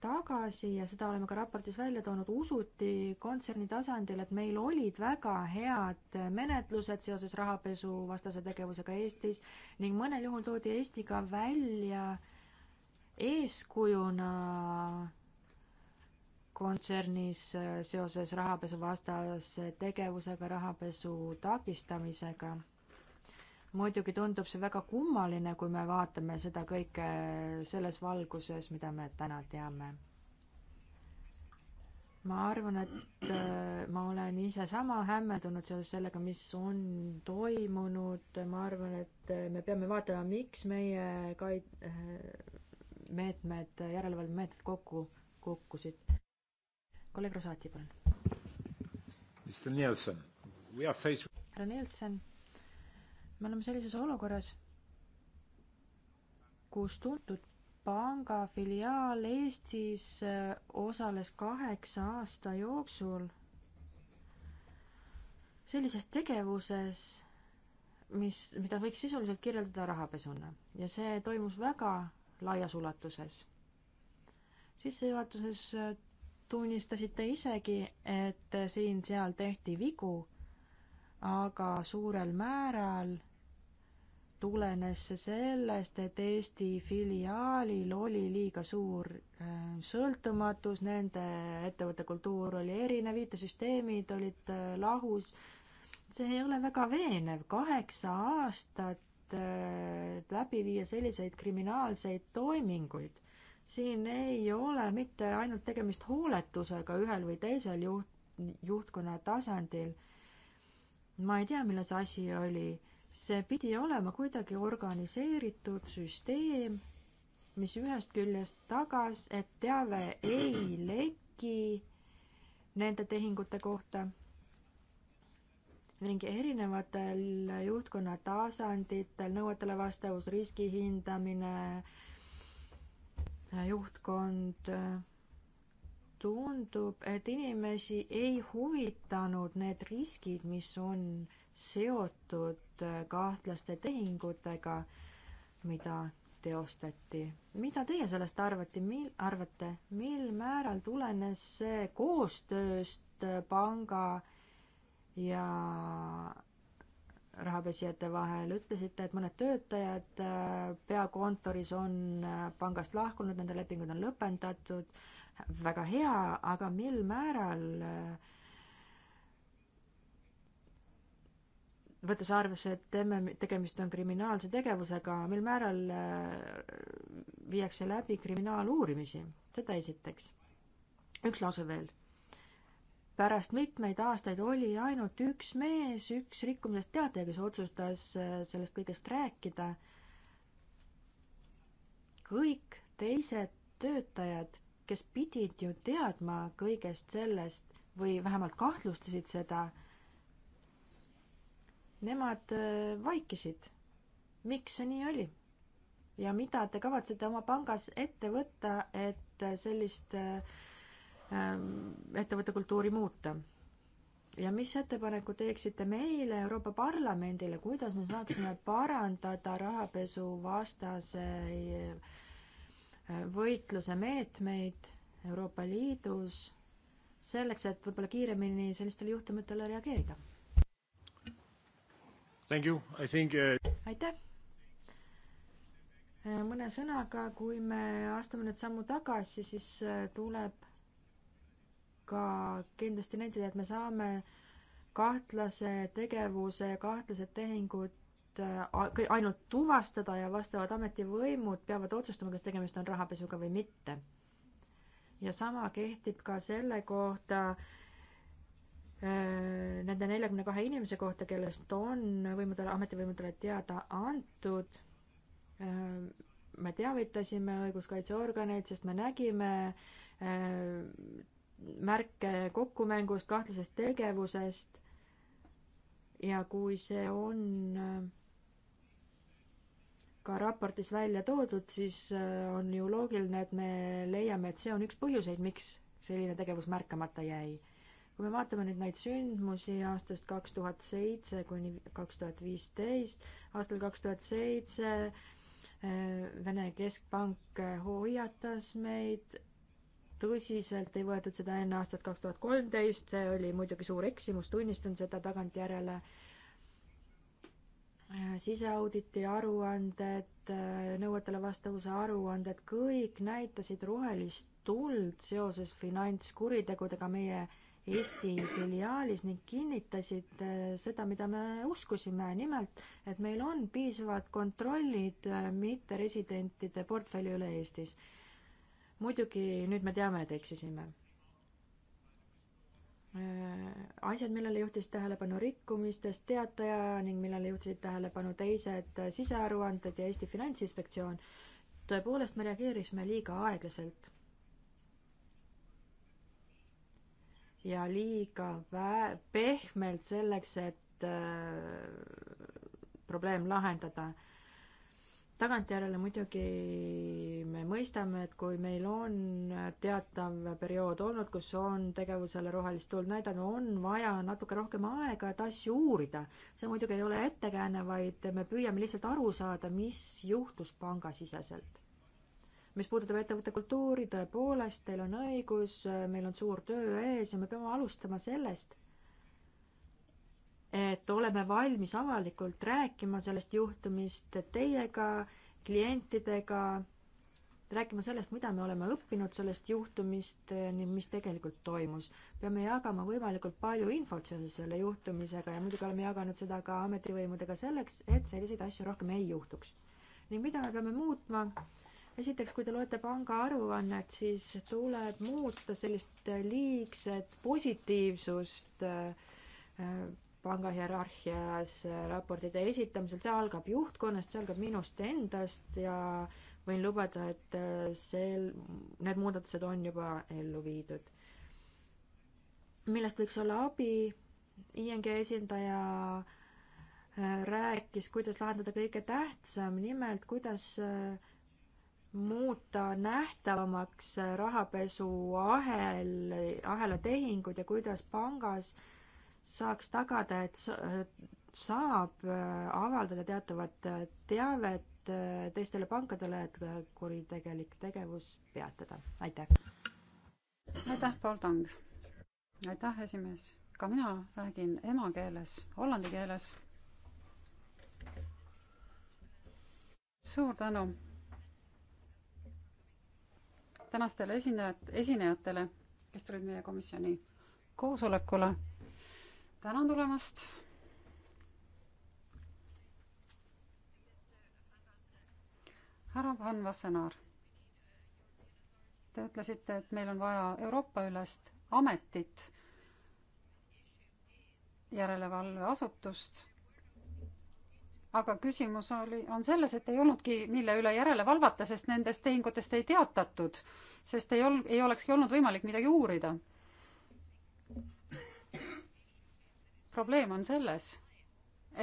tagasi ja seda oleme ka raportis välja toonud, usuti kontserni tasandil, et meil olid väga head menetlused seoses rahapesuvastase tegevusega Eestis ning mõnel juhul toodi Eesti ka välja eeskujuna kontsernis seoses rahapesuvastase tegevusega, rahapesu takistamisega muidugi tundub see väga kummaline, kui me vaatame seda kõike selles valguses, mida me täna teame. ma arvan, et äh, ma olen ise sama hämmeldunud seoses sellega, mis on toimunud, ma arvan, et äh, me peame vaatama, miks meie kait-, äh, meetmed, järelevalvemeetmed kokku kukkusid. kolleeg Rosati, palun. härra Nielsen me oleme sellises olukorras, kus tuntud panga filiaal Eestis äh, osales kaheksa aasta jooksul sellises tegevuses, mis, mida võiks sisuliselt kirjeldada rahapesuna ja see toimus väga laias ulatuses. sissejuhatuses äh, tunnistasite isegi, et äh, siin-seal tehti vigu, aga suurel määral tulenes see sellest, et Eesti filiaalil oli liiga suur äh, sõltumatus, nende ettevõtte kultuur oli erinev, IT-süsteemid olid äh, lahus. see ei ole väga veenev, kaheksa aastat äh, läbi viia selliseid kriminaalseid toiminguid. siin ei ole mitte ainult tegemist hooletusega ühel või teisel juht, juhtkonna tasandil. ma ei tea, milles asi oli see pidi olema kuidagi organiseeritud süsteem, mis ühest küljest tagas, et teave ei leki nende tehingute kohta ning erinevatel juhtkonna tasanditel nõuetele vastavus, riski hindamine, juhtkond, tundub, et inimesi ei huvitanud need riskid, mis on seotud äh, kahtlaste tehingutega, mida teostati. mida teie sellest arvate, mil, arvate, mil määral tulenes see koostööst äh, panga ja rahapesijate vahel, ütlesite, et mõned töötajad äh, peakontoris on pangast lahkunud, nende lepingud on lõpetatud, väga hea, aga mil määral äh, võttes arvesse, et teeme, tegemist on kriminaalse tegevusega, mil määral äh, viiakse läbi kriminaaluurimisi, seda esiteks. üks lause veel. pärast mitmeid aastaid oli ainult üks mees, üks rikkumisest teataja, kes otsustas äh, sellest kõigest rääkida. kõik teised töötajad, kes pidid ju teadma kõigest sellest või vähemalt kahtlustasid seda Nemad äh, vaikisid. miks see nii oli? ja mida te kavatsete oma pangas ette võtta, et äh, sellist äh, ähm, ettevõttekultuuri muuta? ja mis ettepaneku teeksite meile, Euroopa Parlamendile, kuidas me saaksime parandada rahapesuvastase võitluse meetmeid Euroopa Liidus selleks, et võib-olla kiiremini sellistele juhtumitele reageerida? Think, uh... aitäh! Äh, mõne sõnaga, kui me astume nüüd sammu tagasi, siis äh, tuleb ka kindlasti nentida, et me saame kahtlase tegevuse ja kahtlased tehingud äh, ainult tuvastada ja vastavad ametivõimud peavad otsustama, kas tegemist on rahapesuga või mitte. ja sama kehtib ka selle kohta, Äh, nende neljakümne kahe inimese kohta, kellest on võimudele, ametivõimudele teada antud. Äh, me teavitasime õiguskaitseorganeid, sest me nägime äh, märke kokkumängust, kahtlasest tegevusest. ja kui see on ka raportis välja toodud, siis on ju loogiline, et me leiame, et see on üks põhjuseid, miks selline tegevus märkamata jäi kui me vaatame nüüd neid sündmusi aastast kaks tuhat seitse kuni kaks tuhat viisteist, aastal kaks tuhat seitse eh, Vene keskpank eh, hoiatas meid, tõsiselt ei võetud seda enne aastat kaks tuhat kolmteist, see oli muidugi suur eksimus, tunnistan seda tagantjärele. Eh, siseauditi aruanded, nõuetele vastavuse aruanded, kõik näitasid rohelist tuld seoses finantskuritegudega meie äh, Eesti filiaalis ning kinnitasid äh, seda, mida me uskusime, nimelt, et meil on piisavad kontrollid äh, mitteresidentide portfelli üle Eestis. muidugi nüüd me teame, et eksisime. Äh, asjad, millele juhtis tähelepanu rikkumistest teataja ning millele juhtisid tähelepanu teised sisearuanded ja Eesti Finantsinspektsioon, tõepoolest me reageerisime liiga aeglaselt ja liiga vä-, pehmelt selleks, et äh, probleem lahendada. tagantjärele muidugi me mõistame, et kui meil on teatav periood olnud, kus on tegevusele rohelist tuld näidanud, on vaja natuke rohkem aega, et asju uurida. see muidugi ei ole ettekääne, vaid me püüame lihtsalt aru saada, mis juhtus pangasiseselt mis puudutab ettevõtte kultuuri, tõepoolest, teil on õigus, meil on suur töö ees ja me peame alustama sellest, et oleme valmis avalikult rääkima sellest juhtumist teiega, klientidega, rääkima sellest, mida me oleme õppinud sellest juhtumist, mis tegelikult toimus. peame jagama võimalikult palju infot seoses selle juhtumisega ja muidugi oleme jaganud seda ka ametivõimudega selleks, et selliseid asju rohkem ei juhtuks. ning mida me peame muutma, esiteks, kui te loete panga aruannet, siis tuleb muuta sellist liigset positiivsust äh, panga hierarhias äh, raportide esitamisel, see algab juhtkonnast, see algab minust endast ja võin lubada, et äh, see, need muudatused on juba ellu viidud. millest võiks olla abi? ING esindaja rääkis, kuidas lahendada kõige tähtsam, nimelt kuidas äh, muuta nähtavamaks rahapesuahel, ahela tehingud ja kuidas pangas saaks tagada, et saab äh, avaldada teatavat äh, teavet äh, teistele pankadele, et kuritegelik tegevus peatada. aitäh! aitäh, Paul Tang! aitäh, esimees! ka mina räägin emakeeles, hollandi keeles. suur tänu! tänastele esinejat, esinejatele, kes tulid meie komisjoni koosolekule. tänan tulemast. härra Van Vassenaar, te ütlesite, et meil on vaja Euroopa-ülest ametit, järelevalveasutust aga küsimus oli, on selles, et ei olnudki, mille üle järele valvata, sest nendest tehingutest ei teatatud, sest ei ol-, ei olekski olnud võimalik midagi uurida. probleem on selles,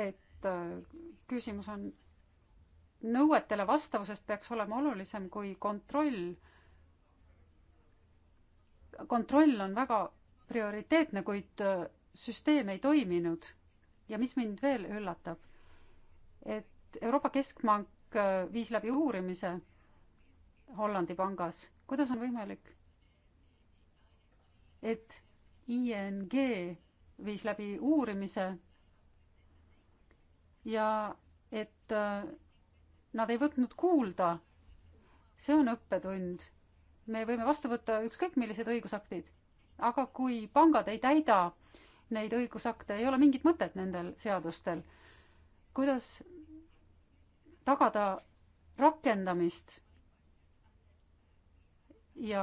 et äh, küsimus on, nõuetele vastavusest peaks olema olulisem kui kontroll. kontroll on väga prioriteetne, kuid äh, süsteem ei toiminud. ja mis mind veel üllatab et Euroopa Keskpank äh, viis läbi uurimise Hollandi pangas. kuidas on võimalik, et ING viis läbi uurimise ja et äh, nad ei võtnud kuulda. see on õppetund. me võime vastu võtta ükskõik millised õigusaktid, aga kui pangad ei täida neid õigusakte, ei ole mingit mõtet nendel seadustel. kuidas tagada rakendamist ja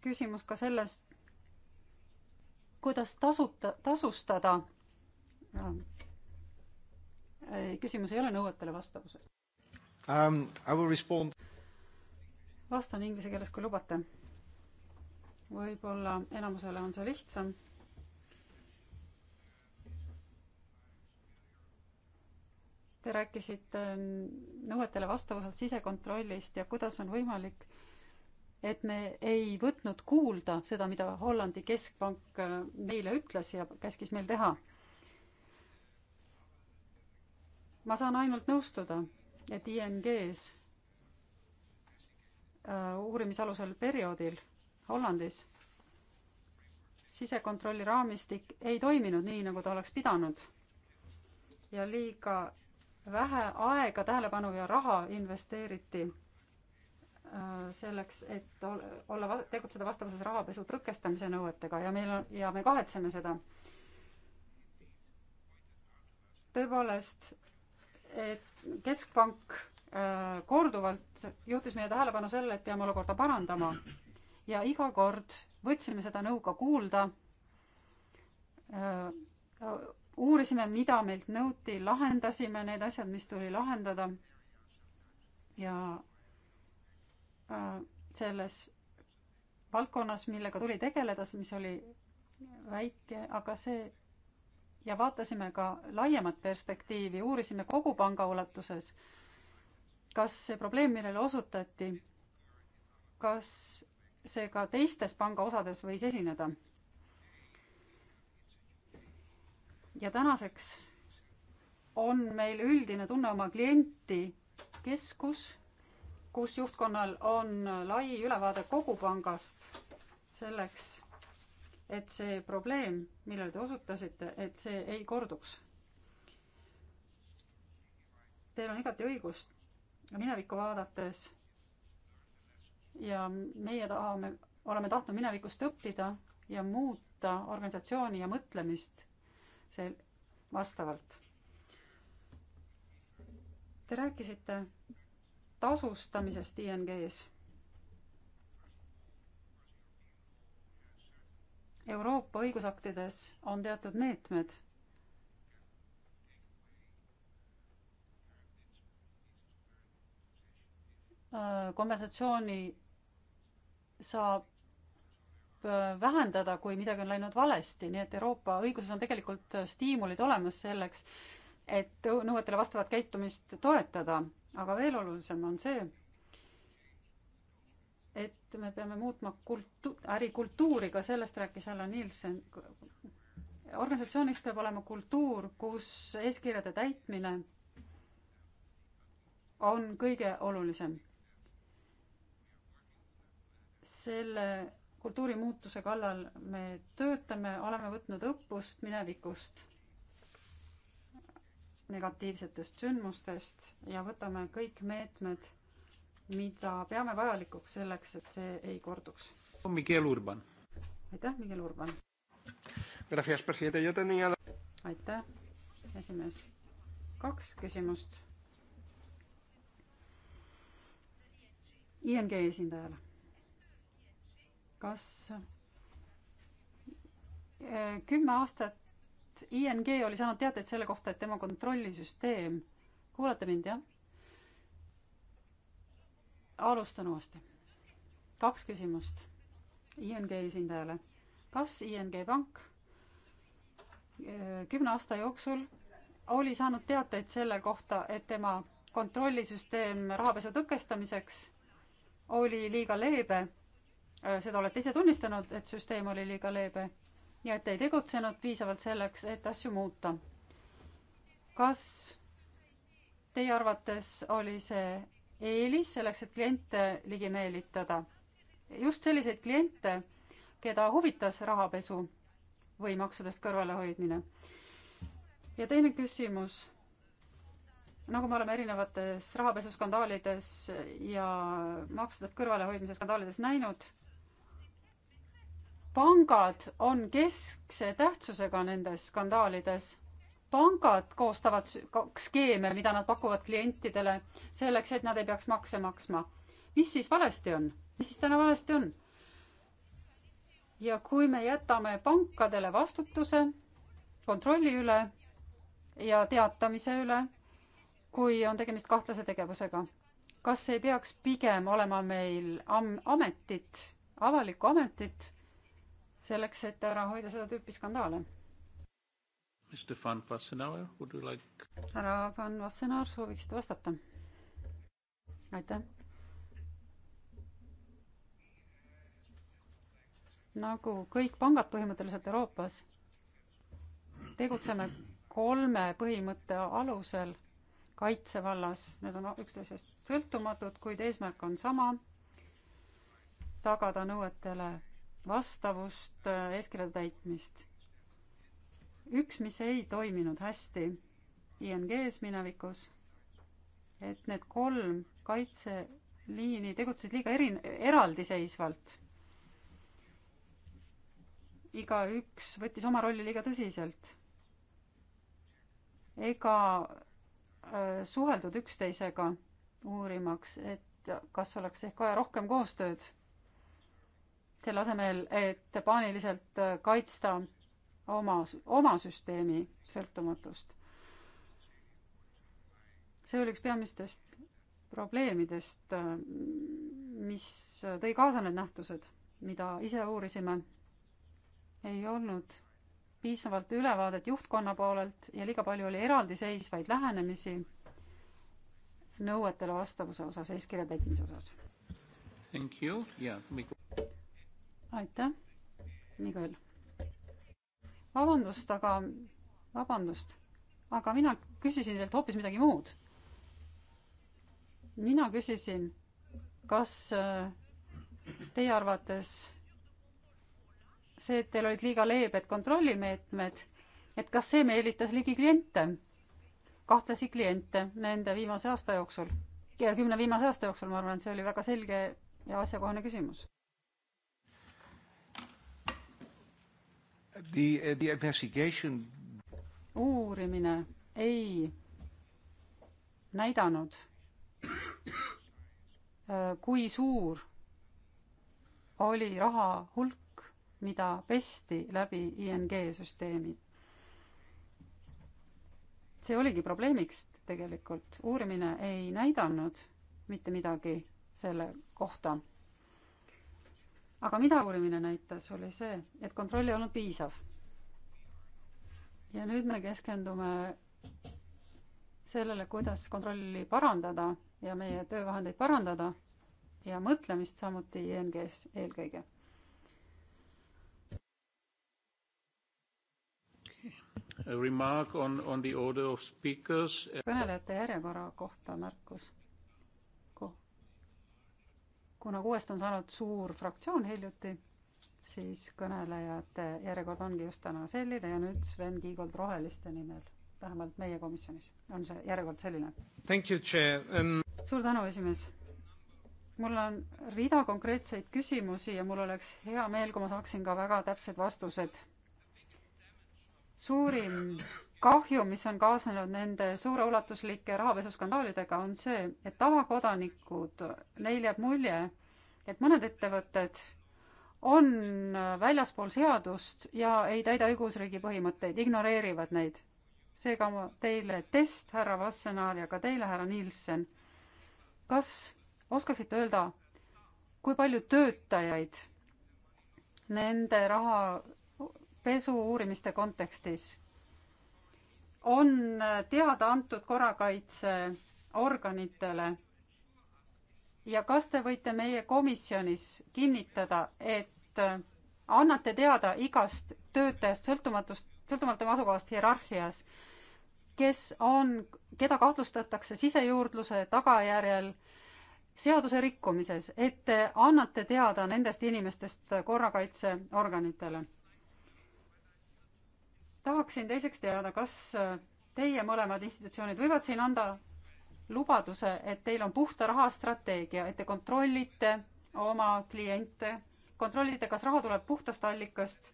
küsimus ka sellest, kuidas tasuta, tasustada. küsimus ei ole nõuetele vastavuses um,. vastan inglise keeles, kui lubate. võib-olla enamusele on see lihtsam Te rääkisite nõuetele vastavusest, sisekontrollist ja kuidas on võimalik, et me ei võtnud kuulda seda, mida Hollandi keskpank äh, meile ütles ja käskis meil teha. ma saan ainult nõustuda, et ING-s äh, uurimisalusel perioodil Hollandis sisekontrolli raamistik ei toiminud nii, nagu ta oleks pidanud ja liiga vähe aega, tähelepanu ja raha investeeriti äh, selleks, et olla, tegutseda vastavuses rahapesu tõkestamise nõuetega ja meil on, ja me kahetseme seda. tõepoolest, et Keskpank äh, korduvalt juhtis meie tähelepanu sellele, et peame olukorda parandama ja iga kord võtsime seda nõu ka kuulda äh, uurisime, mida meilt nõuti, lahendasime need asjad, mis tuli lahendada. ja äh, selles valdkonnas, millega tuli tegeleda, mis oli väike, aga see ja vaatasime ka laiemat perspektiivi, uurisime kogu panga ulatuses, kas see probleem, millele osutati, kas see ka teistes panga osades võis esineda ja tänaseks on meil üldine tunne oma klienti keskus, kus juhtkonnal on lai ülevaade kogu pangast selleks, et see probleem, millele te osutasite, et see ei korduks. Teil on igati õigus minevikku vaadates ja meie tahame, oleme tahtnud minevikust õppida ja muuta organisatsiooni ja mõtlemist see vastavalt. Te rääkisite tasustamisest ING-s. Euroopa õigusaktides on teatud meetmed äh, kompensatsiooni saab Äh, vähendada, kui midagi on läinud valesti, nii et Euroopa õiguses on tegelikult äh, stiimulid olemas selleks, et nõuetele vastavat käitumist toetada, aga veel olulisem on see, et me peame muutma kultu-, ärikultuuri, ka sellest rääkis Allan Nielsen. organisatsioonis peab olema kultuur, kus eeskirjade täitmine on kõige olulisem. selle kultuurimuutuse kallal me töötame, oleme võtnud õppust minevikust, negatiivsetest sündmustest ja võtame kõik meetmed, mida peame vajalikuks selleks, et see ei korduks. Miguel Urban. aitäh, Miguel Urban. aitäh, esimees. kaks küsimust. ING esindajale kas äh, kümme aastat ING oli saanud teateid selle kohta, et tema kontrollisüsteem, kuulate mind, jah? alustan uuesti. kaks küsimust ING esindajale. kas ING Pank äh, kümne aasta jooksul oli saanud teateid selle kohta, et tema kontrollisüsteem rahapesu tõkestamiseks oli liiga leebe Äh, seda olete ise tunnistanud, et süsteem oli liiga leebe ja et te ei tegutsenud piisavalt selleks, et asju muuta. kas teie arvates oli see eelis selleks, et kliente ligi meelitada? just selliseid kliente, keda huvitas rahapesu või maksudest kõrvalehoidmine. ja teine küsimus nagu me oleme erinevates rahapesuskandaalides ja maksudest kõrvalehoidmise skandaalides näinud, pangad on keskse tähtsusega nendes skandaalides. pangad koostavad skeeme, mida nad pakuvad klientidele selleks, et nad ei peaks makse maksma. mis siis valesti on, mis siis täna valesti on? ja kui me jätame pankadele vastutuse kontrolli üle ja teatamise üle, kui on tegemist kahtlase tegevusega, kas ei peaks pigem olema meil am-, ametit, avalikku ametit selleks, et ära hoida seda tüüpi skandaale. Mr Van Wassenaar, would you like? härra Van Wassenaar, sooviksite vastata? aitäh. nagu kõik pangad põhimõtteliselt Euroopas, tegutseme kolme põhimõtte alusel kaitsevallas, need on üksteisest sõltumatud, kuid eesmärk on sama, tagada nõuetele vastavust, äh, eeskirjade täitmist. üks, mis ei toiminud hästi ING-s minevikus, et need kolm kaitseliini tegutsesid liiga eri, eraldiseisvalt. igaüks võttis oma rolli liiga tõsiselt. ega äh, suheldud üksteisega uurimaks, et kas oleks ehk vaja rohkem koostööd selle asemel, et paaniliselt äh, kaitsta oma, oma süsteemi sõltumatust. see oli üks peamistest probleemidest, äh, mis tõi kaasa need nähtused, mida ise uurisime. ei olnud piisavalt ülevaadet juhtkonna poolelt ja liiga palju oli eraldiseisvaid lähenemisi nõuetele vastavuse osas, eeskirja täitmise osas. Thank you, yeah aitäh, Miguel. vabandust, aga, vabandust, aga mina küsisin teilt hoopis midagi muud. mina küsisin, kas äh, teie arvates see, et teil olid liiga leebed kontrollimeetmed, et kas see meelitas ligi kliente, kahtlasi kliente nende viimase aasta jooksul ja kümne viimase aasta jooksul, ma arvan, et see oli väga selge ja asjakohane küsimus. The, uh, the investigation... uurimine ei näidanud, äh, kui suur oli raha hulk, mida pesti läbi ING süsteemi. see oligi probleemiks tegelikult, uurimine ei näidanud mitte midagi selle kohta aga mida uurimine näitas, oli see, et kontroll ei olnud piisav. ja nüüd me keskendume sellele, kuidas kontrolli parandada ja meie töövahendeid parandada ja mõtlemist samuti ING-s e eelkõige. kõnelejate järjekorra kohta märkus kuna kuuest on saanud suur fraktsioon hiljuti, siis kõnelejate järjekord ongi just täna selline ja nüüd Sven Kiigold Roheliste nimel, vähemalt meie komisjonis on see järjekord selline. Um... suur tänu, esimees. mul on rida konkreetseid küsimusi ja mul oleks hea meel, kui ma saaksin ka väga täpsed vastused. suurim kahju, mis on kaasnenud nende suureulatuslike rahapesuskandaalidega, on see, et tavakodanikud, neil jääb mulje, et mõned ettevõtted on väljaspool seadust ja ei täida õigusriigi põhimõtteid, ignoreerivad neid. seega ma teile test, härra Vassenaar ja ka teile, härra Nielsen. kas oskaksite öelda, kui palju töötajaid nende rahapesu uurimiste kontekstis on teada antud korrakaitseorganitele ja kas te võite meie komisjonis kinnitada, et annate teada igast töötajast sõltumatust, sõltumata oma asukohast hierarhias, kes on, keda kahtlustatakse sisejuurdluse tagajärjel seaduse rikkumises, et te annate teada nendest inimestest korrakaitseorganitele tahaksin teiseks teada, kas äh, teie mõlemad institutsioonid võivad siin anda lubaduse, et teil on puhta raha strateegia, et te kontrollite oma kliente, kontrollite, kas raha tuleb puhtast allikast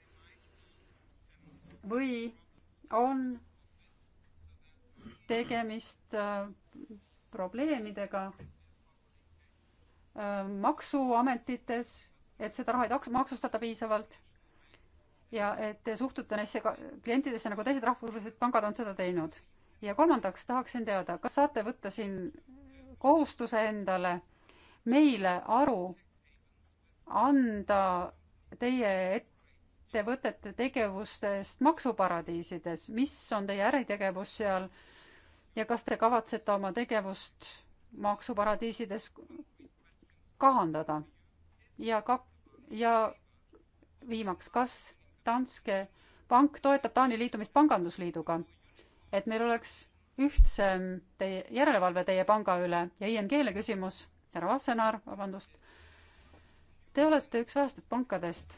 või on tegemist äh, probleemidega äh, maksuametites, et seda raha ei taks-, maksustata piisavalt ja et te suhtute neisse klientidesse, nagu teised rahvusvahelised pangad on seda teinud. ja kolmandaks tahaksin teada, kas saate võtta siin kohustuse endale meile aru anda teie ettevõtete tegevustest maksuparadiisides, mis on teie äritegevus seal ja kas te kavatsete oma tegevust maksuparadiisides kahandada? ja ka, ja viimaks, kas Danske pank toetab Taani liitumist pangandusliiduga, et meil oleks ühtsem teie järelevalve teie panga üle ja ING-le küsimus, härra Vassenaar, vabandust. Te olete üks vähestest pankadest,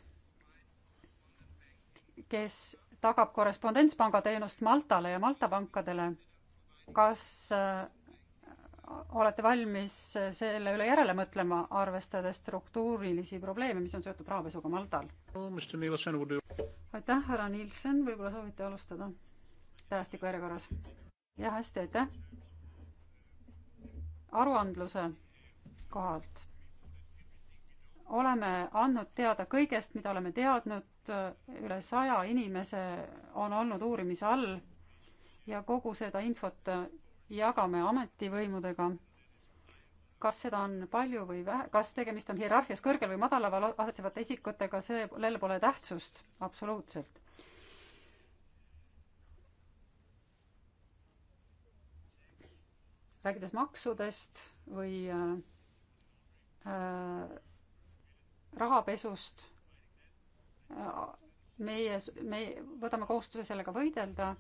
kes tagab korrespondentspanga teenust Maltale ja Malta pankadele. kas äh, olete valmis selle üle järele mõtlema, arvestades struktuurilisi probleeme, mis on seotud rahapesuga Maltal? aitäh, härra Nielsen, võib-olla soovite alustada tähestiku järjekorras? jah, hästi, aitäh. aruandluse kohalt oleme andnud teada kõigest, mida oleme teadnud, üle saja inimese on olnud uurimise all ja kogu seda infot jagame ametivõimudega. kas seda on palju või vähe, kas tegemist on hierarhias kõrgel või madalamal asetsevate isikutega, sellel pole tähtsust absoluutselt. rääkides maksudest või äh, äh rahapesust äh,, meie, me võtame kohustuse sellega võidelda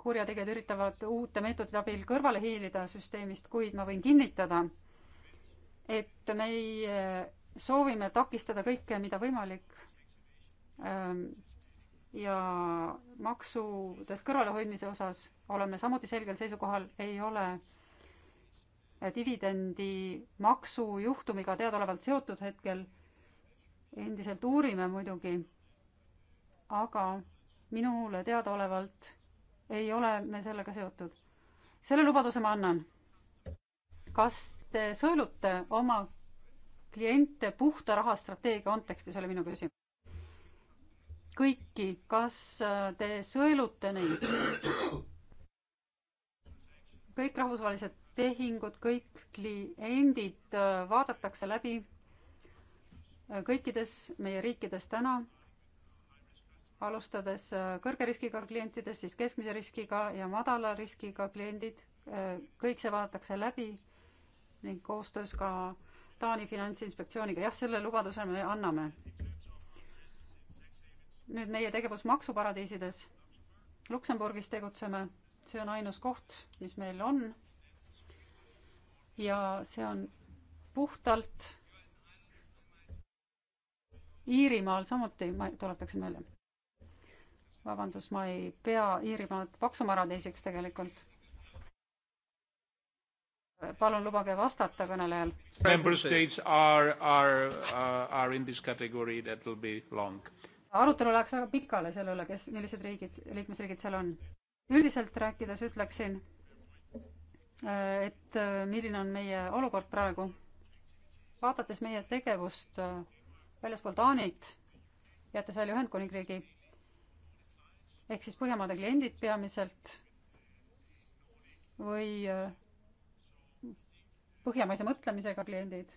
kurjategijad üritavad uute meetodite abil kõrvale hiilida süsteemist, kuid ma võin kinnitada, et meie eh, soovime takistada kõike, mida võimalik ähm, ja maksudest kõrvalehoidmise osas oleme samuti selgel seisukohal, ei ole eh, dividendi maksujuhtumiga teadaolevalt seotud hetkel. endiselt uurime muidugi, aga minule teadaolevalt ei ole me sellega seotud. selle lubaduse ma annan. kas te sõelute oma kliente puhta rahastrateegia kontekstis, oli minu küsimus. kõiki, kas äh, te sõelute neid? kõik rahvusvahelised tehingud, kõik kliendid äh, vaadatakse läbi äh, kõikides meie riikides täna alustades äh, kõrge riskiga klientidest, siis keskmise riskiga ja madala riskiga kliendid, äh, kõik see vaadatakse läbi ning koostöös ka Taani Finantsinspektsiooniga, jah, selle lubaduse me anname. nüüd meie tegevus maksuparadiisides. Luksemburgis tegutseme, see on ainus koht, mis meil on. ja see on puhtalt Iirimaal samuti, ma tuletaksin välja vabandust, ma ei pea Iirimaad paksumarateisiks tegelikult. palun lubage vastata kõnelejal. Member states are, are, uh, are in this category, that will be long. arutelu läheks väga pikale selle üle, kes, millised riigid, liikmesriigid seal on. üldiselt rääkides ütleksin, äh, et äh, milline on meie olukord praegu. vaadates meie tegevust äh, väljaspool Taanit, jättes välja Ühendkuningriigi ehk siis Põhjamaade kliendid peamiselt või äh, põhjamaise mõtlemisega kliendid.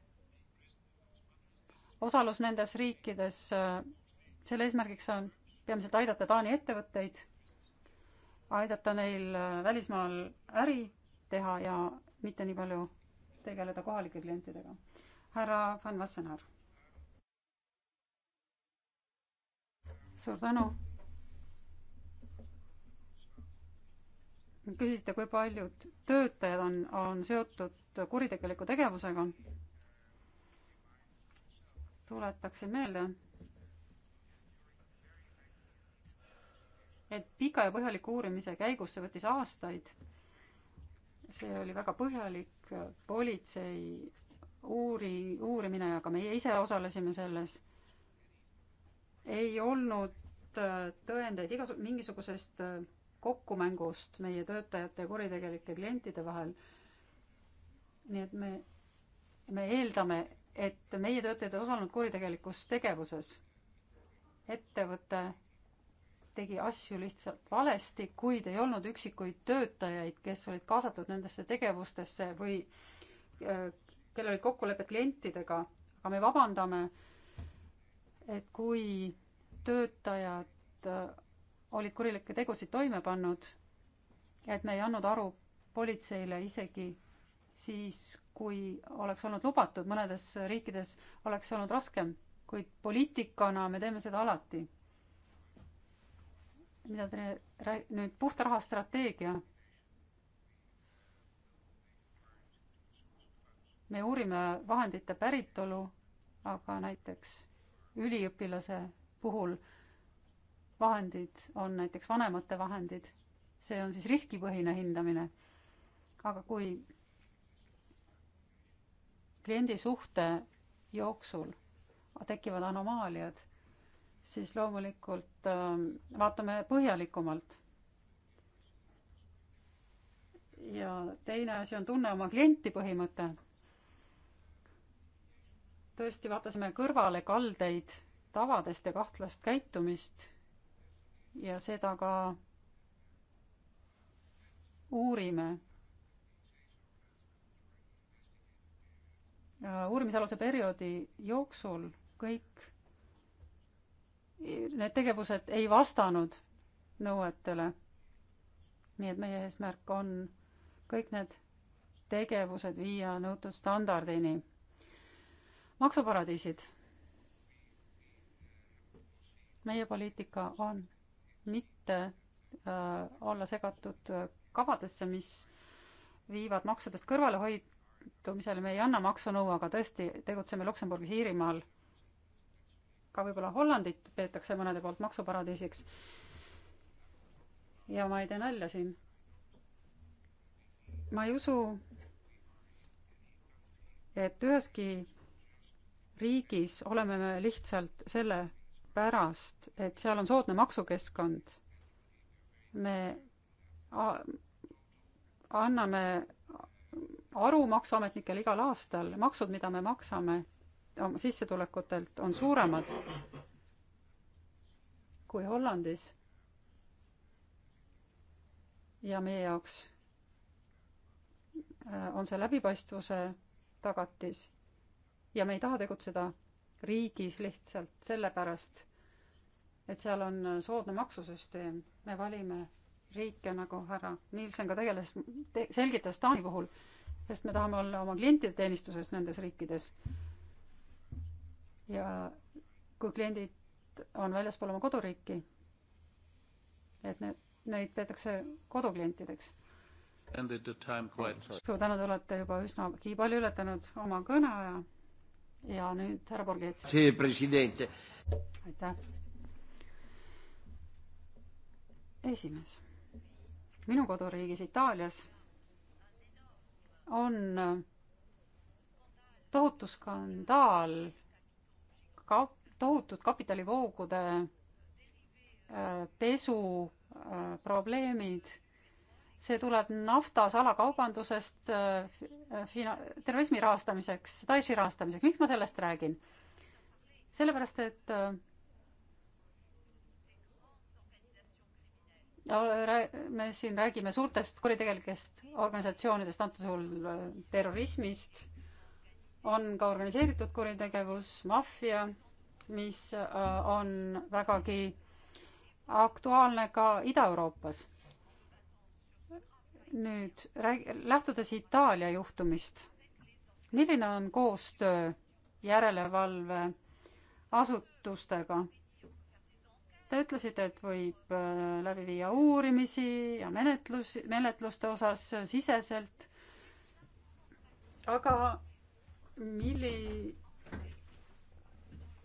osalus nendes riikides, äh, selle eesmärgiks on peamiselt aidata Taani ettevõtteid, aidata neil äh, välismaal äri teha ja mitte nii palju tegeleda kohalike klientidega. härra Van Wassenaar. suur tänu küsisite, kui paljud töötajad on, on seotud kuritegeliku tegevusega. tuletaksin meelde, et pika ja põhjaliku uurimise käigus, see võttis aastaid, see oli väga põhjalik politsei uuri, uurimine ja ka meie ise osalesime selles, ei olnud äh, tõendeid igasugusest mingisugusest äh, kokkumängust meie töötajate ja kuritegelike klientide vahel. nii et me, me eeldame, et meie töötajad on osalenud kuritegelikus tegevuses. ettevõte tegi asju lihtsalt valesti, kuid ei olnud üksikuid töötajaid, kes olid kaasatud nendesse tegevustesse või äh, kellel olid kokkulepped klientidega, aga me vabandame, et kui töötajad äh, olid kurilikke tegusid toime pannud ja et me ei andnud aru politseile isegi siis, kui oleks olnud lubatud, mõnedes riikides oleks olnud raskem, kuid poliitikana me teeme seda alati. mida te rääg-, nüüd puhta raha strateegia. me uurime vahendite päritolu, aga näiteks üliõpilase puhul vahendid on näiteks vanemate vahendid, see on siis riskipõhine hindamine. aga kui kliendi suhte jooksul tekivad anomaaliad, siis loomulikult äh, vaatame põhjalikumalt. ja teine asi on tunne oma klienti põhimõte. tõesti, vaatasime kõrvalekaldeid tavadest ja kahtlast käitumist ja seda ka uurime. uurimisaluse perioodi jooksul kõik need tegevused ei vastanud nõuetele. nii et meie eesmärk on kõik need tegevused viia nõutud standardini. maksuparadiisid. meie poliitika on mitte äh, olla segatud kavadesse, mis viivad maksudest kõrvalehoidumisele, me ei anna maksunõu, aga tõesti tegutseme Luksemburgis, Iirimaal, ka võib-olla Hollandit peetakse mõnede poolt maksuparadiisiks. ja ma ei tee nalja siin. ma ei usu, et üheski riigis oleme me lihtsalt selle pärast, et seal on soodne maksukeskkond. me anname aru maksuametnikele igal aastal, maksud, mida me maksame oma sissetulekutelt, on suuremad kui Hollandis. ja meie jaoks äh, on see läbipaistvuse tagatis ja me ei taha tegutseda riigis lihtsalt sellepärast, et seal on soodne maksusüsteem, me valime riike, nagu härra Nielsen ka tegeles te,, selgitas Taani puhul, sest me tahame olla oma klientide teenistuses nendes riikides. ja kui kliendid on väljaspool oma koduriiki, et need, neid peetakse koduklientideks. suur tänu, te olete juba üsnagi palju ületanud oma kõneaja ja nüüd härra Borgets. see president. aitäh. esimees, minu koduriigis Itaalias on äh, tohutu skandaal ka,, tohutud kapitalivoogude äh, pesu äh, probleemid see tuleb nafta salakaubandusest äh, fina-, terrorismi rahastamiseks, Daeshi rahastamiseks, miks ma sellest räägin? sellepärast, et äh, me siin räägime suurtest kuritegelikest organisatsioonidest, antud juhul äh, terrorismist, on ka organiseeritud kuritegevus, maffia, mis on vägagi aktuaalne ka Ida-Euroopas nüüd räägi-, lähtudes Itaalia juhtumist, milline on koostöö järelevalveasutustega? Te ütlesite, et võib äh, läbi viia uurimisi ja menetlus, menetluste osas siseselt. aga milli-,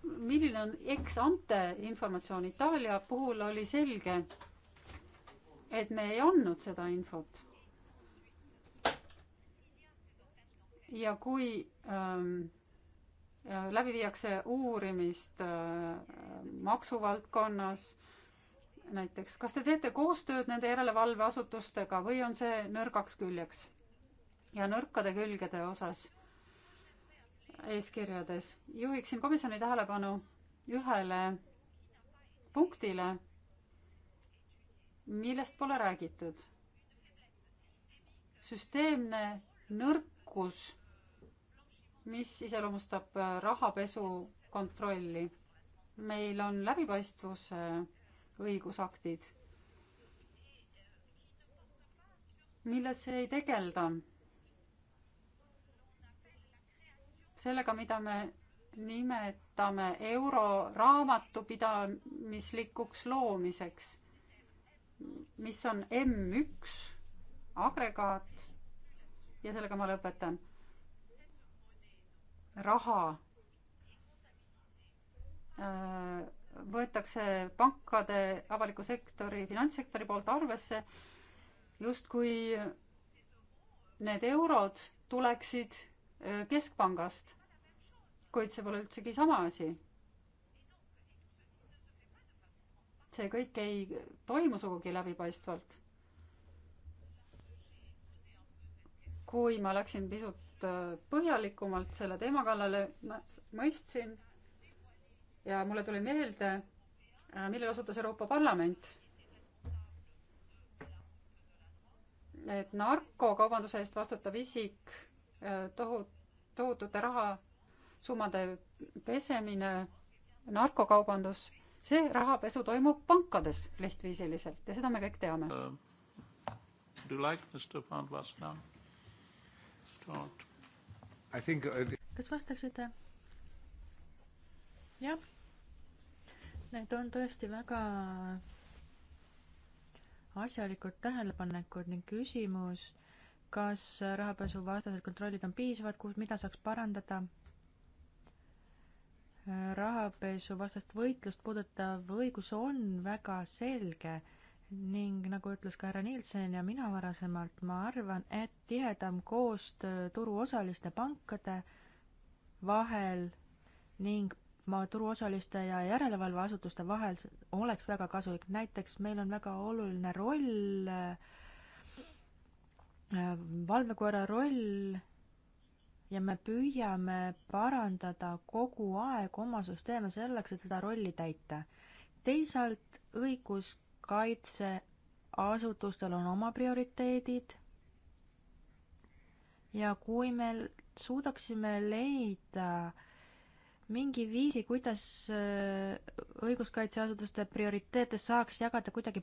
milline on ex-ante informatsioon? Itaalia puhul oli selge, et me ei andnud seda infot ja kui ähm, äh, läbi viiakse uurimist äh, maksuvaldkonnas näiteks, kas te teete koostööd nende järelevalveasutustega või on see nõrgaks küljeks? ja nõrkade külgede osas eeskirjades juhiksin komisjoni tähelepanu ühele punktile, millest pole räägitud. süsteemne nõrk märkus, mis iseloomustab äh, rahapesu kontrolli. meil on läbipaistvuse õigusaktid, milles ei tegelda sellega, mida me nimetame euro raamatupidamislikuks loomiseks, mis on M1 agregaat ja sellega ma lõpetan. raha äh, võetakse pankade, avaliku sektori, finantssektori poolt arvesse, justkui need eurod tuleksid äh, keskpangast, kuid see pole üldsegi sama asi. see kõik ei toimu sugugi läbipaistvalt kui ma läksin pisut äh, põhjalikumalt selle teema kallale, ma mõistsin ja mulle tuli meelde, äh, millele osutas Euroopa Parlament. et narkokaubanduse eest vastutav isik, äh, tohu-, tohutute rahasummade pesemine, narkokaubandus, see rahapesu toimub pankades lihtviisiliselt ja seda me kõik teame. Uh, do you like Mr Pandvas now? thought. I think uh, kas vastaksite? jah. Need on tõesti väga asjalikud tähelepanekud ning küsimus, kas rahapesuvastased kontrollid on piisavad, kus, mida saaks parandada? rahapesuvastast võitlust puudutav õigus on väga selge ning nagu ütles ka härra Nielsen ja mina varasemalt, ma arvan, et tihedam koostöö turuosaliste pankade vahel ning ma turuosaliste ja järelevalveasutuste vahel oleks väga kasulik. näiteks meil on väga oluline roll, äh, valvekoera roll ja me püüame parandada kogu aeg oma süsteeme selleks, et seda rolli täita. teisalt õigust kaitseasutustel on oma prioriteedid ja kui me suudaksime leida mingi viisi, kuidas äh, õiguskaitseasutuste prioriteete saaks jagada kuidagi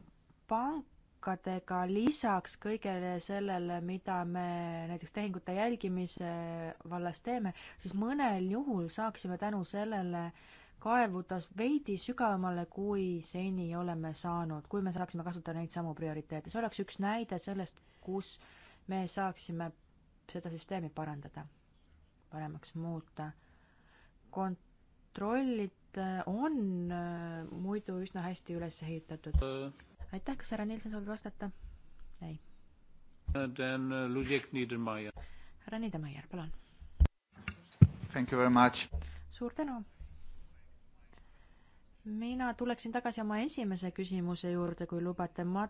pankadega lisaks kõigele sellele, mida me näiteks tehingute jälgimise vallas teeme, siis mõnel juhul saaksime tänu sellele äh, kaevuda veidi sügavamale, kui seni oleme saanud, kui me saaksime kasutada neid samu prioriteete, see oleks üks näide sellest, kus me saaksime seda süsteemi parandada, paremaks muuta. kontrollid äh, on äh, muidu üsna hästi üles ehitatud. aitäh, kas härra Nilsen soovib vastata? ei. Äh, härra Niedermayer, palun. suur tänu mina tuleksin tagasi oma esimese küsimuse juurde, kui lubate, ma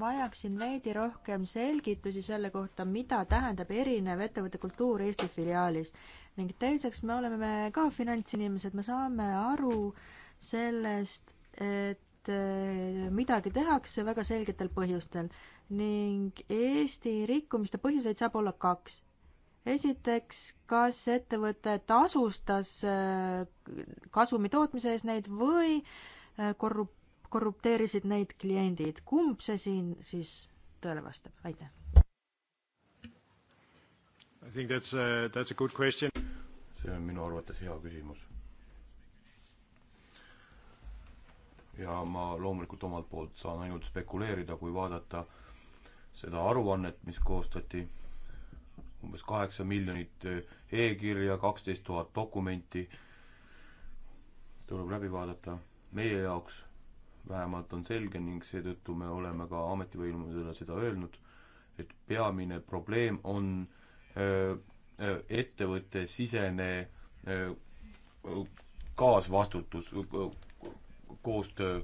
vajaksin veidi rohkem selgitusi selle kohta, mida tähendab erinev ettevõtte kultuur Eesti filiaalis. ning teiseks, me oleme me ka finantsinimesed, me saame aru sellest, et äh, midagi tehakse väga selgetel põhjustel ning Eesti rikkumiste põhjuseid saab olla kaks esiteks, kas ettevõte tasustas äh, kasumi tootmise eest neid või äh, korrup-, korrupteerisid neid kliendid, kumb see siin siis tõele vastab, aitäh? I think that's a, that's a good question. see on minu arvates hea küsimus. ja ma loomulikult omalt poolt saan ainult spekuleerida, kui vaadata seda aruannet, mis koostati umbes kaheksa miljonit äh, e-kirja, kaksteist tuhat dokumenti tuleb läbi vaadata. meie jaoks vähemalt on selge ning seetõttu me oleme ka ametivõimudele seda öelnud, et peamine probleem on öö, äh, äh, ettevõtte sisene öö, kaasvastutus, koostöö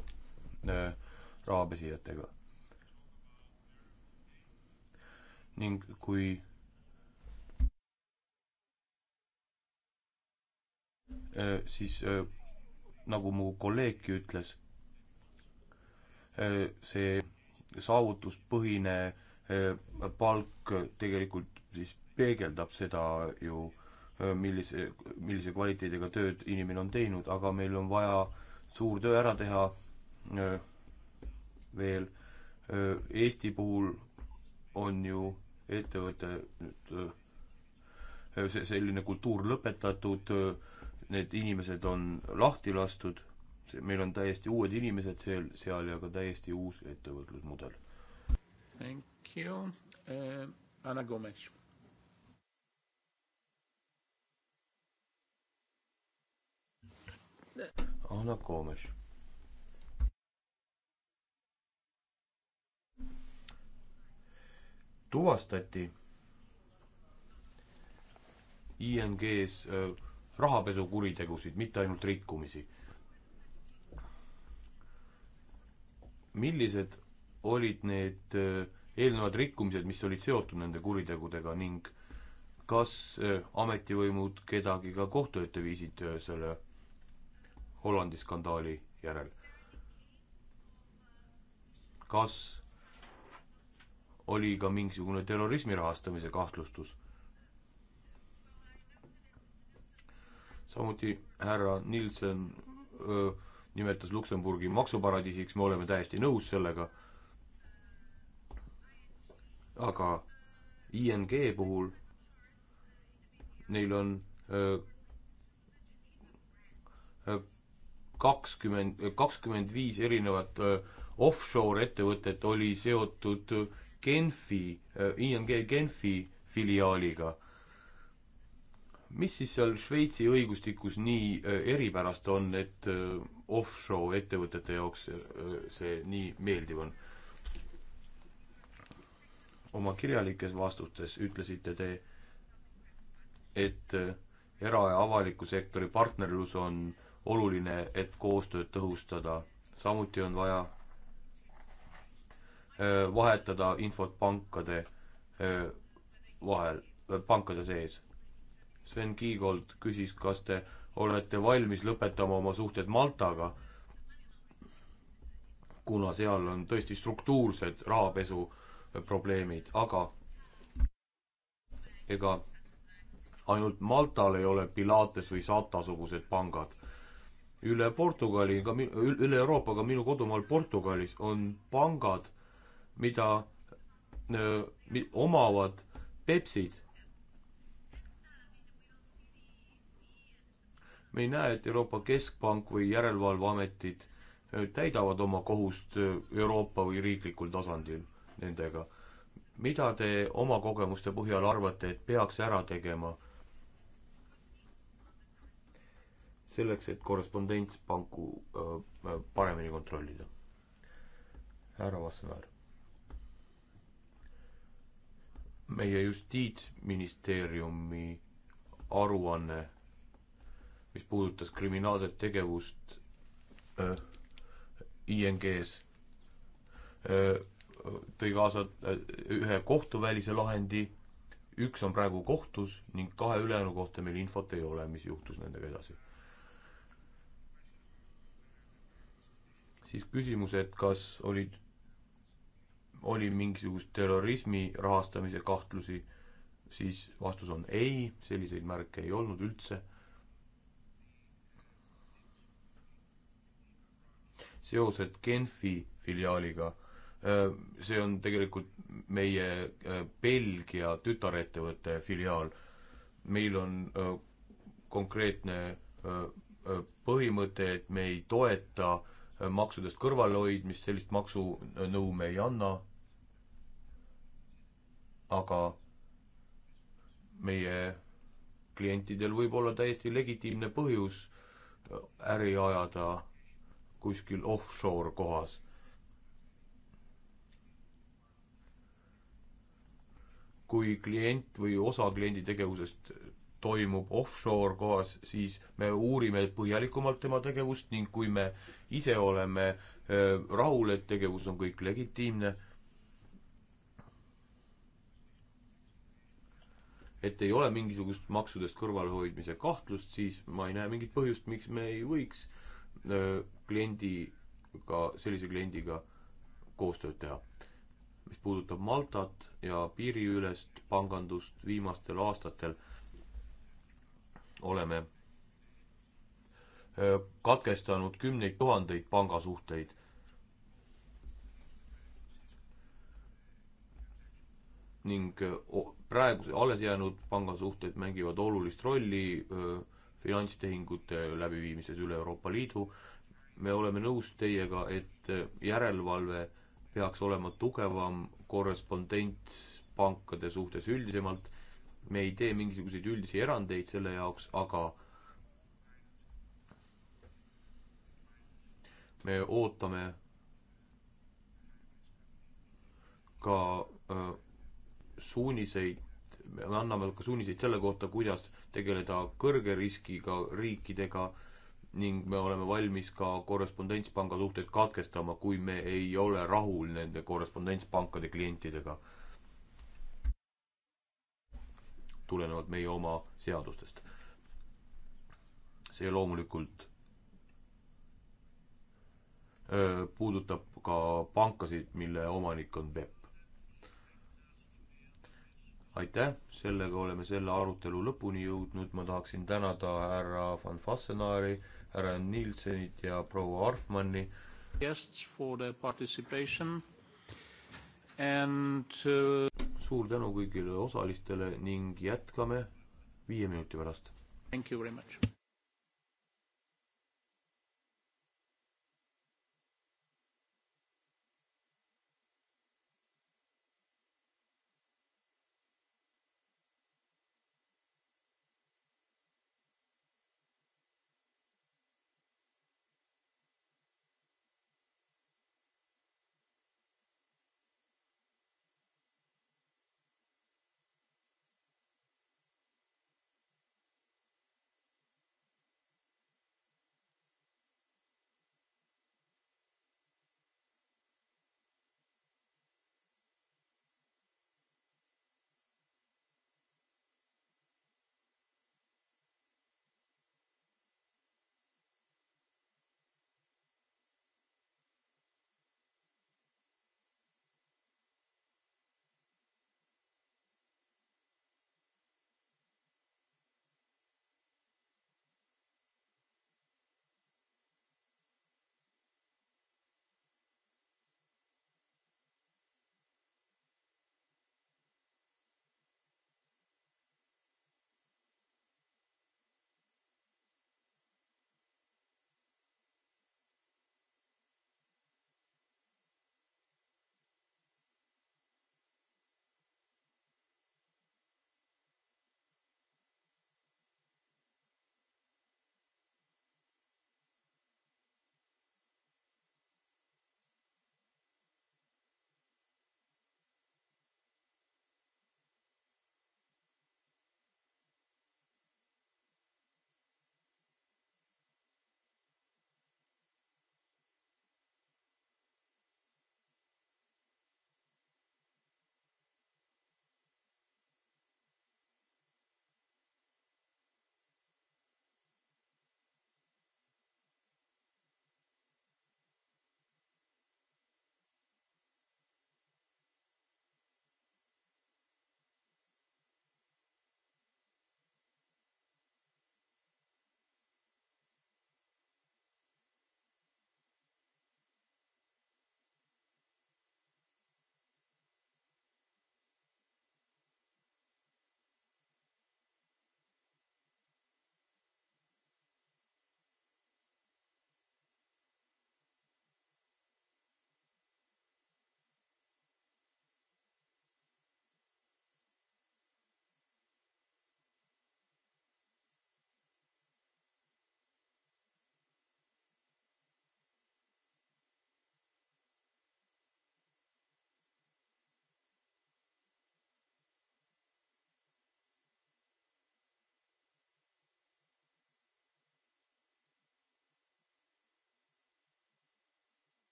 rahapesijatega. ning kui Äh, siis äh, nagu mu kolleegki ütles, äh, see saavutuspõhine palk tegelikult siis peegeldab seda ju, millise, millise kvaliteediga tööd inimene on teinud, aga meil on vaja suur töö ära teha veel. Eesti puhul on ju ettevõte nüüd see selline kultuur lõpetatud, need inimesed on lahti lastud, meil on täiesti uued inimesed seal, seal ja ka täiesti uus ettevõtlusmudel. Thank you uh,, Anna Gomes. Anna Gomes. tuvastati ING-s uh, eh, rahapesukuritegusid, mitte ainult rikkumisi. millised olid need äh, eelnevad rikkumised, mis olid seotud nende kuritegudega ning kas äh, ametivõimud kedagi ka kohtu ette viisid äh, selle Hollandi skandaali järel? kas oli ka mingisugune terrorismi rahastamise kahtlustus? samuti härra Nilsen öö, nimetas Luksemburgi maksuparadiisiks, me oleme täiesti nõus sellega, aga ING puhul neil on kakskümmend, kakskümmend viis erinevat offshore ettevõtet oli seotud Genfi, ING Genfi filiaaliga mis siis seal Šveitsi õigustikus nii äh, eripärast on, et äh, offshore ettevõtete jaoks äh, see nii meeldiv on? oma kirjalikes vastustes ütlesite te, et era- ja avaliku sektori partnerlus on oluline, et koostööd tõhustada. samuti on vaja vahetada infot pankade vahel, pankade sees Sven Kiigolt küsis, kas te olete valmis lõpetama oma suhted Maltaga, kuna seal on tõesti struktuursed rahapesu probleemid, aga ega ainult Maltal ei ole Pilates või Sata-sugused pangad. üle Portugali, ka üle Euroopa, ka minu kodumaal Portugalis on pangad, mida öö, omavad Pepsid me ei näe, et Euroopa Keskpank või Järelevalveametid äh, täidavad oma kohust äh, Euroopa või riiklikul tasandil nendega. mida te oma kogemuste põhjal arvate, et peaks ära tegema selleks, et korrespondentspanku äh, paremini kontrollida? härra Vassamäär. meie justiitsministeeriumi aruanne mis puudutas kriminaalset tegevust äh, ING-s äh,, tõi kaasa äh, ühe kohtuvälise lahendi, üks on praegu kohtus ning kahe ülejäänu kohta meil infot ei ole, mis juhtus nendega edasi. siis küsimus, et kas olid, oli mingisugust terrorismi rahastamise kahtlusi, siis vastus on ei, selliseid märke ei olnud üldse seosed Genfi filiaaliga, äh, see on tegelikult meie äh, Belgia tütarettevõtte filiaal. meil on äh, konkreetne põhimõte, et me ei toeta maksudest kõrvalehoidmist, sellist maksunõu me ei anna, aga meie klientidel võib olla täiesti legitiimne põhjus äri ajada kuskil offshore kohas. kui klient või osa kliendi tegevusest toimub offshore kohas, siis me uurime põhjalikumalt tema tegevust ning kui me ise oleme e, rahul, et tegevus on kõik legitiimne, et ei ole mingisugust maksudest kõrvalehoidmise kahtlust, siis ma ei näe mingit põhjust, miks me ei võiks Äh, kliendiga, sellise kliendiga koostööd teha. mis puudutab Maltat ja piiriülest pangandust viimastel aastatel, oleme äh, katkestanud kümneid tuhandeid pangasuhteid. ning äh, praegu alles jäänud pangasuhted mängivad olulist rolli öö, finantstehingute läbiviimises üle Euroopa Liidu. me oleme nõus teiega, et järelevalve peaks olema tugevam korrespondents pankade suhtes üldisemalt. me ei tee mingisuguseid üldisi erandeid selle jaoks, aga me ootame ka äh, suuniseid, me anname ka suuniseid selle kohta, kuidas tegeleda kõrge riskiga riikidega ning me oleme valmis ka korrespondentspanga suhted katkestama, kui me ei ole rahul nende korrespondentspankade klientidega. tulenevalt meie oma seadustest. see loomulikult öö, puudutab ka pankasid, mille omanik on PEP aitäh, sellega oleme selle arutelu lõpuni jõudnud, ma tahaksin tänada härra Van Fassenaari, härra Nielsenit ja proua Arfmanni. Guests for their participation and uh... suur tänu kõigile osalistele ning jätkame viie minuti pärast. Thank you very much.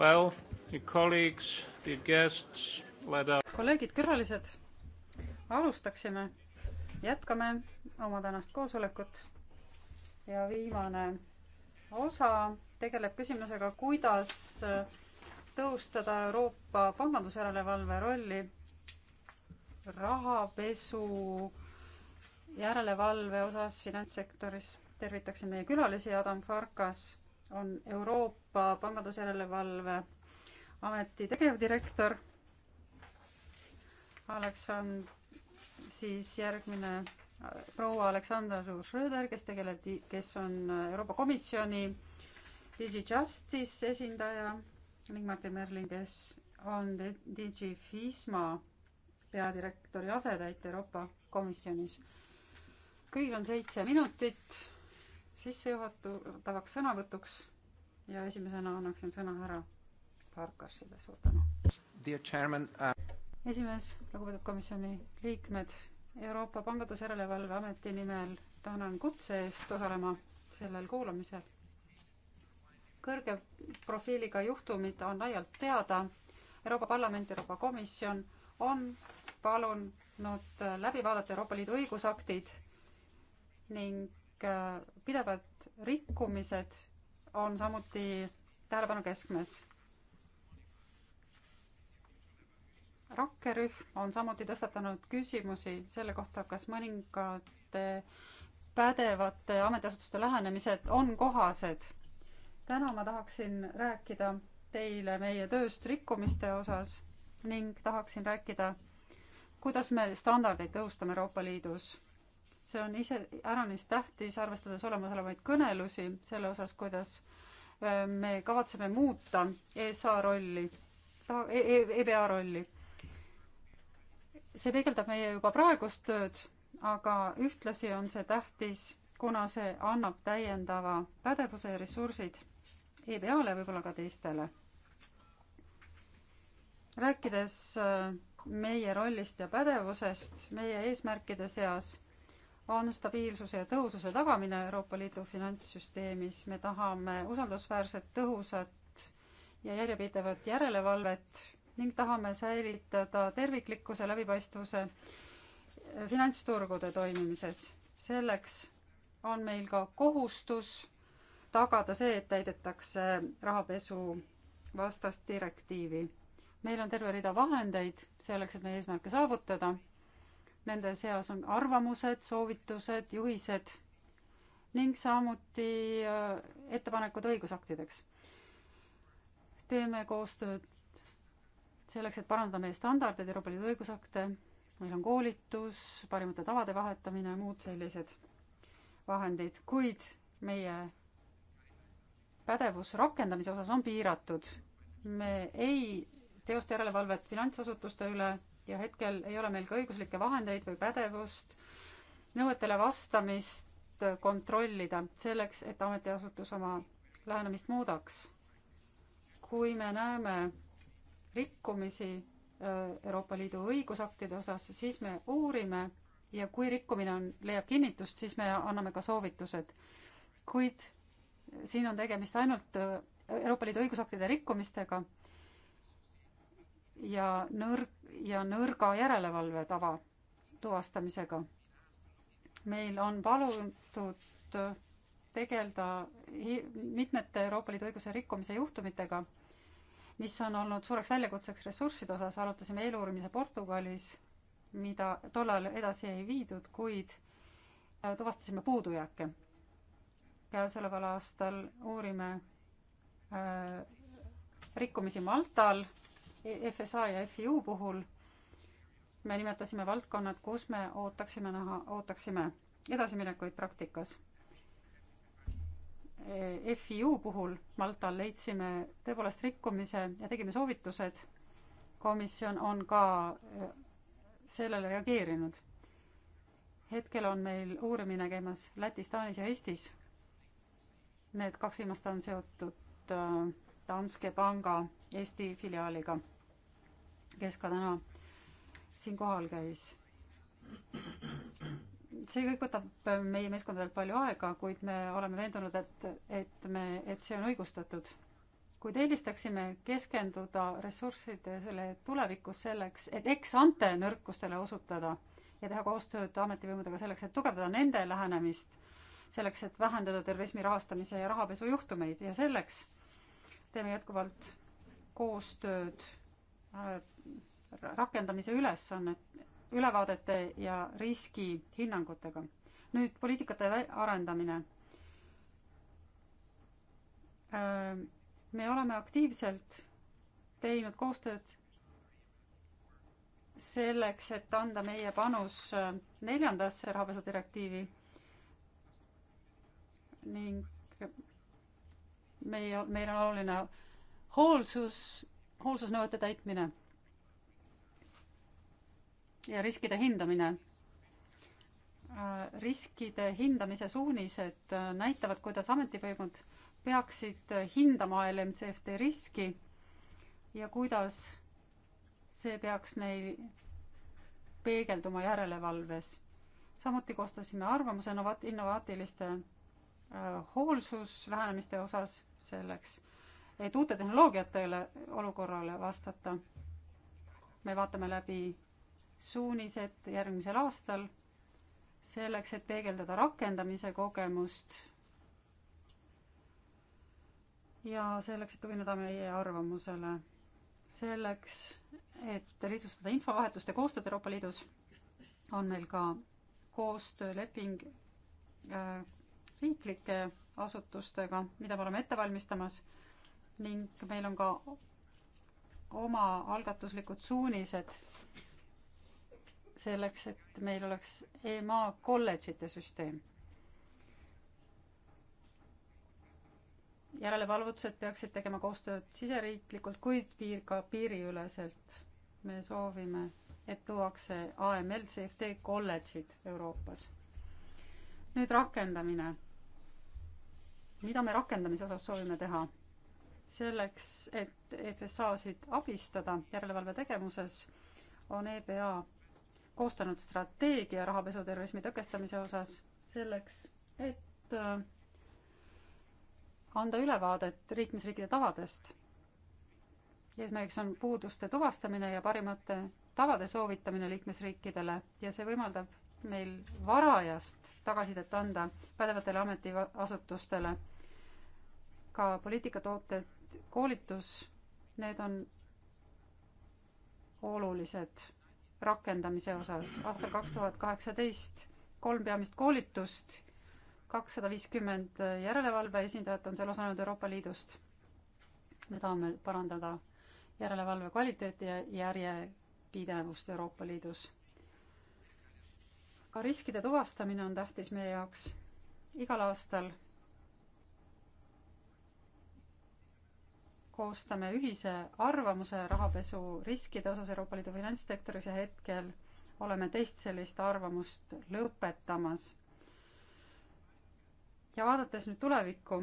Well, dear colleagues, dear guests, let us... kolleegid, külalised, alustaksime, jätkame oma tänast koosolekut ja viimane osa tegeleb küsimusega, kuidas tõhustada Euroopa pangandusjärelevalve rolli rahapesu järelevalve osas finantssektoris. tervitaksin meie külalisi, Adam Farkas on Euroopa Pangandusjärelevalve Ameti tegevdirektor. Aleks on siis järgmine proua Aleksandra Suur-Schröder, kes tegeleb, kes on Euroopa Komisjoni DigiJustice esindaja ning Martin Merlin, kes on DigiFISMA peadirektori asetäitja Euroopa Komisjonis. kõigil on seitse minutit sissejuhatavaks sõnavõtuks ja esimesena annaksin sõna härra Farkasile, suur tänu. Uh, esimees, lugupeetud komisjoni liikmed, Euroopa Pangandusjärelevalve Ameti nimel tänan kutse eest osalema sellel kuulamisel. kõrge profiiliga juhtumid on laialt teada. Euroopa Parlament, Euroopa Komisjon on palunud läbi vaadata Euroopa Liidu õigusaktid ning Äh, pidevad rikkumised on samuti tähelepanu keskmes. rakkerühm on samuti tõstatanud küsimusi selle kohta, kas mõningate pädevate ametiasutuste lähenemised on kohased. täna ma tahaksin rääkida teile meie tööst rikkumiste osas ning tahaksin rääkida, kuidas me standardeid tõhustame Euroopa Liidus see on ise äranis tähtis, arvestades olemasolevaid kõnelusi selle osas, kuidas äh, me kavatseme muuta ESA rolli ta, e, e, EBA rolli. see peegeldab meie juba praegust tööd, aga ühtlasi on see tähtis, kuna see annab täiendava pädevuse ja ressursid EBA-le, võib-olla ka teistele. rääkides äh, meie rollist ja pädevusest meie eesmärkide seas on stabiilsuse ja tõhususe tagamine Euroopa Liidu finantssüsteemis. me tahame usaldusväärset, tõhusat ja järjepidevat järelevalvet ning tahame säilitada terviklikkuse, läbipaistvuse finantsturgude toimimises. selleks on meil ka kohustus tagada see, et täidetakse rahapesu vastast direktiivi. meil on terve rida vahendeid selleks, et meie eesmärke saavutada Nende seas on arvamused, soovitused, juhised ning samuti äh, ettepanekud õigusaktideks. teeme koostööd selleks, et parandada meie standardeid, Euroopa Liidu õigusakte, meil on koolitus, parimate tavade vahetamine, muud sellised vahendeid, kuid meie pädevus rakendamise osas on piiratud. me ei teosta järelevalvet finantsasutuste üle ja hetkel ei ole meil ka õiguslikke vahendeid või pädevust nõuetele vastamist kontrollida selleks, et ametiasutus oma lähenemist muudaks. kui me näeme rikkumisi äh, Euroopa Liidu õigusaktide osas, siis me uurime ja kui rikkumine on, leiab kinnitust, siis me anname ka soovitused. kuid siin on tegemist ainult äh, Euroopa Liidu õigusaktide rikkumistega ja nõrg ja nõrga järelevalve tava tuvastamisega. meil on palutud tegeleda mitmete Euroopa Liidu õiguse rikkumise juhtumitega, mis on olnud suureks väljakutseks ressursside osas, arutasime eeluurimise Portugalis, mida tollal edasi ei viidud, kuid tuvastasime puudujääke. käesoleval aastal uurime äh, rikkumisi Maltal FSA ja FIU puhul me nimetasime valdkonnad, kus me ootaksime näha, ootaksime edasiminekuid praktikas. E, FIU puhul Maltal leidsime tõepoolest rikkumise ja tegime soovitused. komisjon on ka e, sellele reageerinud. hetkel on meil uurimine käimas Lätis, Taanis ja Eestis. Need kaks viimast on seotud e, Danske panga Eesti filiaaliga kes ka täna siin kohal käis. see kõik võtab meie meeskondadelt palju aega, kuid me oleme veendunud, et, et me, et see on õigustatud. kuid eelistaksime keskenduda ressurssidele tulevikus selleks, et ex-ante nõrkustele osutada ja teha koostööd ametivõimudega selleks, et tugevdada nende lähenemist, selleks, et vähendada terrorismi rahastamise ja rahapesu juhtumeid ja selleks teeme jätkuvalt koostööd Äh, rakendamise ülesannet, ülevaadete ja riskihinnangutega. nüüd poliitikate arendamine. Äh, me oleme aktiivselt teinud koostööd selleks, et anda meie panus äh, neljandasse rahapesudirektiivi ning meie, meil on oluline hoolsus hoolsusnõuete täitmine ja riskide hindamine. Äh, riskide hindamise suunised äh, näitavad, kuidas ametivõimud peaksid äh, hindama LMCFT riski ja kuidas see peaks neil peegelduma järelevalves. samuti koostasime arvamuse innovat-, innovaatiliste hoolsuslähenemiste osas selleks et uute tehnoloogiatele olukorrale vastata. me vaatame läbi suunised järgmisel aastal selleks, et peegeldada rakendamise kogemust. ja selleks, et tugineda meie arvamusele. selleks, et lihtsustada infovahetust ja koostööd Euroopa Liidus, on meil ka koostööleping äh, riiklike asutustega, mida me oleme ette valmistamas ning meil on ka oma algatuslikud suunised selleks, et meil oleks EMA kolledžite süsteem. järelevalvutused peaksid tegema koostööd siseriiklikult, kuid piir ka piiriüleselt. me soovime, et tuuakse AML, CFD kolledžid Euroopas. nüüd rakendamine. mida me rakendamise osas soovime teha? selleks, et EFSA-sid abistada järelevalve tegevuses, on EBA koostanud strateegia rahapesuterrorismi tõkestamise osas selleks, et äh, anda ülevaadet liikmesriikide tavadest. eesmärgiks on puuduste tuvastamine ja parimate tavade soovitamine liikmesriikidele ja see võimaldab meil varajast tagasisidet anda pädevatele ametiasutustele. ka poliitikatooted koolid, koolitus, need on olulised rakendamise osas. aastal kaks tuhat kaheksateist kolm peamist koolitust, kakssada viiskümmend järelevalve esindajat on seal osalenud Euroopa Liidust. me tahame parandada järelevalve kvaliteeti ja järjepidevust Euroopa Liidus. ka riskide tuvastamine on tähtis meie jaoks. igal aastal koostame ühise arvamuse rahapesu riskide osas Euroopa Liidu finantssektoris ja hetkel oleme teist sellist arvamust lõpetamas. ja vaadates nüüd tulevikku,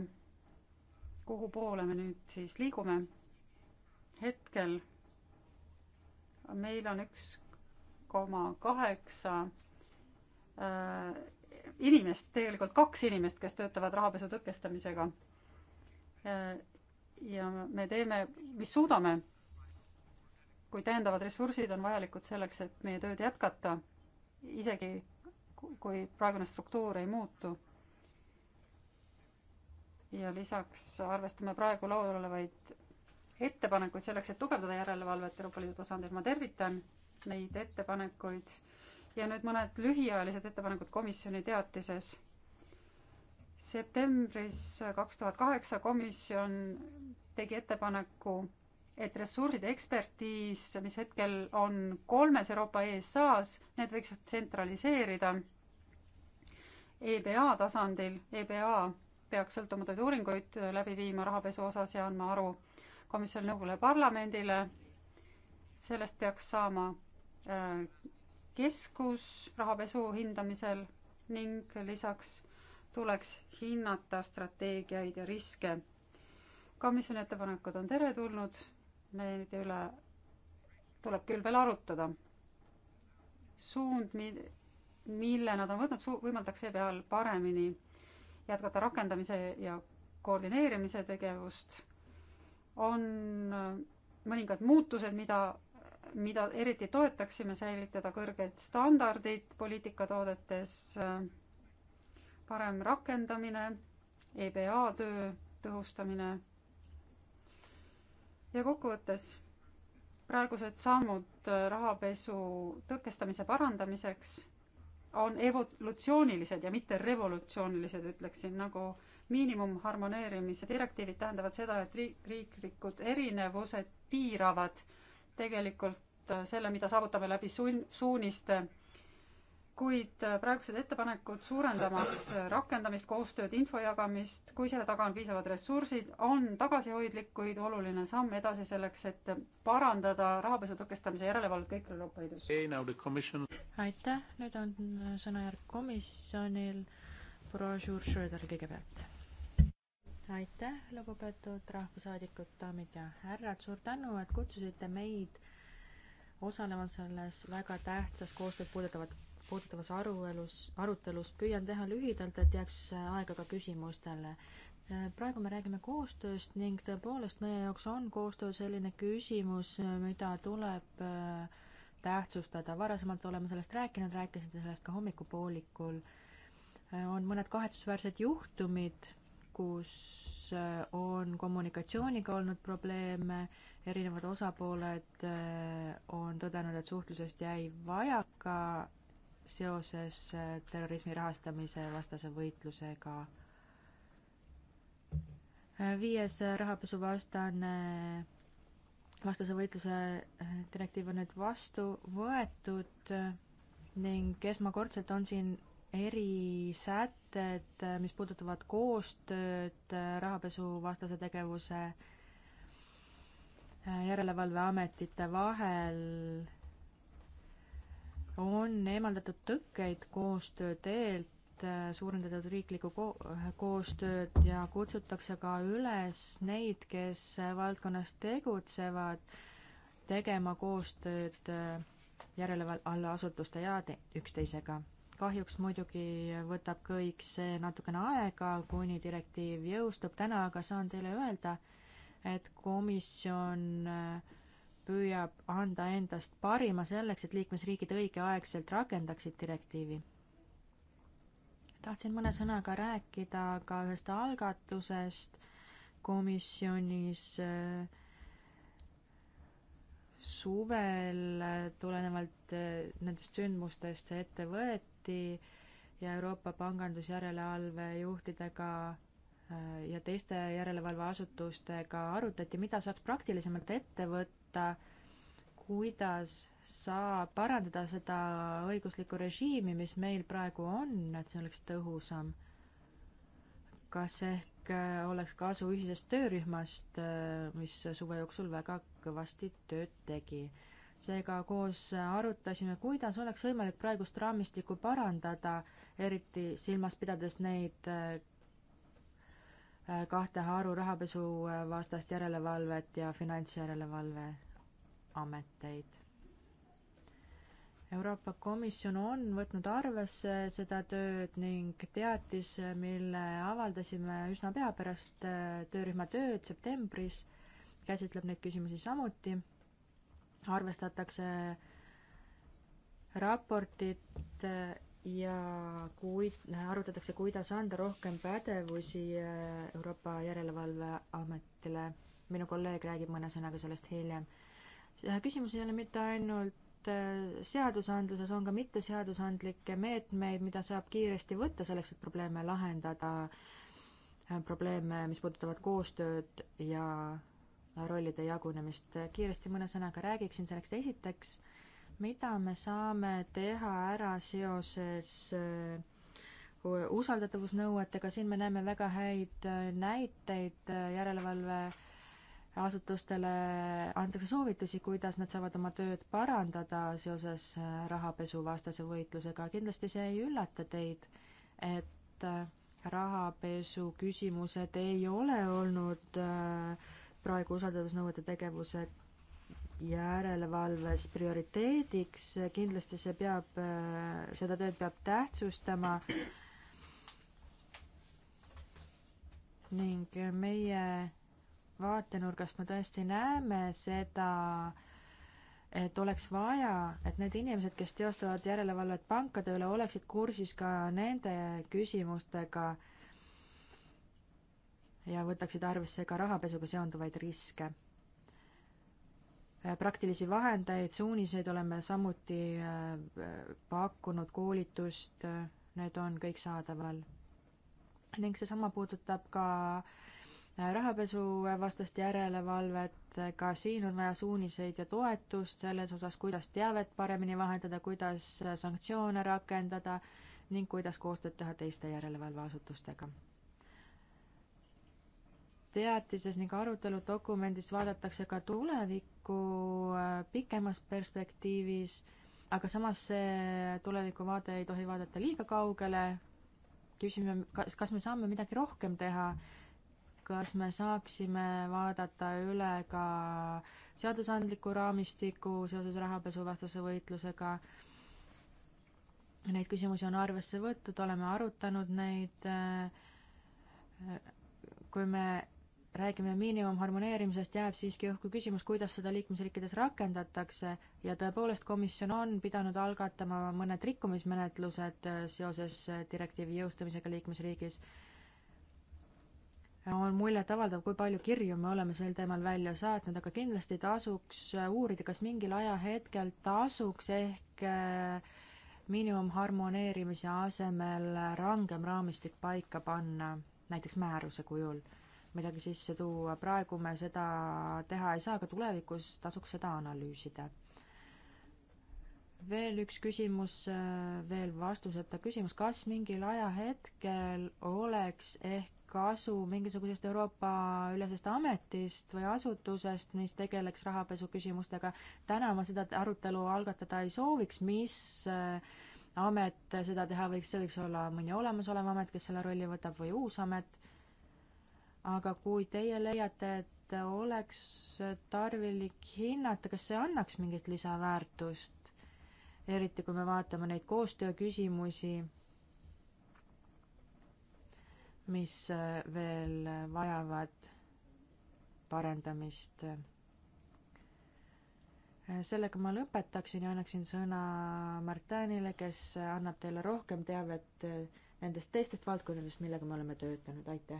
kuhu poole me nüüd siis liigume, hetkel meil on üks koma kaheksa äh, inimest, tegelikult kaks inimest, kes töötavad rahapesu tõkestamisega äh, ja me teeme, mis suudame, kui täiendavad ressursid on vajalikud selleks, et meie tööd jätkata, isegi kui praegune struktuur ei muutu. ja lisaks arvestame praegu laual olevaid ettepanekuid selleks, et tugevdada järelevalvet Euroopa Liidu tasandil, ma tervitan neid ettepanekuid ja nüüd mõned lühiajalised ettepanekud komisjoni teatises septembris kaks tuhat kaheksa komisjon tegi ettepaneku, et ressursside ekspertiis, mis hetkel on kolmes Euroopa ESA-s, need võiks tsentraliseerida EBA tasandil. EBA peaks sõltumatuid uuringuid läbi viima rahapesu osas ja andma aru komisjoni nõukogule ja parlamendile. sellest peaks saama äh, keskus rahapesu hindamisel ning lisaks tuleks hinnata strateegiaid ja riske. komisjoni ettepanekud on teretulnud, need üle tuleb küll veel arutada. suund, mille nad on võtnud, võimaldaks seepeal paremini jätkata rakendamise ja koordineerimise tegevust. on mõningad muutused, mida, mida eriti toetaksime, säilitada kõrged standardid poliitikatoodetes äh, parem rakendamine, EBA töö tõhustamine ja kokkuvõttes praegused sammud rahapesu tõkestamise parandamiseks on evolutsioonilised ja mitte revolutsioonilised, ütleksin, nagu miinimumharmoneerimise direktiivid tähendavad seda, et riik, riiklikud erinevused piiravad tegelikult selle, mida saavutame läbi sun-, suuniste kuid äh, praegused ettepanekud suurendamaks äh, rakendamist, koostööd, info jagamist, kui selle taga on piisavad ressursid, on tagasihoidlik, kuid oluline samm edasi selleks, et parandada rahapesu tõkestamise järelevalvet kõikjal Euroopa Liidus okay,. aitäh, nüüd on äh, sõnajärg komisjonil. brošüür Schröder kõigepealt. aitäh, lugupeetud rahvasaadikud, daamid ja härrad, suur tänu, et kutsusite meid osalema selles väga tähtsas koostööd puudutavat puudutavas aruelus, arutelus püüan teha lühidalt, et jääks aega ka küsimustele. praegu me räägime koostööst ning tõepoolest meie jaoks on koostöö selline küsimus, mida tuleb äh, tähtsustada, varasemalt oleme sellest rääkinud, rääkisite sellest ka hommikupoolikul. Äh, on mõned kahetsusväärsed juhtumid, kus äh, on kommunikatsiooniga olnud probleeme, erinevad osapooled on tõdenud, et suhtlusest jäi vajaka seoses äh, terrorismi rahastamise vastase võitlusega. Äh, viies äh, rahapesuvastane, vastase võitluse direktiiv on nüüd vastu võetud ning esmakordselt on siin erisätted, mis puudutavad koostööd rahapesuvastase tegevuse järelevalveametite vahel on eemaldatud tõkkeid koostöö teelt, äh, suurendatud riiklikku ko-, äh, koostööd ja kutsutakse ka üles neid, kes äh, valdkonnas tegutsevad, tegema koostööd järeleval-, allasutuste ja te-, üksteisega. kahjuks muidugi võtab kõik see natukene aega, kuni direktiiv jõustub, täna aga saan teile öelda, et komisjon äh, püüab anda endast parima selleks, et liikmesriigid õigeaegselt rakendaksid direktiivi. tahtsin mõne sõnaga rääkida ka ühest algatusest komisjonis äh, suvel äh, tulenevalt äh, nendest sündmustest see ette võeti ja Euroopa pangandusjärelevalve juhtidega ja teiste järelevalveasutustega arutati, mida saaks praktilisemalt ette võtta, kohta, kuidas saab parandada seda õiguslikku režiimi, mis meil praegu on, et see oleks tõhusam? kas ehk äh, oleks kasu ühisest töörühmast, äh, mis suve jooksul väga kõvasti tööd tegi? seega koos arutasime, kuidas oleks võimalik praegust raamistikku parandada, eriti silmas pidades neid äh, kahte haru rahapesuvastast järelevalvet ja finantsjärelevalve ameteid. Euroopa Komisjon on võtnud arvesse seda tööd ning teatis, mille avaldasime üsna pea pärast äh, töörühma tööd septembris, käsitleb neid küsimusi samuti. arvestatakse äh, raportit äh, ja kui, arutatakse, kuidas anda rohkem pädevusi Euroopa Järelevalveametile. minu kolleeg räägib mõne sõnaga sellest hiljem küsimus ei ole mitte ainult äh, seadusandluses, on ka mitteseadusandlikke meetmeid, mida saab kiiresti võtta selleks, et probleeme lahendada, äh, probleeme, mis puudutavad koostööd ja rollide jagunemist. kiiresti mõne sõnaga räägiksin selleks esiteks, mida me saame teha ära seoses äh, usaldatavusnõuetega, siin me näeme väga häid näiteid järelevalve asutustele antakse soovitusi, kuidas nad saavad oma tööd parandada seoses äh, rahapesuvastase võitlusega. kindlasti see ei üllata teid, et äh, rahapesu küsimused ei ole olnud äh, praegu usaldusnõuete tegevuse järelevalves prioriteediks, kindlasti see peab, seda tööd peab tähtsustama ning meie vaatenurgast me tõesti näeme seda, et oleks vaja, et need inimesed, kes teostavad järelevalvet pankade üle, oleksid kursis ka nende küsimustega ja võtaksid arvesse ka rahapesuga seonduvaid riske. praktilisi vahendeid, suuniseid oleme samuti äh, pakkunud, koolitust, äh, need on kõik saadaval. ning seesama puudutab ka äh, rahapesuvastast järelevalvet, ka siin on vaja suuniseid ja toetust selles osas, kuidas teavet paremini vahendada, kuidas sanktsioone rakendada ning kuidas koostööd teha teiste järelevalveasutustega teatises ning aruteludokumendis vaadatakse ka tulevikku äh, pikemas perspektiivis, aga samas see tulevikuvaade ei tohi vaadata liiga kaugele. küsime, kas, kas me saame midagi rohkem teha kas me saaksime vaadata üle ka seadusandliku raamistiku seoses rahapesuvastase võitlusega. Neid küsimusi on arvesse võetud, oleme arutanud neid. kui me räägime miinimumharmoneerimisest, jääb siiski õhku küsimus, kuidas seda liikmesriikides rakendatakse ja tõepoolest, komisjon on pidanud algatama mõned rikkumismenetlused seoses direktiivi jõustumisega liikmesriigis on muljetavaldav, kui palju kirju me oleme sel teemal välja saatnud, aga kindlasti tasuks äh, uurida, kas mingil ajahetkel tasuks ehk äh, miinimumharmoneerimise asemel rangem raamistik paika panna, näiteks määruse kujul, midagi sisse tuua. praegu me seda teha ei saa, aga tulevikus tasuks seda analüüsida. veel üks küsimus, äh, veel vastuseta küsimus, kas mingil ajahetkel oleks ehk kasu mingisugusest Euroopa ülesest ametist või asutusest, mis tegeleks rahapesu küsimustega. täna ma seda arutelu algatada ei sooviks, mis äh, amet seda teha võiks, see võiks olla mõni olemasolev amet, kes selle rolli võtab, või uus amet. aga kui teie leiate, et oleks tarvilik hinnata, kas see annaks mingit lisaväärtust, eriti kui me vaatame neid koostööküsimusi mis äh, veel äh, vajavad parandamist. Äh, sellega ma lõpetaksin ja annaksin sõna Martinile, kes annab teile rohkem teavet nendest teistest valdkondadest, millega me oleme töötanud, aitäh!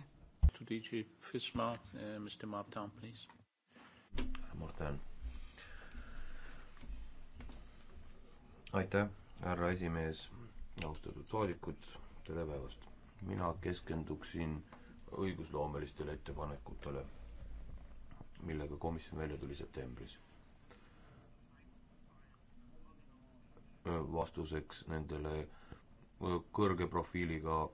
To DG FISMA uh,, Mr Martin, please. Martin. aitäh, härra esimees, austatud saadikud, tere päevast! mina keskenduksin õigusloomelistele ettepanekutele, millega komisjon välja tuli septembris. vastuseks nendele kõrge profiiliga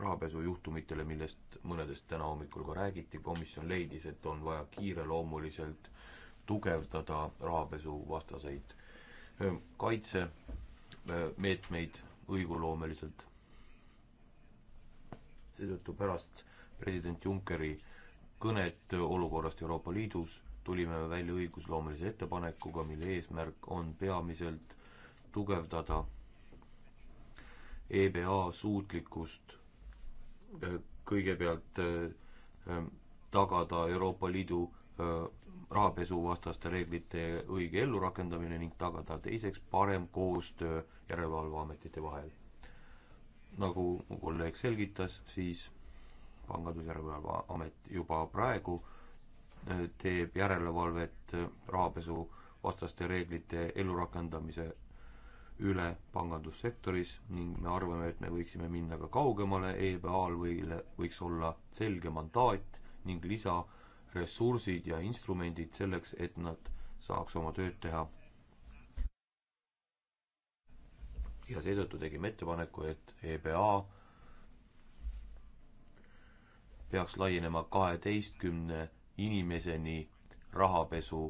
rahapesujuhtumitele, millest mõnedest täna hommikul ka räägiti, komisjon leidis, et on vaja kiireloomuliselt tugevdada rahapesuvastaseid kaitsemeetmeid õiguloomeliselt seetõttu pärast president Junckeri kõnet olukorrast Euroopa Liidus tulime välja õigusloomelise ettepanekuga, mille eesmärk on peamiselt tugevdada EBA suutlikkust eh, kõigepealt eh, eh, tagada Euroopa Liidu rahapesuvastaste reeglite õige ellurakendamine ning tagada teiseks parem koostöö järelevalveametite vahel nagu mu kolleeg selgitas, siis pangandusjärelevalve amet juba praegu äh, teeb järelevalvet rahapesu vastaste reeglite ellurakendamise üle pangandussektoris ning me arvame, et me võiksime minna ka kaugemale, EBA-l või võiks olla selge mandaat ning lisaressursid ja instrumendid selleks, et nad saaks oma tööd teha ja seetõttu tegime ettepaneku, et EBA peaks laienema kaheteistkümne inimeseni rahapesu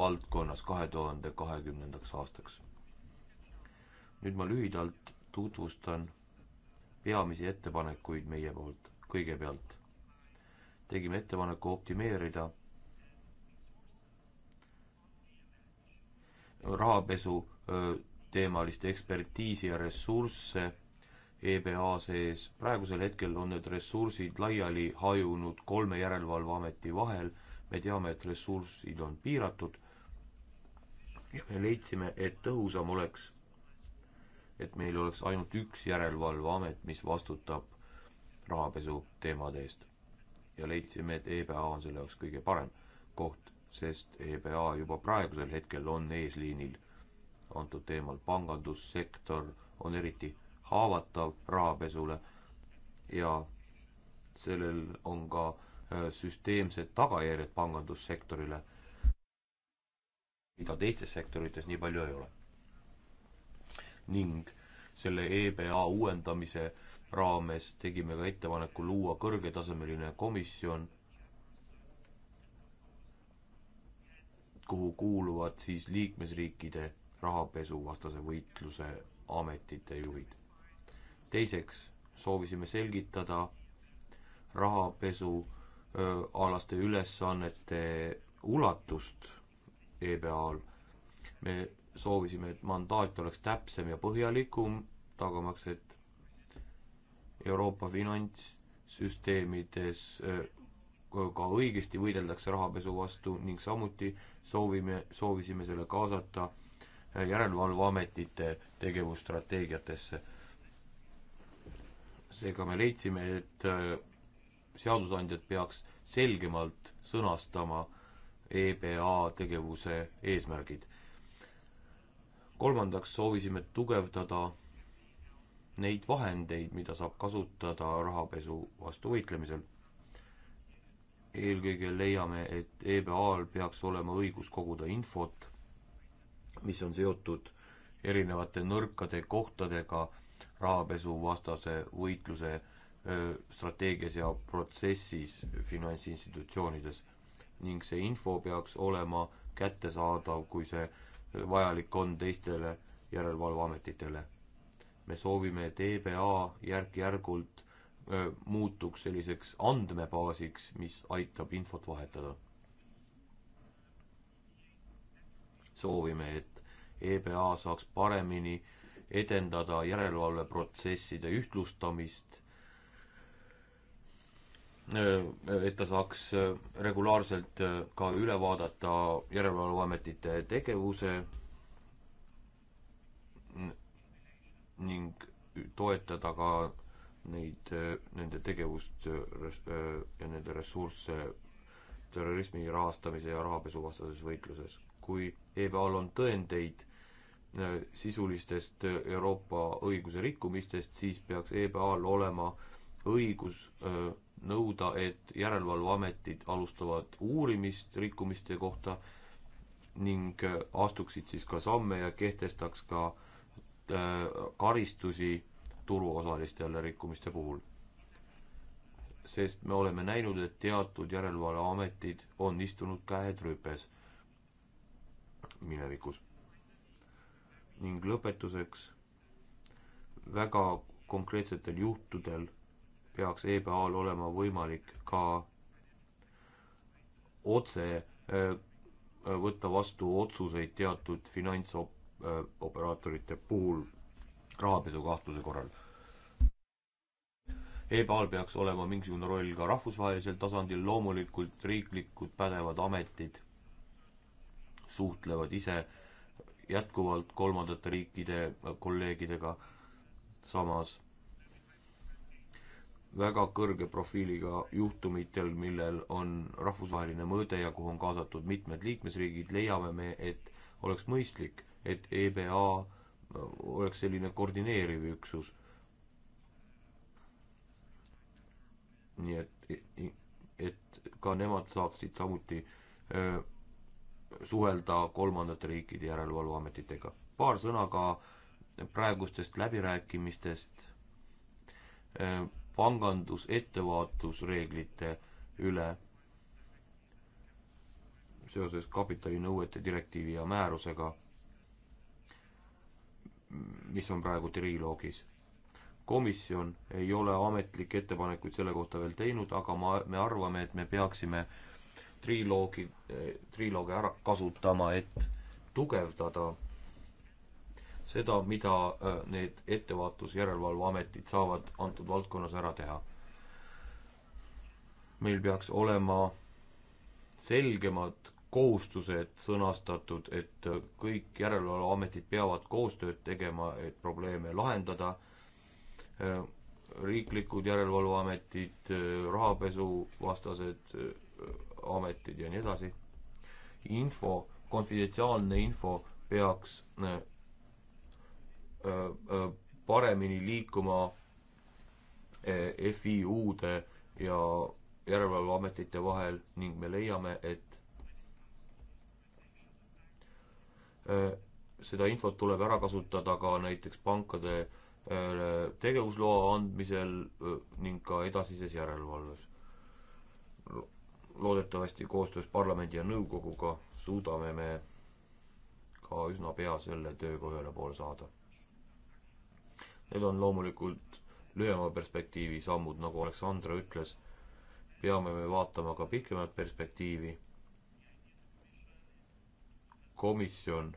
valdkonnas kahe tuhande kahekümnendaks aastaks. nüüd ma lühidalt tutvustan peamisi ettepanekuid meie poolt. kõigepealt tegime ettepaneku optimeerida rahapesu teemalist ekspertiisi ja ressursse EBA sees. praegusel hetkel on need ressursid laiali hajunud kolme järelevalveameti vahel. me teame, et ressursid on piiratud. ja me leidsime, et tõhusam oleks, et meil oleks ainult üks järelevalveamet, mis vastutab rahapesu teemade eest. ja leidsime, et EBA on selle jaoks kõige parem koht, sest EBA juba praegusel hetkel on eesliinil antud teemal. pangandussektor on eriti haavatav rahapesule ja sellel on ka äh, süsteemsed tagajärjed pangandussektorile, mida teistes sektorites nii palju ei ole. ning selle EBA uuendamise raames tegime ka ettepaneku luua kõrgetasemeline komisjon, kuhu kuuluvad siis liikmesriikide rahapesuvastase võitluse ametite juhid. teiseks soovisime selgitada rahapesu öö, alaste ülesannete ulatust EBA-l. me soovisime, et mandaat oleks täpsem ja põhjalikum, tagamaks, et Euroopa finantssüsteemides ka õigesti võideldakse rahapesu vastu ning samuti soovime, soovisime selle kaasata järelevalveametite tegevusstrateegiatesse. seega me leidsime, et äh, seadusandjad peaks selgemalt sõnastama EBA tegevuse eesmärgid. kolmandaks soovisime tugevdada neid vahendeid, mida saab kasutada rahapesu vastu võitlemisel eelkõige leiame, et EBA-l peaks olema õigus koguda infot mis on seotud erinevate nõrkade kohtadega rahapesuvastase võitluse strateegias ja protsessis finantsinstitutsioonides ning see info peaks olema kättesaadav, kui see vajalik on teistele järelevalveametitele. me soovime, et EBA järk-järgult muutuks selliseks andmebaasiks, mis aitab infot vahetada soovime, et EBA saaks paremini edendada järelevalveprotsesside ühtlustamist, et ta saaks regulaarselt ka üle vaadata Järelevalveametite tegevuse ning toetada ka neid, nende tegevust ja nende ressursse terrorismi rahastamise ja rahapesuvastases võitluses kui EBA-l on tõendeid äh, sisulistest äh, Euroopa õiguse rikkumistest, siis peaks EBA-l olema õigus äh, nõuda, et järelevalveametid alustavad uurimist rikkumiste kohta ning astuksid siis ka samme ja kehtestaks ka karistusi turuosalistele rikkumiste puhul. sest me oleme näinud, et teatud järelevalveametid on istunud käed rüpes minevikus. ning lõpetuseks, väga konkreetsetel juhtudel peaks EBA-l olema võimalik ka otse äh, äh, võtta vastu otsuseid teatud finantsoperaatorite puhul rahapesukahtluse korral. EBA-l peaks olema mingisugune roll ka rahvusvahelisel tasandil, loomulikult riiklikud pädevad ametid suhtlevad ise jätkuvalt kolmandate riikide kolleegidega, samas väga kõrge profiiliga juhtumitel, millel on rahvusvaheline mõõde ja kuhu on kaasatud mitmed liikmesriigid, leiame me, et oleks mõistlik, et EBA oleks selline koordineeriv üksus. nii et, et ka nemad saaksid samuti öö, äh, suhelda kolmandate riikide järelevalveametitega. paar sõna ka praegustest läbirääkimistest eh, pangandusettevaatusreeglite üle seoses kapitalinõuete direktiivi ja määrusega, mis on praegu triloogis. komisjon ei ole ametlikke ettepanekuid selle kohta veel teinud, aga ma, me arvame, et me peaksime äh, triloogi, triloogi ära kasutama, et tugevdada seda, mida äh, need ettevaatusjärelevalveametid saavad antud valdkonnas ära teha. meil peaks olema selgemad kohustused sõnastatud, et äh, kõik järelevalveametid peavad koostööd tegema, et probleeme lahendada. Äh, riiklikud järelevalveametid, rahapesuvastased ametid ja nii edasi. info, konfidentsiaalne info peaks äh, äh, äh paremini liikuma äh, FIU-de ja järelevalveametite vahel ning me leiame, et äh, seda infot tuleb ära kasutada ka näiteks pankade äh, tegevusloa andmisel ning ka edasises järelevalves loodetavasti koostöös parlamendi ja nõukoguga suudame me ka üsna pea selle tööga ühele poole saada. Need on loomulikult lühema perspektiivi sammud, nagu Aleksandra ütles, peame me vaatama ka pikemat perspektiivi. komisjon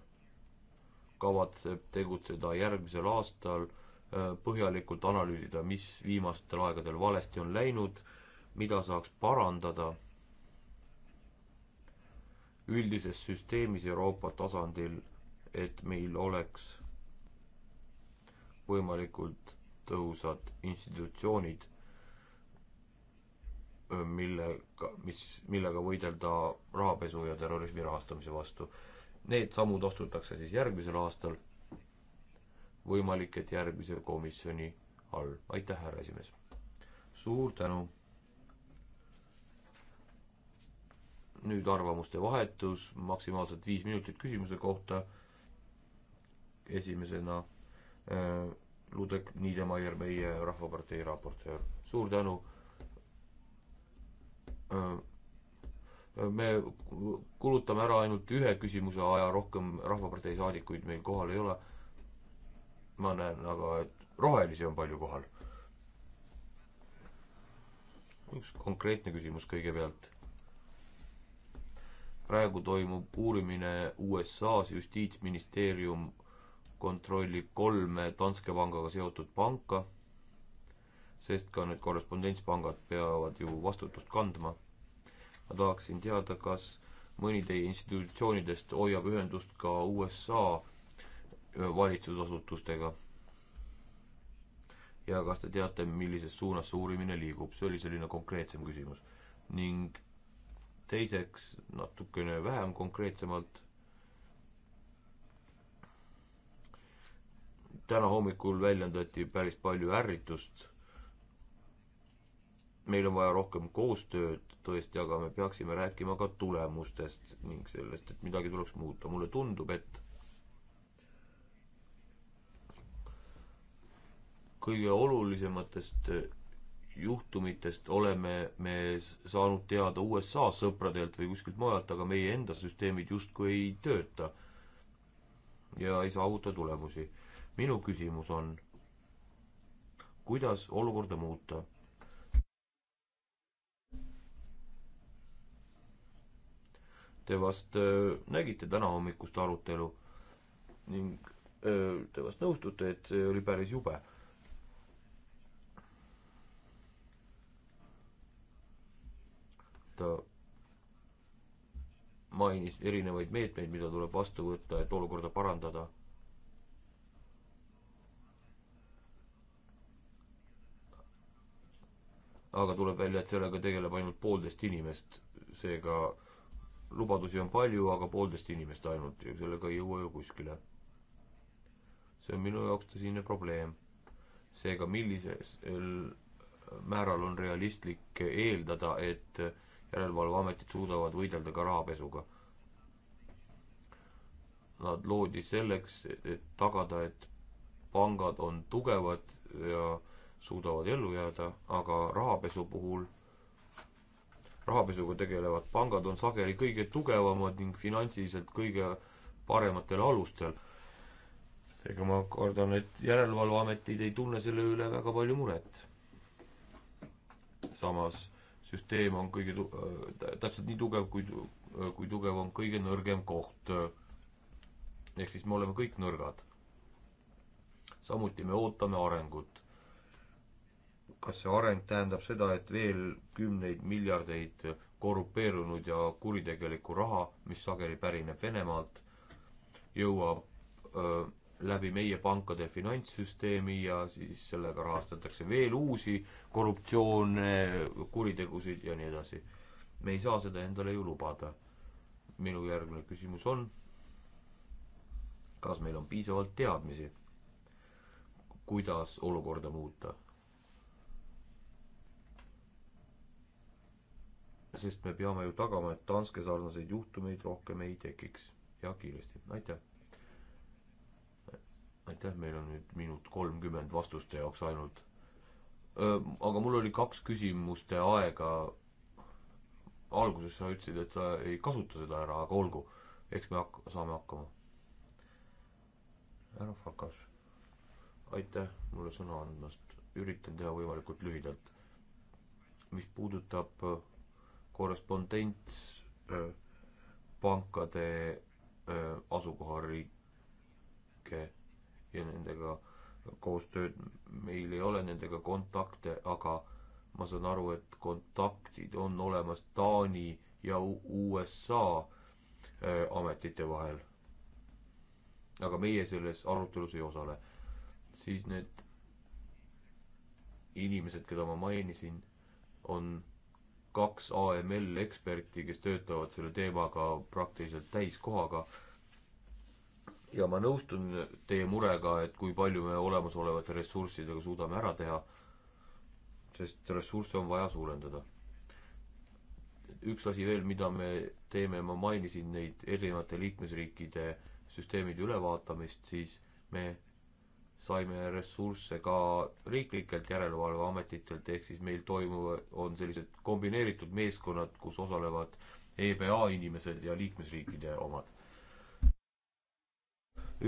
kavatseb tegutseda järgmisel aastal, äh, põhjalikult analüüsida, mis viimastel aegadel valesti on läinud, mida saaks parandada üldises süsteemis Euroopa tasandil, et meil oleks võimalikult tõhusad institutsioonid, millega, mis, millega võidelda rahapesu ja terrorismi rahastamise vastu. Need sammud astutakse siis järgmisel aastal, võimalik, et järgmise komisjoni all. aitäh, härra esimees! suur tänu! nüüd arvamuste vahetus, maksimaalselt viis minutit küsimuse kohta. esimesena äh, Ludek Niedemeier, meie Rahvapartei raportöör. suur tänu äh, äh, me kulutame ära ainult ühe küsimuse aja, rohkem Rahvapartei saadikuid meil kohal ei ole. ma näen aga, et rohelisi on palju kohal. üks konkreetne küsimus kõigepealt praegu toimub uurimine USA-s, justiitsministeerium kontrollib kolme Danske pangaga seotud panka, sest ka need korrespondentspangad peavad ju vastutust kandma. ma tahaksin teada, kas mõni teie institutsioonidest hoiab ühendust ka USA valitsusasutustega. ja kas te teate, millises suunas see uurimine liigub, see oli selline konkreetsem küsimus. ning teiseks natukene vähem konkreetsemalt. täna hommikul väljendati päris palju ärritust. meil on vaja rohkem koostööd tõesti, aga me peaksime rääkima ka tulemustest ning sellest, et midagi tuleks muuta. mulle tundub, et kõige olulisematest juhtumitest oleme me saanud teada USA sõpradelt või kuskilt mujalt, aga meie enda süsteemid justkui ei tööta ja ei saavuta tulemusi. minu küsimus on, kuidas olukorda muuta? Te vast öö, äh, nägite täna hommikust arutelu ning öö, äh, te vast nõustute, et see oli päris jube ta mainis erinevaid meetmeid, mida tuleb vastu võtta, et olukorda parandada. aga tuleb välja, et sellega tegeleb ainult poolteist inimest, seega lubadusi on palju, aga poolteist inimest ainult ja sellega ei jõua ju kuskile. see on minu jaoks tõsine probleem. seega, millisel määral on realistlik eeldada, et järelevalveametid suudavad võidelda ka rahapesuga. Nad loodi selleks, et tagada, et pangad on tugevad ja suudavad ellu jääda, aga rahapesu puhul, rahapesuga tegelevad pangad on sageli kõige tugevamad ning finantsiliselt kõige parematel alustel. seega ma kardan, et järelevalveametid ei tunne selle üle väga palju muret. samas süsteem on kõige tu-, äh, täpselt nii tugev, kui, äh, kui tugev on kõige nõrgem koht. ehk siis me oleme kõik nõrgad. samuti me ootame arengut. kas see areng tähendab seda, et veel kümneid miljardeid korrupeerunud ja kuritegelikku raha, mis sageli pärineb Venemaalt, jõuab öö, äh, läbi meie pankade finantssüsteemi ja siis sellega rahastatakse veel uusi korruptsioone, kuritegusid ja nii edasi. me ei saa seda endale ju lubada. minu järgmine küsimus on, kas meil on piisavalt teadmisi, kuidas olukorda muuta? sest me peame ju tagama, et Danske sarnaseid juhtumeid rohkem ei tekiks ja kiiresti. aitäh! aitäh, meil on nüüd minut kolmkümmend vastuste jaoks ainult. aga mul oli kaks küsimuste aega. alguses sa ütlesid, et sa ei kasuta seda ära, aga olgu, eks me hak-, saame hakkama. härra Fakas, aitäh mulle sõna andmast, üritan teha võimalikult lühidalt. mis puudutab korrespondents pankade asukohariike ja nendega koostööd meil ei ole, nendega kontakte, aga ma saan aru, et kontaktid on olemas Taani ja USA äh, ametite vahel. aga meie selles arutelus ei osale. siis need inimesed, keda ma mainisin, on kaks AML eksperti, kes töötavad selle teemaga praktiliselt täiskohaga ja ma nõustun teie murega, et kui palju me olemasolevate ressurssidega suudame ära teha, sest ressursse on vaja suurendada. üks asi veel, mida me teeme, ma mainisin neid erinevate liikmesriikide süsteemide ülevaatamist, siis me saime ressursse ka riiklikelt järelevalveametitelt, ehk siis meil toimuvad, on sellised kombineeritud meeskonnad, kus osalevad EBA inimesed ja liikmesriikide omad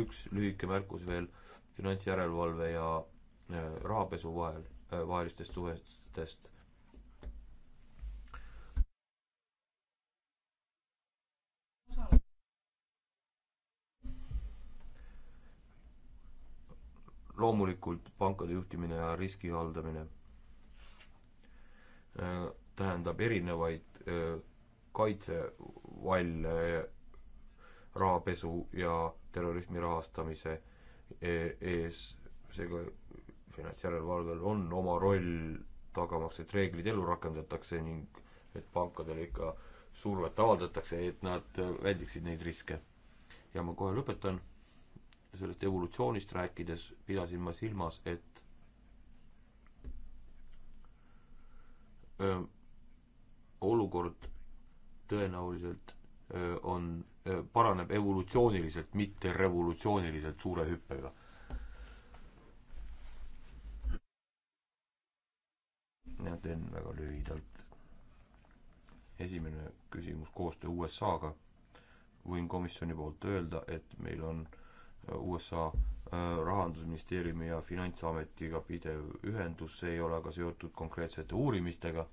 üks lühike märkus veel finantsjärelevalve ja äh, rahapesu vahel, äh, vahelistest suhetest. loomulikult pankade juhtimine ja riski haldamine äh, tähendab erinevaid kaitsevalle rahapesu ja terrorismi rahastamise e-, ees, seega finantsjärelevalvel on oma roll tagamaks, et reeglid ellu rakendatakse ning et pankadele ikka survet avaldatakse, et nad väldiksid neid riske. ja ma kohe lõpetan, sellest evolutsioonist rääkides pidasin ma silmas, et öö, olukord tõenäoliselt öö, on Eh, paraneb evolutsiooniliselt, mitte revolutsiooniliselt suure hüppega. mina teen väga lühidalt. esimene küsimus koostöö USA-ga. võin komisjoni poolt öelda, et meil on eh, USA eh, rahandusministeeriumi ja Finantsametiga pidev ühendus, see ei ole aga seotud konkreetsete uurimistega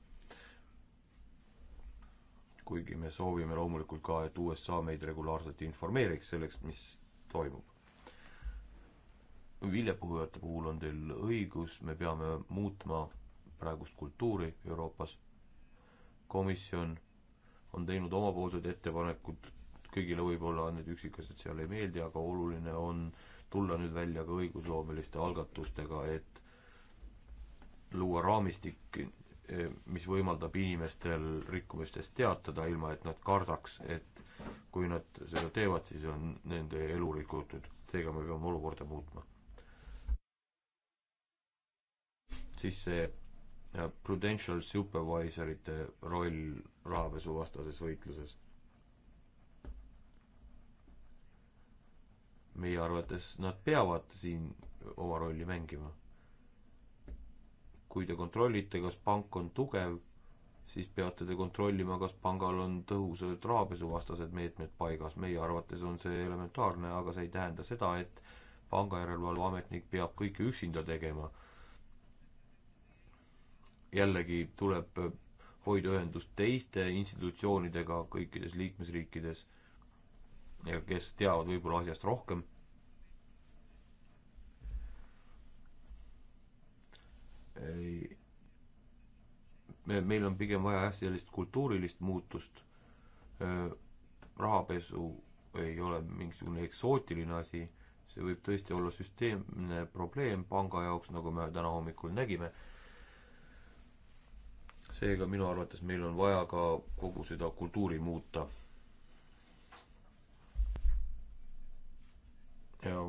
kuigi me soovime loomulikult ka, et USA meid regulaarselt informeeriks sellest, mis toimub. viljapuhujate puhul on teil õigus, me peame muutma praegust kultuuri Euroopas. komisjon on teinud omapoolsed ettepanekud, kõigile võib-olla need üksikasjad seal ei meeldi, aga oluline on tulla nüüd välja ka õigusloomeliste algatustega, et luua raamistik mis võimaldab inimestel rikkumistest teatada, ilma et nad kardaks, et kui nad seda teevad, siis on nende elu rikutud. seega me peame olukorda muutma. siis see äh, prudential supervisorite roll rahapesuvastases võitluses. meie arvates nad peavad siin oma rolli mängima kui te kontrollite, kas pank on tugev, siis peate te kontrollima, kas pangal on tõhusad rahapesuvastased meetmed paigas. meie arvates on see elementaarne, aga see ei tähenda seda, et pangajärelevalveametnik peab kõike üksinda tegema. jällegi tuleb hoida ühendust teiste institutsioonidega kõikides liikmesriikides ja kes teavad võib-olla asjast rohkem meil on pigem vaja jah, sellist kultuurilist muutust. rahapesu ei ole mingisugune eksootiline asi, see võib tõesti olla süsteemne probleem panga jaoks, nagu me täna hommikul nägime. seega minu arvates meil on vaja ka kogu seda kultuuri muuta. ja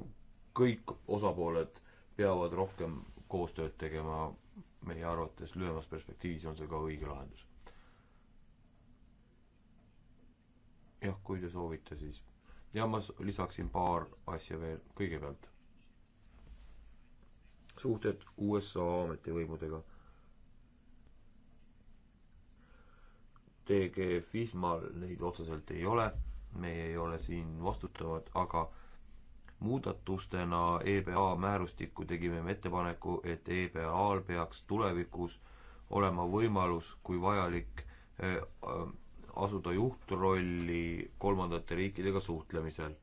kõik osapooled peavad rohkem koostööd tegema, meie arvates lühemas perspektiivis on see ka õige lahendus. jah, kui te soovite, siis. ja ma lisaksin paar asja veel, kõigepealt. suhted USA ametivõimudega. TG FISMal neid otseselt ei ole, meie ei ole siin vastutavad, aga muudatustena EBA määrustikku tegime me ettepaneku, et EBA-l peaks tulevikus olema võimalus, kui vajalik, eh, äh, asuda juhtrolli kolmandate riikidega suhtlemisel.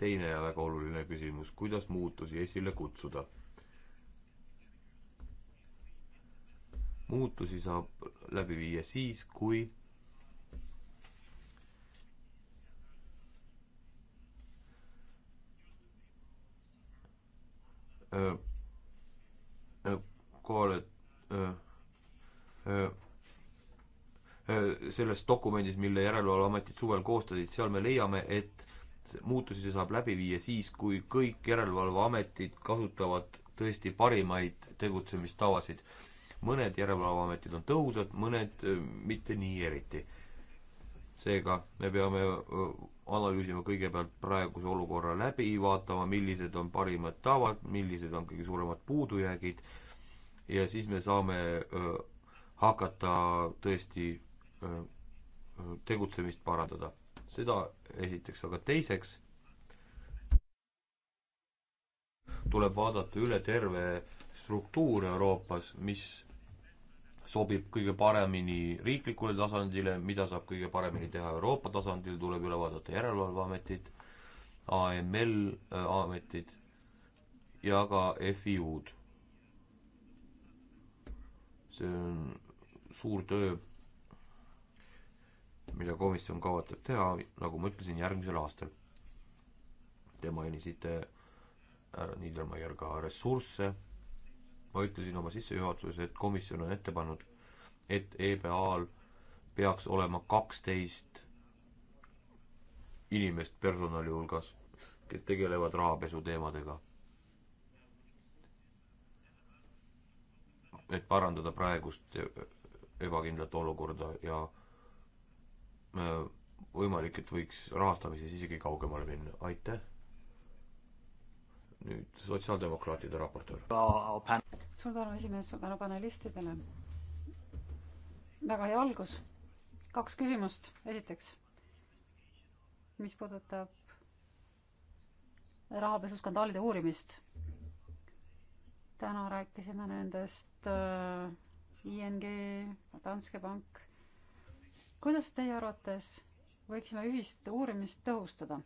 teine ja väga oluline küsimus, kuidas muutusi esile kutsuda? muutusi saab läbi viia siis, kui kohale selles dokumendis, mille Järelevalveametid suvel koostasid, seal me leiame, et muutusi saab läbi viia siis, kui kõik Järelevalveametid kasutavad tõesti parimaid tegutsemistavasid. mõned Järelevalveametid on tõhusad, mõned mitte nii eriti seega me peame analüüsima kõigepealt praeguse olukorra läbi, vaatama, millised on parimad tavad, millised on kõige suuremad puudujäägid ja siis me saame öö, hakata tõesti öö, tegutsemist parandada. seda esiteks, aga teiseks tuleb vaadata üle terve struktuur Euroopas, mis sobib kõige paremini riiklikule tasandile, mida saab kõige paremini teha Euroopa tasandil, tuleb üle vaadata järelevalveametid, AML äh, ametid ja ka FIU-d. see on suur töö, mida komisjon kavatseb teha, nagu ma ütlesin, järgmisel aastal. Te mainisite härra Niedermayer ka ressursse ma ütlesin oma sissejuhatuses, et komisjon on ette pannud, et EBA-l peaks olema kaksteist inimest personali hulgas, kes tegelevad rahapesu teemadega. et parandada praegust ebakindlat olukorda ja äh, võimalik, et võiks rahastamises isegi kaugemale minna, aitäh! nüüd sotsiaaldemokraatide raportöör. suur tänu, esimees, suur tänu panelistidele. väga hea algus. kaks küsimust. esiteks, mis puudutab rahapesuskandaalide uurimist. täna rääkisime nendest äh, ING, Danske Bank. kuidas teie arvates võiksime ühist uurimist tõhustada?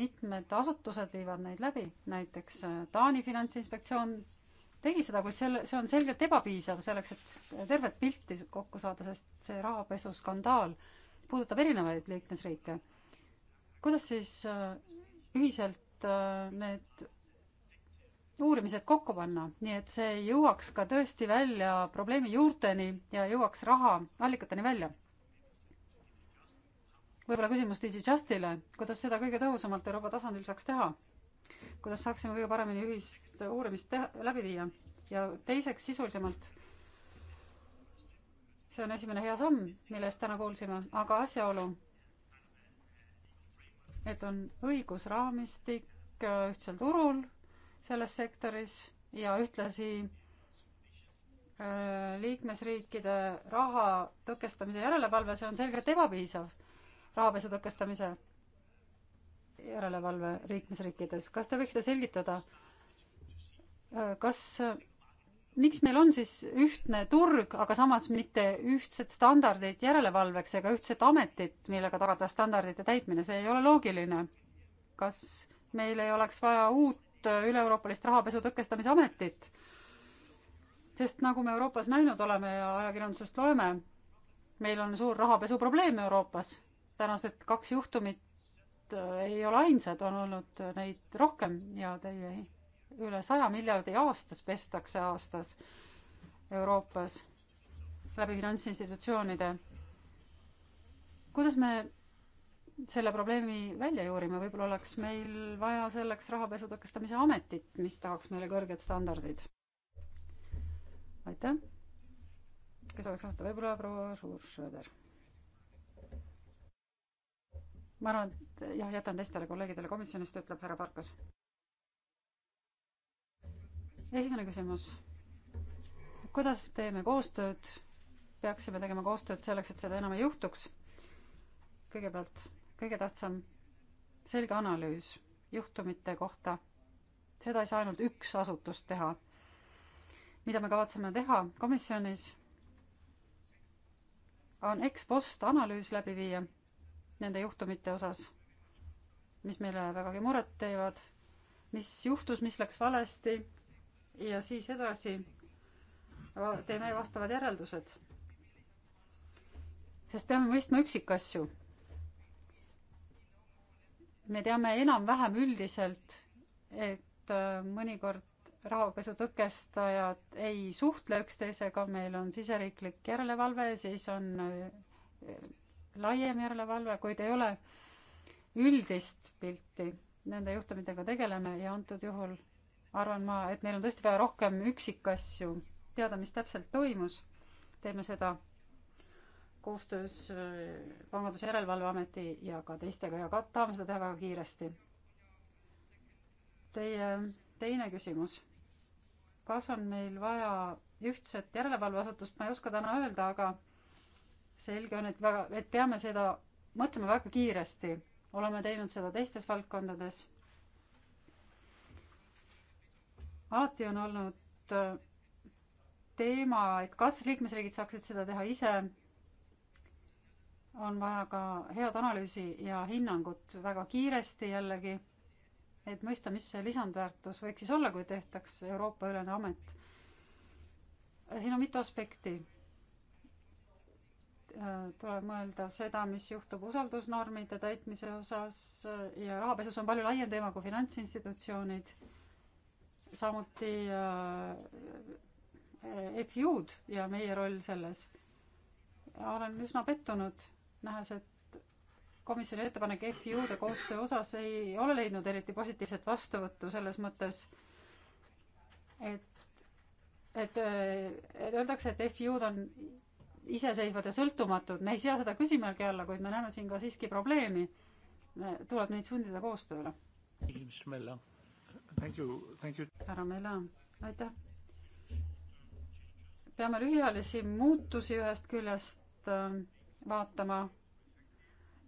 mitmed asutused viivad neid läbi, näiteks äh, Taani finantsinspektsioon tegi seda, kuid selle, see on selgelt ebapiisav selleks, et tervet pilti kokku saada, sest see rahapesuskandaal puudutab erinevaid liikmesriike. kuidas siis äh, ühiselt äh, need uurimised kokku panna, nii et see jõuaks ka tõesti välja probleemi juurteni ja jõuaks raha allikateni välja? võib-olla küsimus DigiJustile, kuidas seda kõige tõhusamalt Euroopa tasandil saaks teha? kuidas saaksime kõige paremini ühist uurimist teha, läbi viia? ja teiseks sisulisemalt, see on esimene hea samm, millest täna kuulsime, aga asjaolu, et on õigusraamistik äh, ühtsel turul selles sektoris ja ühtlasi äh, liikmesriikide raha tõkestamise järelevalve, see on selgelt ebapiisav rahapesu tõkestamise järelevalve liikmesriikides. kas te võiksite selgitada, kas, miks meil on siis ühtne turg, aga samas mitte ühtsed standardid järelevalveks ega ühtset ametit, millega tagada standardite täitmine, see ei ole loogiline. kas meil ei oleks vaja uut üle-euroopalist rahapesu tõkestamise ametit? sest nagu me Euroopas näinud oleme ja ajakirjandusest loeme, meil on suur rahapesuprobleem Euroopas tänased kaks juhtumit äh, ei ole ainsad, on olnud neid rohkem ja teie üle saja miljardi aastas pestakse aastas Euroopas läbi finantsinstitutsioonide. kuidas me selle probleemi välja juurime, võib-olla oleks meil vaja selleks rahapesu tõkestamise ametit, mis tahaks meile kõrged standardid. aitäh. kes oleks vastata, võib-olla proua Suur-Schröder ma arvan, et jah, jätan teistele kolleegidele komisjonist, ütleb härra Parkas. esimene küsimus. kuidas teeme koostööd? peaksime tegema koostööd selleks, et seda enam ei juhtuks. kõigepealt kõige tähtsam, selge analüüs juhtumite kohta. seda ei saa ainult üks asutus teha. mida me kavatseme teha komisjonis, on ekspost analüüs läbi viia nende juhtumite osas, mis meile vägagi muret teevad, mis juhtus, mis läks valesti ja siis edasi teeme vastavad järeldused. sest peame mõistma üksikasju. me teame enam-vähem üldiselt, et äh, mõnikord rahapesu tõkestajad ei suhtle üksteisega, meil on siseriiklik järelevalve, siis on äh, laiem järelevalve, kuid ei ole üldist pilti. Nende juhtumitega tegeleme ja antud juhul arvan ma, et meil on tõesti vaja rohkem üksikasju, teada, mis täpselt toimus. teeme seda koostöös äh, Panganduse Järelevalveameti ja ka teistega ja ka tahame seda teha väga kiiresti. Teie teine küsimus. kas on meil vaja ühtset järelevalveasutust, ma ei oska täna öelda, aga selge on, et väga, et peame seda mõtlema väga kiiresti. oleme teinud seda teistes valdkondades. alati on olnud äh, teema, et kas liikmesriigid saaksid seda teha ise, on vaja ka head analüüsi ja hinnangut väga kiiresti jällegi, et mõista, mis see lisandväärtus võiks siis olla, kui tehtaks Euroopa-ülene amet. siin on mitu aspekti Äh, tuleb mõelda seda, mis juhtub usaldusnormide täitmise osas äh, ja rahapesus on palju laiem teema kui finantsinstitutsioonid. samuti äh, FÜ-d ja meie roll selles. olen üsna pettunud, nähes, et komisjoni ettepanek FÜ-de koostöö osas ei ole leidnud eriti positiivset vastuvõttu selles mõttes, et, et, äh, et öeldakse, et FÜ-d on iseseisvad ja sõltumatud, me ei sea seda küsimärgi alla, kuid me näeme siin ka siiski probleemi. tuleb neid sundida koostööle. härra Mella, aitäh. peame lühiajalisi muutusi ühest küljest äh, vaatama,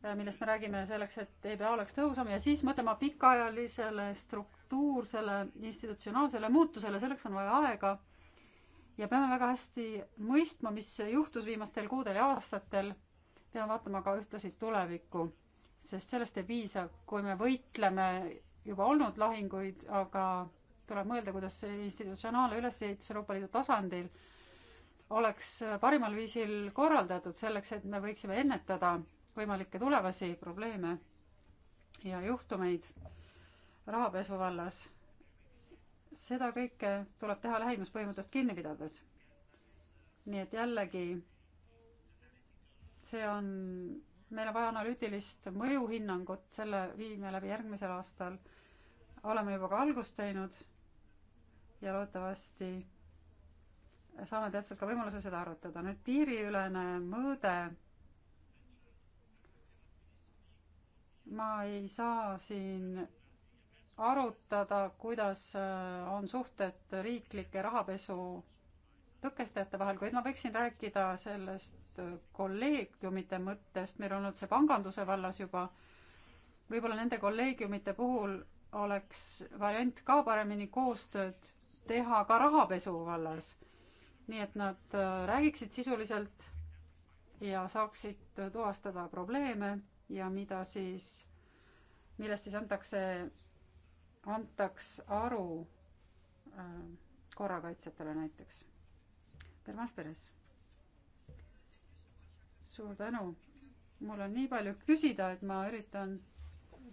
äh, millest me räägime selleks, et EBA oleks tõhusam ja siis mõtlema pikaajalisele struktuursele institutsionaalsele muutusele, selleks on vaja aega ja peame väga hästi mõistma, mis juhtus viimastel kuudel ja aastatel. peame vaatama ka ühtlasi tulevikku, sest sellest ei piisa, kui me võitleme juba olnud lahinguid, aga tuleb mõelda, kuidas institutsionaalne ülesehitus Euroopa Liidu tasandil oleks parimal viisil korraldatud selleks, et me võiksime ennetada võimalikke tulevasi probleeme ja juhtumeid rahapesu vallas seda kõike tuleb teha lähimuspõhimõttest kinni pidades. nii et jällegi, see on, meil on vaja analüütilist mõjuhinnangut, selle viime läbi järgmisel aastal. oleme juba ka algust teinud ja loodetavasti saame peatselt ka võimaluse seda arutada. nüüd piiriülene mõõde. ma ei saa siin arutada, kuidas äh, on suhted riiklike rahapesu tõkestajate vahel, kuid ma võiksin rääkida sellest äh, kolleegiumite mõttest, meil on olnud see panganduse vallas juba, võib-olla nende kolleegiumite puhul oleks variant ka paremini koostööd teha ka rahapesu vallas. nii et nad äh, räägiksid sisuliselt ja saaksid tuvastada probleeme ja mida siis, millest siis antakse antaks aru äh, korrakaitsjatele näiteks. Permas Peres. suur tänu. mul on nii palju küsida, et ma üritan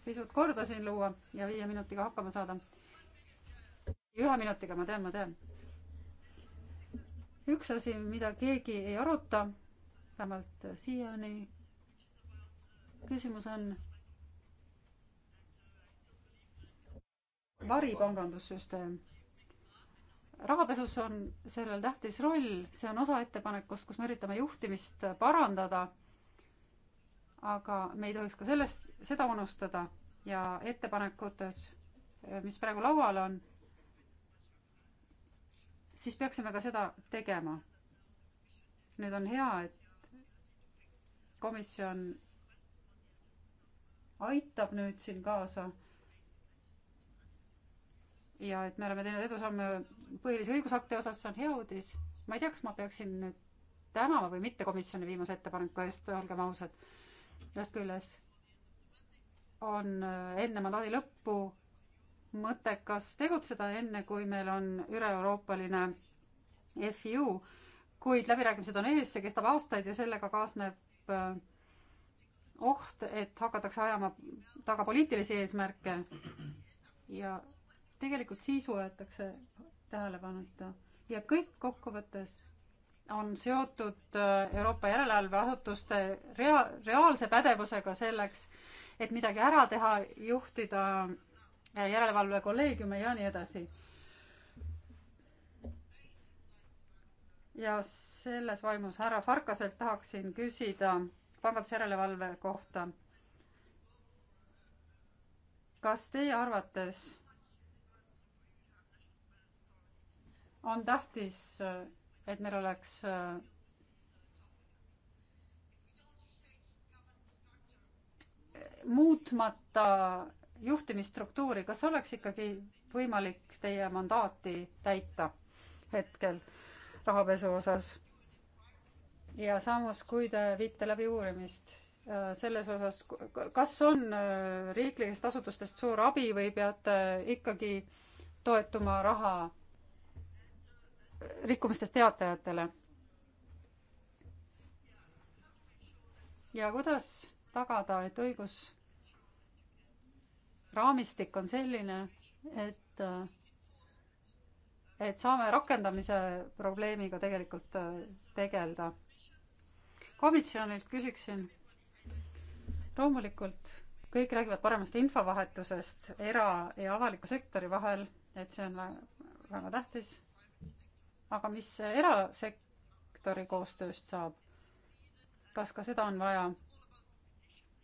pisut korda siin luua ja viie minutiga hakkama saada. ühe minutiga, ma tean, ma tean. üks asi, mida keegi ei aruta, vähemalt siiani, küsimus on varipangandussüsteem. rahapesus on sellel tähtis roll, see on osa ettepanekust, kus me üritame juhtimist parandada. aga me ei tohiks ka sellest, seda unustada ja ettepanekutes, mis praegu laual on, siis peaksime ka seda tegema. nüüd on hea, et komisjon aitab nüüd siin kaasa ja et me oleme teinud edusamme põhilise õigusakti osas, see on hea uudis. ma ei tea, kas ma peaksin nüüd tänama või mitte komisjoni viimase ettepaneku eest, olgem ausad. ühest küljest on äh, enne mandaadi lõppu mõttekas tegutseda, enne kui meil on üle-euroopaline FIU, kuid läbirääkimised on ees, see kestab aastaid ja sellega kaasneb äh, oht, et hakatakse ajama taga poliitilisi eesmärke ja tegelikult sisu jäetakse tähelepanuta ja kõik kokkuvõttes on seotud äh, Euroopa järelevalveasutuste rea-, reaalse pädevusega selleks, et midagi ära teha, juhtida äh, järelevalvekolleegiume ja nii edasi. ja selles vaimus härra Farkaselt tahaksin küsida pangandusjärelevalve kohta. kas teie arvates on tähtis, et meil oleks muutmata juhtimisstruktuuri, kas oleks ikkagi võimalik teie mandaati täita hetkel rahapesu osas? ja samas, kui te viite läbi uurimist äh, selles osas, kas on äh, riiklikest asutustest suur abi või peate ikkagi toetuma raha rikkumistest teatajatele. ja kuidas tagada, et õigusraamistik on selline, et, et saame rakendamise probleemiga tegelikult äh, tegeleda. komisjonilt küsiksin, loomulikult kõik räägivad paremast infovahetusest era- ja avaliku sektori vahel, et see on väga tähtis aga mis erasektori koostööst saab? kas ka seda on vaja?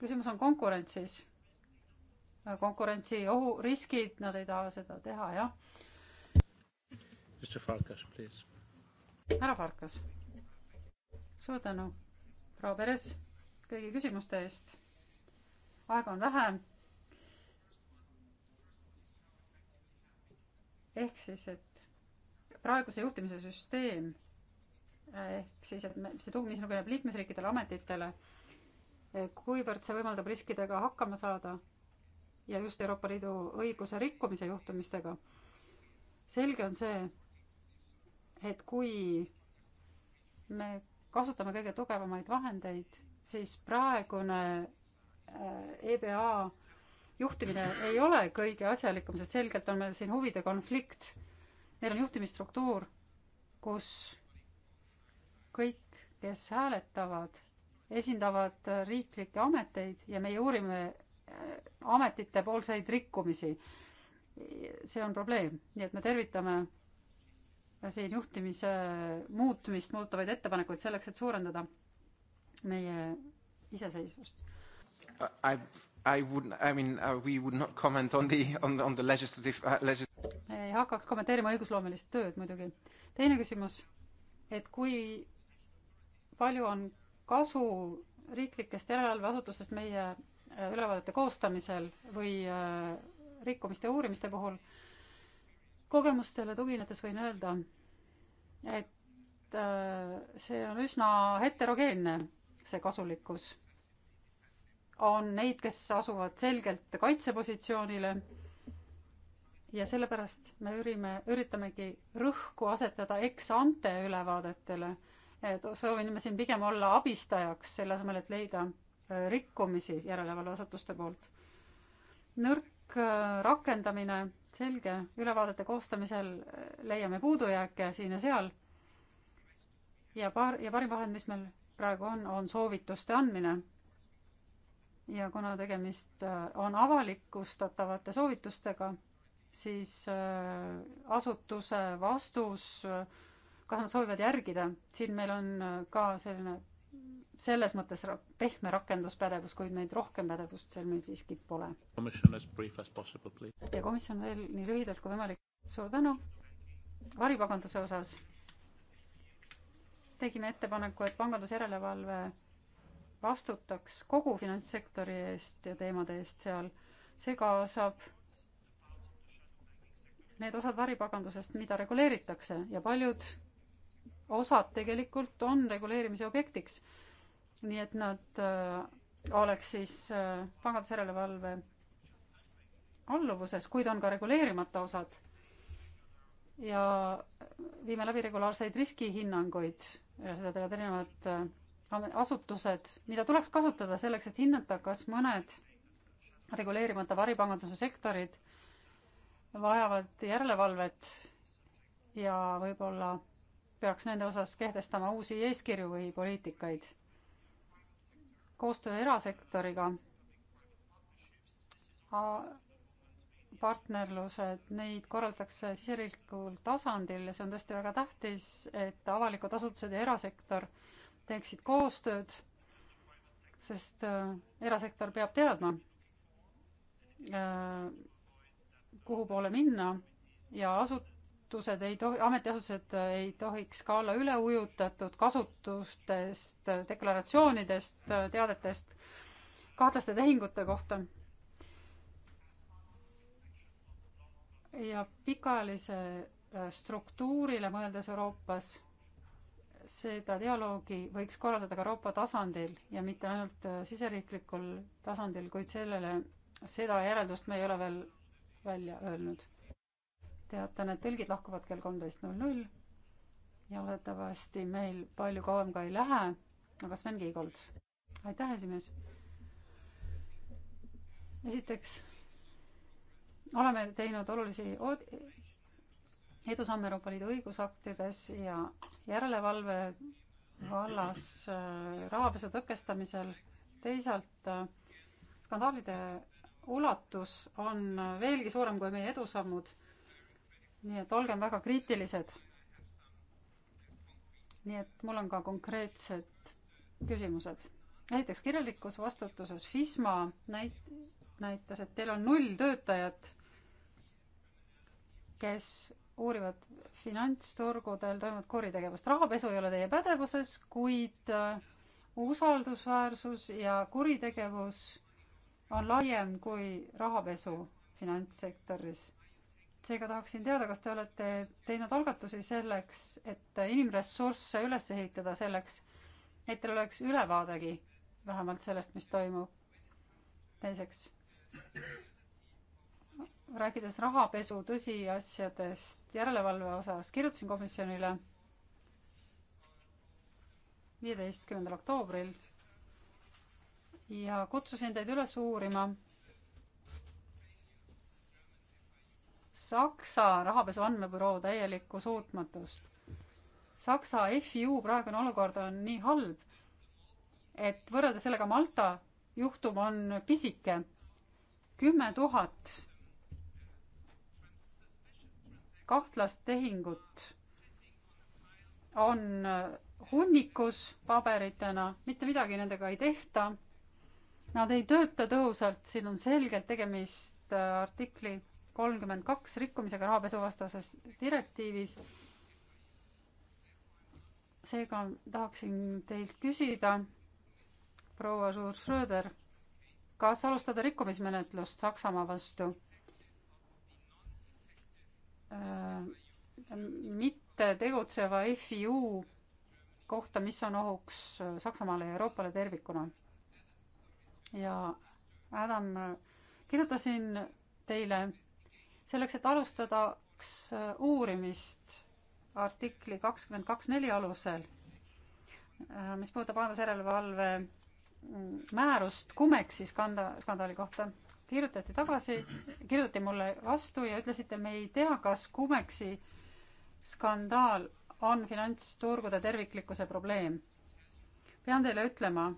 küsimus on konkurentsis. konkurentsi ohuriskid, nad ei taha seda teha, jah. Mr Farkas, please. härra Farkas. suur tänu, proua Peres, kõigi küsimuste eest. aega on vähe. ehk siis, et praeguse juhtimise süsteem ehk siis, et me, see tuum niisugune jääb liikmesriikidele, ametitele, kuivõrd see võimaldab riskidega hakkama saada ja just Euroopa Liidu õiguse rikkumise juhtumistega. selge on see, et kui me kasutame kõige tugevamaid vahendeid, siis praegune äh, EBA juhtimine ei ole kõige asjalikum, sest selgelt on meil siin huvide konflikt Neil on juhtimisstruktuur, kus kõik, kes hääletavad, esindavad riiklikke ameteid ja meie uurime äh, ametite poolseid rikkumisi. see on probleem, nii et me tervitame siin juhtimise muutmist, muutuvaid ettepanekuid selleks, et suurendada meie iseseisvust. I, I would, I mean uh, we would not comment on the, on the, on the legislative uh,, legis- ei hakkaks kommenteerima õigusloomelist tööd muidugi. teine küsimus, et kui palju on kasu riiklikest järelevalveasutustest meie äh, ülevaadete koostamisel või äh, rikkumiste uurimiste puhul. kogemustele tuginedes võin öelda, et äh, see on üsna heterogeenne, see kasulikkus. on neid, kes asuvad selgelt kaitsepositsioonile ja sellepärast me ürime, üritamegi rõhku asetada ex-ante ülevaadetele. soovime siin pigem olla abistajaks, selle asemel, et leida äh, rikkumisi järelevalveasutuste poolt. nõrk äh, rakendamine, selge, ülevaadete koostamisel äh, leiame puudujääke siin ja seal. ja paar, ja parim vahend, mis meil praegu on, on soovituste andmine. ja kuna tegemist on avalikustatavate soovitustega, siis äh, asutuse vastus, äh, kas nad soovivad järgida, siin meil on äh, ka selline selles mõttes pehme rakenduspädevus, kuid meid rohkem pädevust seal meil siiski pole. ja komisjon veel nii lühidalt kui võimalik. suur tänu. varipaganduse osas tegime ettepaneku, et pangandusjärelevalve vastutaks kogu finantssektori eest ja teemade eest seal. see kaasab need osad varipagandusest, mida reguleeritakse ja paljud osad tegelikult on reguleerimise objektiks. nii et nad äh, oleks siis äh, pangandusjärelevalve alluvuses, kuid on ka reguleerimata osad. ja viime läbi regulaarseid riskihinnanguid ja seda teevad erinevad äh, asutused, mida tuleks kasutada selleks, et hinnata, kas mõned reguleerimata varipanganduse sektorid äh, vajavad järelevalvet ja võib-olla peaks nende osas kehtestama uusi eeskirju või poliitikaid. koostöö erasektoriga, partnerlused, neid korraldatakse siseriiklikul tasandil ja see on tõesti väga tähtis, et avalikud asutused ja erasektor teeksid koostööd, sest erasektor peab teadma, kuhu poole minna ja asutused ei tohi, ametiasutused ei tohiks ka olla üle ujutatud kasutustest, deklaratsioonidest, teadetest kahtlaste tehingute kohta. ja pikaajalise äh, struktuurile mõeldes Euroopas seda dialoogi võiks korraldada ka Euroopa tasandil ja mitte ainult äh, siseriiklikul tasandil, kuid sellele, seda järeldust me ei ole veel välja öelnud. teatan, et tõlgid lahkuvad kell kolmteist null null ja loodetavasti meil palju kauem ka ei lähe, aga Sven Kiigold, aitäh, esimees! esiteks oleme teinud olulisi edusamme Euroopa Liidu õigusaktides ja järelevalve vallas äh, rahapesu tõkestamisel, teisalt äh, skandaalide ulatus on veelgi suurem kui meie edusammud. nii et olgem väga kriitilised. nii et mul on ka konkreetsed küsimused. esiteks kirjalikus vastutuses FISMA näit-, näitas, et teil on null töötajat, kes uurivad finantsturgudel toimuvat kuritegevust. rahapesu ei ole teie pädevuses, kuid äh, usaldusväärsus ja kuritegevus on laiem kui rahapesu finantssektoris. seega tahaksin teada, kas te olete teinud algatusi selleks, et inimressursse üles ehitada selleks, et teil oleks ülevaadegi vähemalt sellest, mis toimub. teiseks, rääkides rahapesu tõsiasjadest järelevalve osas, kirjutasin komisjonile viieteistkümnendal oktoobril ja kutsusin teid üles uurima Saksa rahapesu andmebüroo täielikku suutmatust. Saksa FIU praegune olukord on nii halb, et võrreldes sellega Malta juhtum on pisike. kümme tuhat kahtlast tehingut on hunnikus paberitena, mitte midagi nendega ei tehta Nad ei tööta tõhusalt, siin on selgelt tegemist äh, artikli kolmkümmend kaks rikkumisega rahapesuvastases direktiivis. seega tahaksin teilt küsida, proua Suur-Schröder, kas alustada rikkumismenetlust Saksamaa vastu? Äh, mitte tegutseva FIU kohta, mis on ohuks Saksamaale ja Euroopale tervikuna ja Adam, kirjutasin teile selleks, et alustataks äh, uurimist artikli kakskümmend kaks neli alusel, äh, mis puudutab majandusjärelevalve mm, määrust Cumexi skanda-, skandaali kohta, kirjutati tagasi, kirjutati mulle vastu ja ütlesite, me ei tea, kas Cumexi skandaal on finantsturgude terviklikkuse probleem. pean teile ütlema,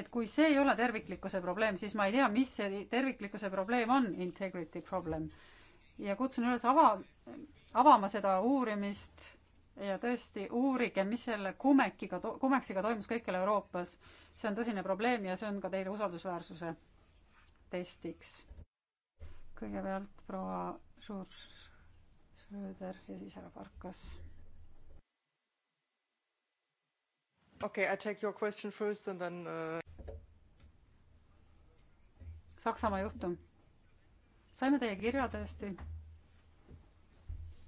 et kui see ei ole terviklikkuse probleem, siis ma ei tea, mis see terviklikkuse probleem on, integrity problem. ja kutsun üles ava, avama seda uurimist ja tõesti uurige, mis selle kumekiga, kumeksiga toimus kõikjal Euroopas. see on tõsine probleem ja see on ka teile usaldusväärsuse testiks. kõigepealt proua Suur-Schröder ja siis härra Parkas okei okay,, I take your question first and then uh.... Saksamaa juhtum. saime teie kirja tõesti.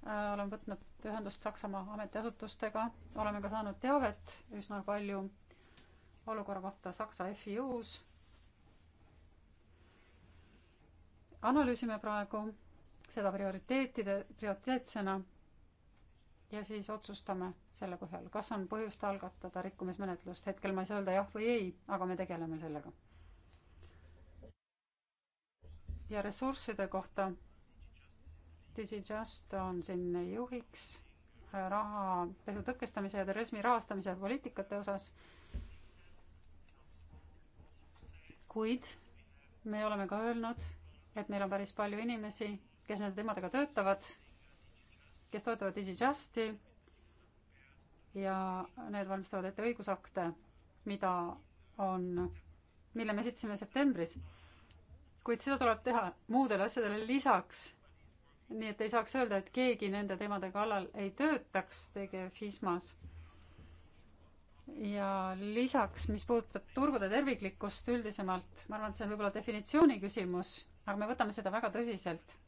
Äh, olen võtnud ühendust Saksamaa ametiasutustega, oleme ka saanud teavet üsna palju olukorra kohta Saksa FIU-s. analüüsime praegu seda prioriteetide, prioriteetsena ja siis otsustame selle põhjal, kas on põhjust algatada rikkumismenetlust. hetkel ma ei saa öelda jah või ei, aga me tegeleme sellega. ja ressursside kohta. DigiJust on siin juhiks rahapesu tõkestamise ja terrorismi rahastamise poliitikate osas. kuid me oleme ka öelnud, et meil on päris palju inimesi, kes nende teemadega töötavad kes toetavad DigiJusti ja need valmistavad ette õigusakte, mida on, mille me esitasime septembris. kuid seda tuleb teha muudele asjadele lisaks. nii et ei saaks öelda, et keegi nende teemade kallal ei töötaks tegevfismas. ja lisaks, mis puudutab turgude terviklikkust üldisemalt, ma arvan, et see on võib-olla definitsiooni küsimus, aga me võtame seda väga tõsiselt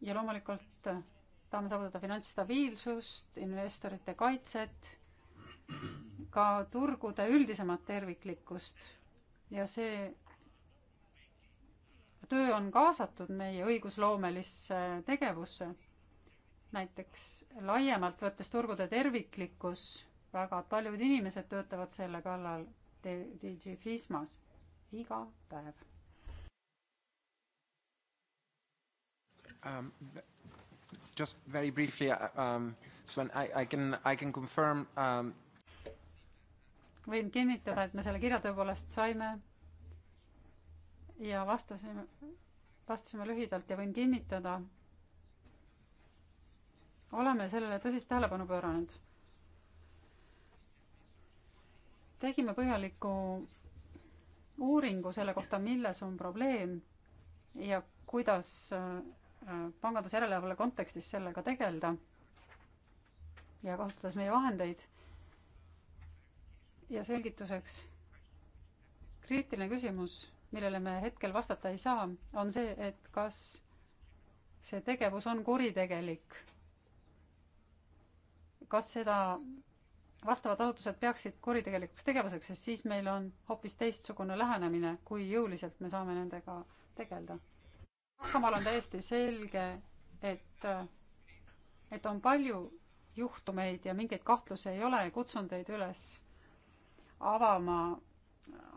ja loomulikult tahame saavutada finantsstabiilsust, investorite kaitset, ka turgude üldisemat terviklikkust ja see töö on kaasatud meie õigusloomelisse tegevusse. näiteks laiemalt võttes turgude terviklikkus, väga paljud inimesed töötavad selle kallal DG Fismas iga päev Um, just very briefly uh, um,, Sven, I can, I can confirm um.... võin kinnitada, et me selle kirja tõepoolest saime ja vastasime, vastasime lühidalt ja võin kinnitada, oleme sellele tõsist tähelepanu pööranud. tegime põhjaliku uuringu selle kohta, milles on probleem ja kuidas äh, Äh, pangandusjärelevalve kontekstis sellega tegeleda ja kasutades meie vahendeid. ja selgituseks, kriitiline küsimus, millele me hetkel vastata ei saa, on see, et kas see tegevus on kuritegelik. kas seda vastavad asutused peaksid kuritegelikuks tegevuseks, sest siis meil on hoopis teistsugune lähenemine, kui jõuliselt me saame nendega tegeleda Saksamaal on täiesti selge, et, et on palju juhtumeid ja mingeid kahtlusi ei ole, kutsun teid üles avama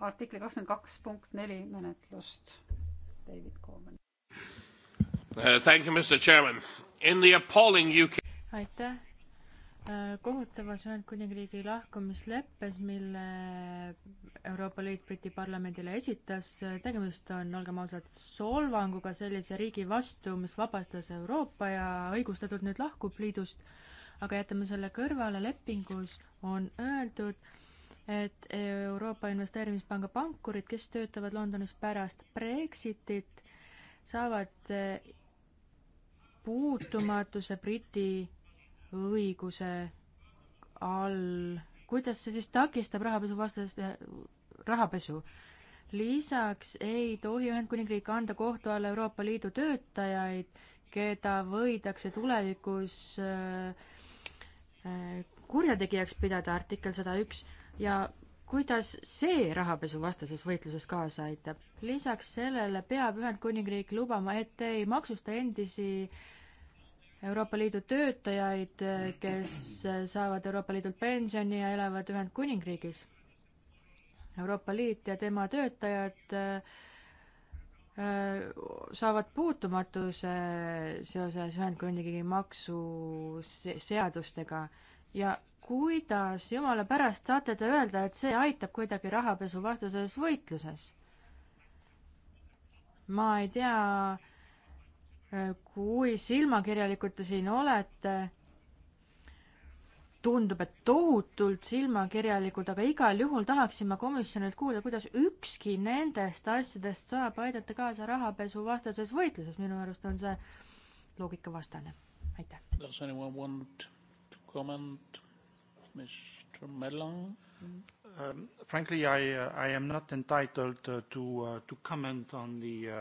artikli kakskümmend kaks punkt neli menetlust. David Coleman uh,. Thank you, Mr Chairman. In the appalling UK. aitäh Äh, kohutavas Ühendkuningriigi lahkumisleppes, mille Euroopa Liit Briti parlamendile esitas, äh, tegemist on, olgem ausad, solvanguga sellise riigi vastu, mis vabastas Euroopa ja õigustatult nüüd lahkub liidust, aga jätame selle kõrvale, lepingus on öeldud, et Euroopa Investeerimispanga pankurid, kes töötavad Londonis pärast Brexitit, saavad äh, puutumatuse Briti õiguse all, kuidas see siis takistab rahapesuvastast, äh, rahapesu? lisaks ei tohi Ühendkuningriik anda kohtu alla Euroopa Liidu töötajaid, keda võidakse tulevikus äh, äh, kurjategijaks pidada, artikkel sada üks, ja kuidas see rahapesuvastases võitluses kaasa aitab? lisaks sellele peab Ühendkuningriik lubama, et ei maksusta endisi äh, Euroopa Liidu töötajaid, kes saavad Euroopa Liidult pensioni ja elavad Ühendkuningriigis. Euroopa Liit ja tema töötajad äh, saavad puutumatuse seoses Ühendkuningriigi maksuseadustega ja kuidas, jumala pärast, saate te öelda, et see aitab kuidagi rahapesuvastases võitluses? ma ei tea, kui silmakirjalikud te siin olete, tundub, et tohutult silmakirjalikud, aga igal juhul tahaksin ma komisjonilt kuulda, kuidas ükski nendest asjadest saab aidata kaasa rahapesuvastases võitluses, minu arust on see loogikavastane. aitäh. Does anyone want to comment, Mr Mellon um,? Frankly I, uh, I am not entitled uh, to uh, to comment on the uh,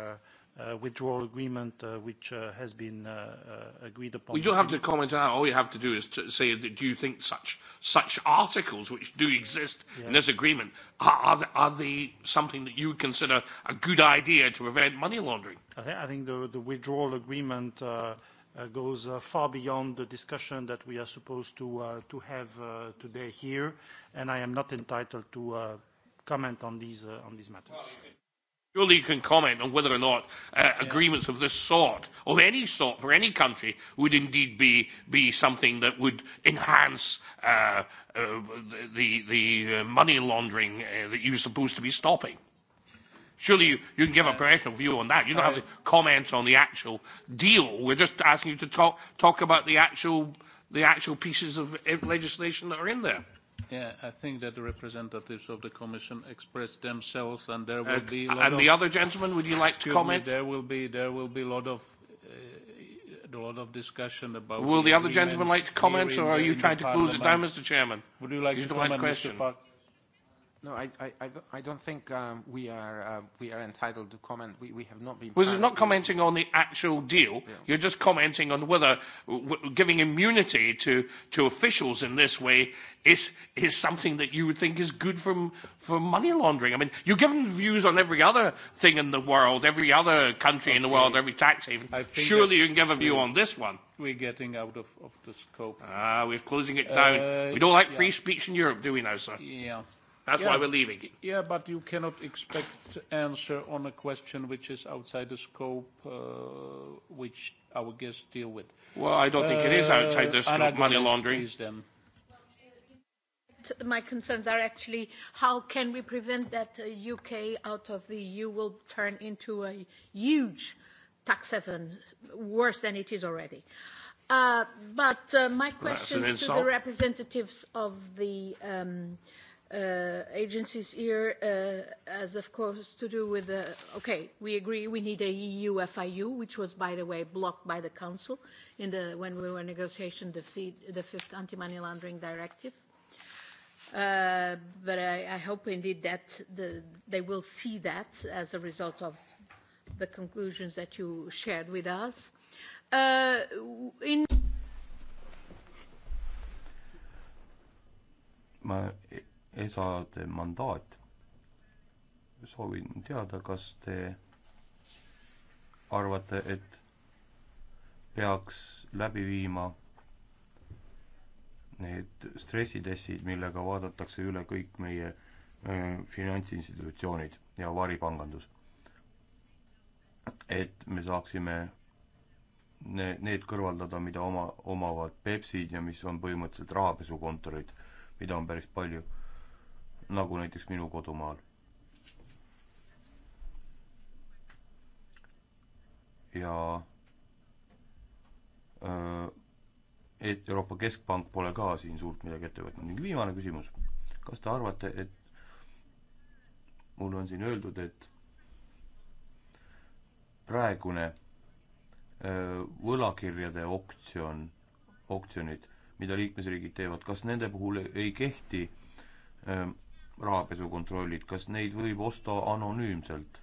uh, withdrawal agreement uh, which uh, has been uh, uh, agreed upon. Well, you don't have to comment on that. All you have to do is to say, that, do you think such such articles which do exist yeah. in this agreement are are they, are they something that you would consider a good idea to prevent money laundering? I think I think the the withdrawal agreement. Uh, uh, goes uh, far beyond the discussion that we are supposed to uh, to have uh, today here, and I am not entitled to uh, comment on these uh, on these matters. Well, Surely you can comment on whether or not uh, yeah. agreements of this sort, of any sort for any country, would indeed be, be something that would enhance uh, uh, the, the uh, money laundering uh, that you're supposed to be stopping. Surely you, you can give a professional view on that. You don't have to comment on the actual deal. We're just asking you to talk, talk about the actual, the actual pieces of eh, legislation that are in there. Yeah, I think that the representatives of the Commission expressed themselves, and there will uh, be. A lot and of, the other gentleman, would you like to comment? Me, there will be there will be a lot of uh, a lot of discussion about. Will the, the other gentleman like to comment, or are you trying to close it down, Mr. Chairman? Would you like you to comment, like Mr. Fark? No, I, I, I don't think um, we are uh, we are entitled to comment. We, we have not been. Well, not commenting on the actual deal. Yeah. You're just commenting on whether w- giving immunity to to officials in this way is is something that you would think is good for for money laundering. I mean, you've given views on every other thing in the world, every other country okay. in the world, every tax haven. Surely you can give a view on this one we're getting out of, of the scope. Ah, we're closing it down. Uh, we don't like yeah. free speech in Europe, do we now, sir? Yeah. That's yeah, why we're leaving it. Yeah, but you cannot expect answer on a question which is outside the scope uh, which our guests deal with. Well, I don't uh, think it is outside the uh, scope, money laundering. Please, then. My concerns are actually how can we prevent that uh, UK out of the EU will turn into a huge tax haven, worse than it is already. Uh, but uh, my questions to the representatives of the um, uh, uh, agencies here uh, has, of course, to do with the, okay, we agree we need a EU FIU, which was, by the way, blocked by the Council in the, when we were negotiating the, fee, the fifth anti-money laundering directive. Uh, but I, I hope indeed that the, they will see that as a result of the conclusions that you shared with us. Uh, in ma ESA-de mandaat. soovin teada, kas te arvate, et peaks läbi viima need stressitestid, millega vaadatakse üle kõik meie finantsinstitutsioonid ja varipangandus. et me saaksime ne-, need kõrvaldada, mida oma, omavad Pepsid ja mis on põhimõtteliselt rahapesukontorid, mida on päris palju nagu näiteks minu kodumaal. ja et Euroopa Keskpank pole ka siin suurt midagi ette võtnud ning viimane küsimus, kas te arvate, et mulle on siin öeldud, et praegune võlakirjade oktsioon, oktsionid, mida liikmesriigid teevad, kas nende puhul ei kehti öö, rahapesukontrollid, kas neid võib osta anonüümselt?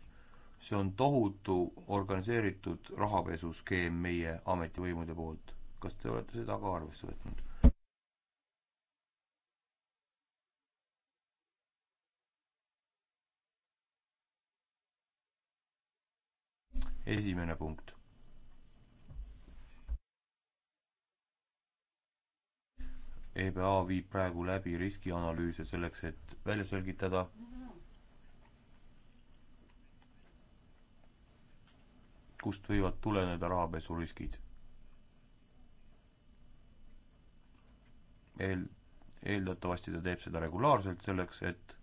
see on tohutu organiseeritud rahapesuskeem meie ametivõimude poolt. kas te olete seda ka arvesse võtnud? esimene punkt EBA viib praegu läbi riskianalüüse selleks, et välja selgitada, kust võivad tuleneda rahapesuriskid. eel, eeldatavasti ta teeb seda regulaarselt selleks, et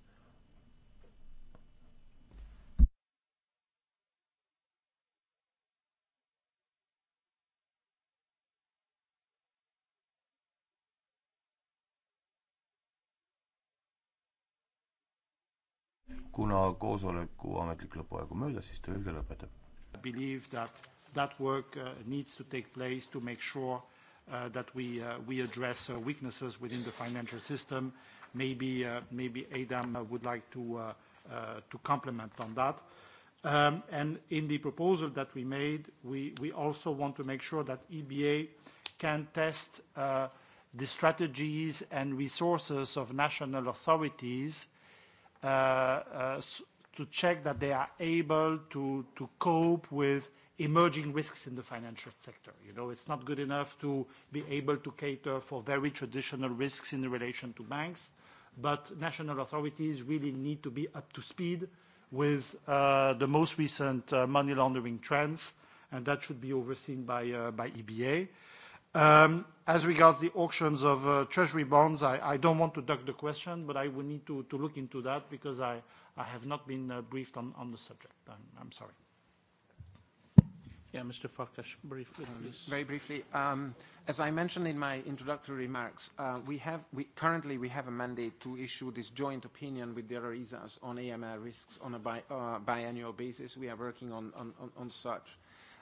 kuna koosoleku ametlik lõpuaeg on möödas, siis tõlge lõpetab. Believe that that work uh, needs to take place to make sure uh, that we uh, we address uh, weaknesses within the financial system. Maybe uh, maybe Adam uh, would like to uh, uh, to complement on that. Um, and in the proposal that we made, we, we also want to make sure that EBA can test uh, the strategies and resources of national authorities uh, uh, to check that they are able to, to cope with emerging risks in the financial sector. You know, it's not good enough to be able to cater for very traditional risks in relation to banks, but national authorities really need to be up to speed with uh, the most recent uh, money laundering trends, and that should be overseen by, uh, by EBA. Um, as regards the auctions of uh, treasury bonds, I, I don't want to duck the question, but I will need to, to look into that because I, I have not been uh, briefed on, on the subject. I'm, I'm sorry. Yeah, Mr. Farkas, briefly, uh, please. Very briefly. Um, as I mentioned in my introductory remarks, uh, we have, we, currently we have a mandate to issue this joint opinion with the other ESAs on AML risks on a bi, uh, biannual basis. We are working on, on, on such.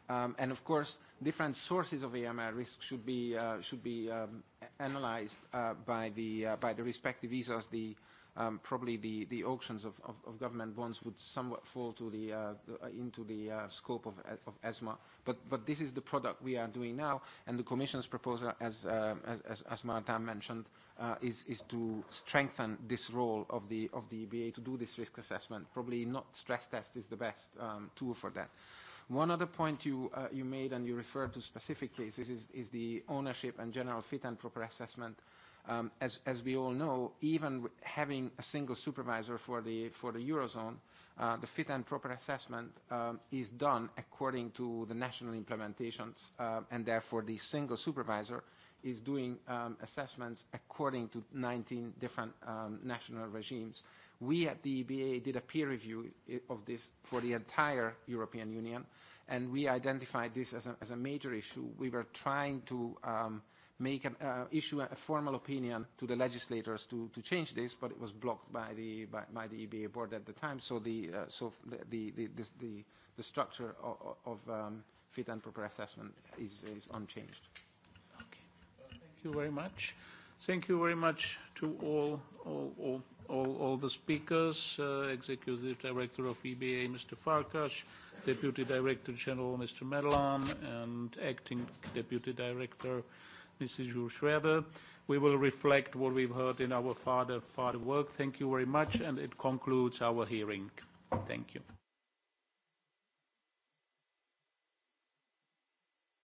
Um, and of course, different sources of AML risk should be, uh, should be um, analyzed uh, by, the, uh, by the respective ESAs. The, um, probably the, the auctions of, of, of government bonds would somewhat fall to the, uh, the, uh, into the uh, scope of, uh, of ESMA. But, but this is the product we are doing now, and the Commission's proposal, as, uh, as, as Martin mentioned, uh, is, is to strengthen this role of the, of the EBA to do this risk assessment. Probably not stress test is the best um, tool for that. Uh, One other point you, uh, you made, and you referred to specific cases, is, is the ownership and general fit and proper assessment. Um, as, as we all know, even having a single supervisor for the, for the Eurozone, uh, the fit and proper assessment um, is done according to the national implementations, uh, and therefore the single supervisor is doing um, assessments according to 19 different um, national regimes. Uh, We at the EBA did a peer review of this for the entire European Union, and we identified this as a, as a major issue. We were trying to um, make an uh, issue a formal opinion to the legislators to, to change this, but it was blocked by the, by, by the EBA board at the time. So the, uh, so the, the, this, the, the structure of, of um, fit and proper assessment is, is unchanged. Okay. Well, thank you very much. Thank you very much to all, all, all all, all the speakers, uh, Executive Director of EBA, Mr. Farkas, Deputy Director General, Mr. Medlan, and Acting Deputy Director, Mrs. Jules Schroeder. We will reflect what we've heard in our further work. Thank you very much, and it concludes our hearing. Thank you.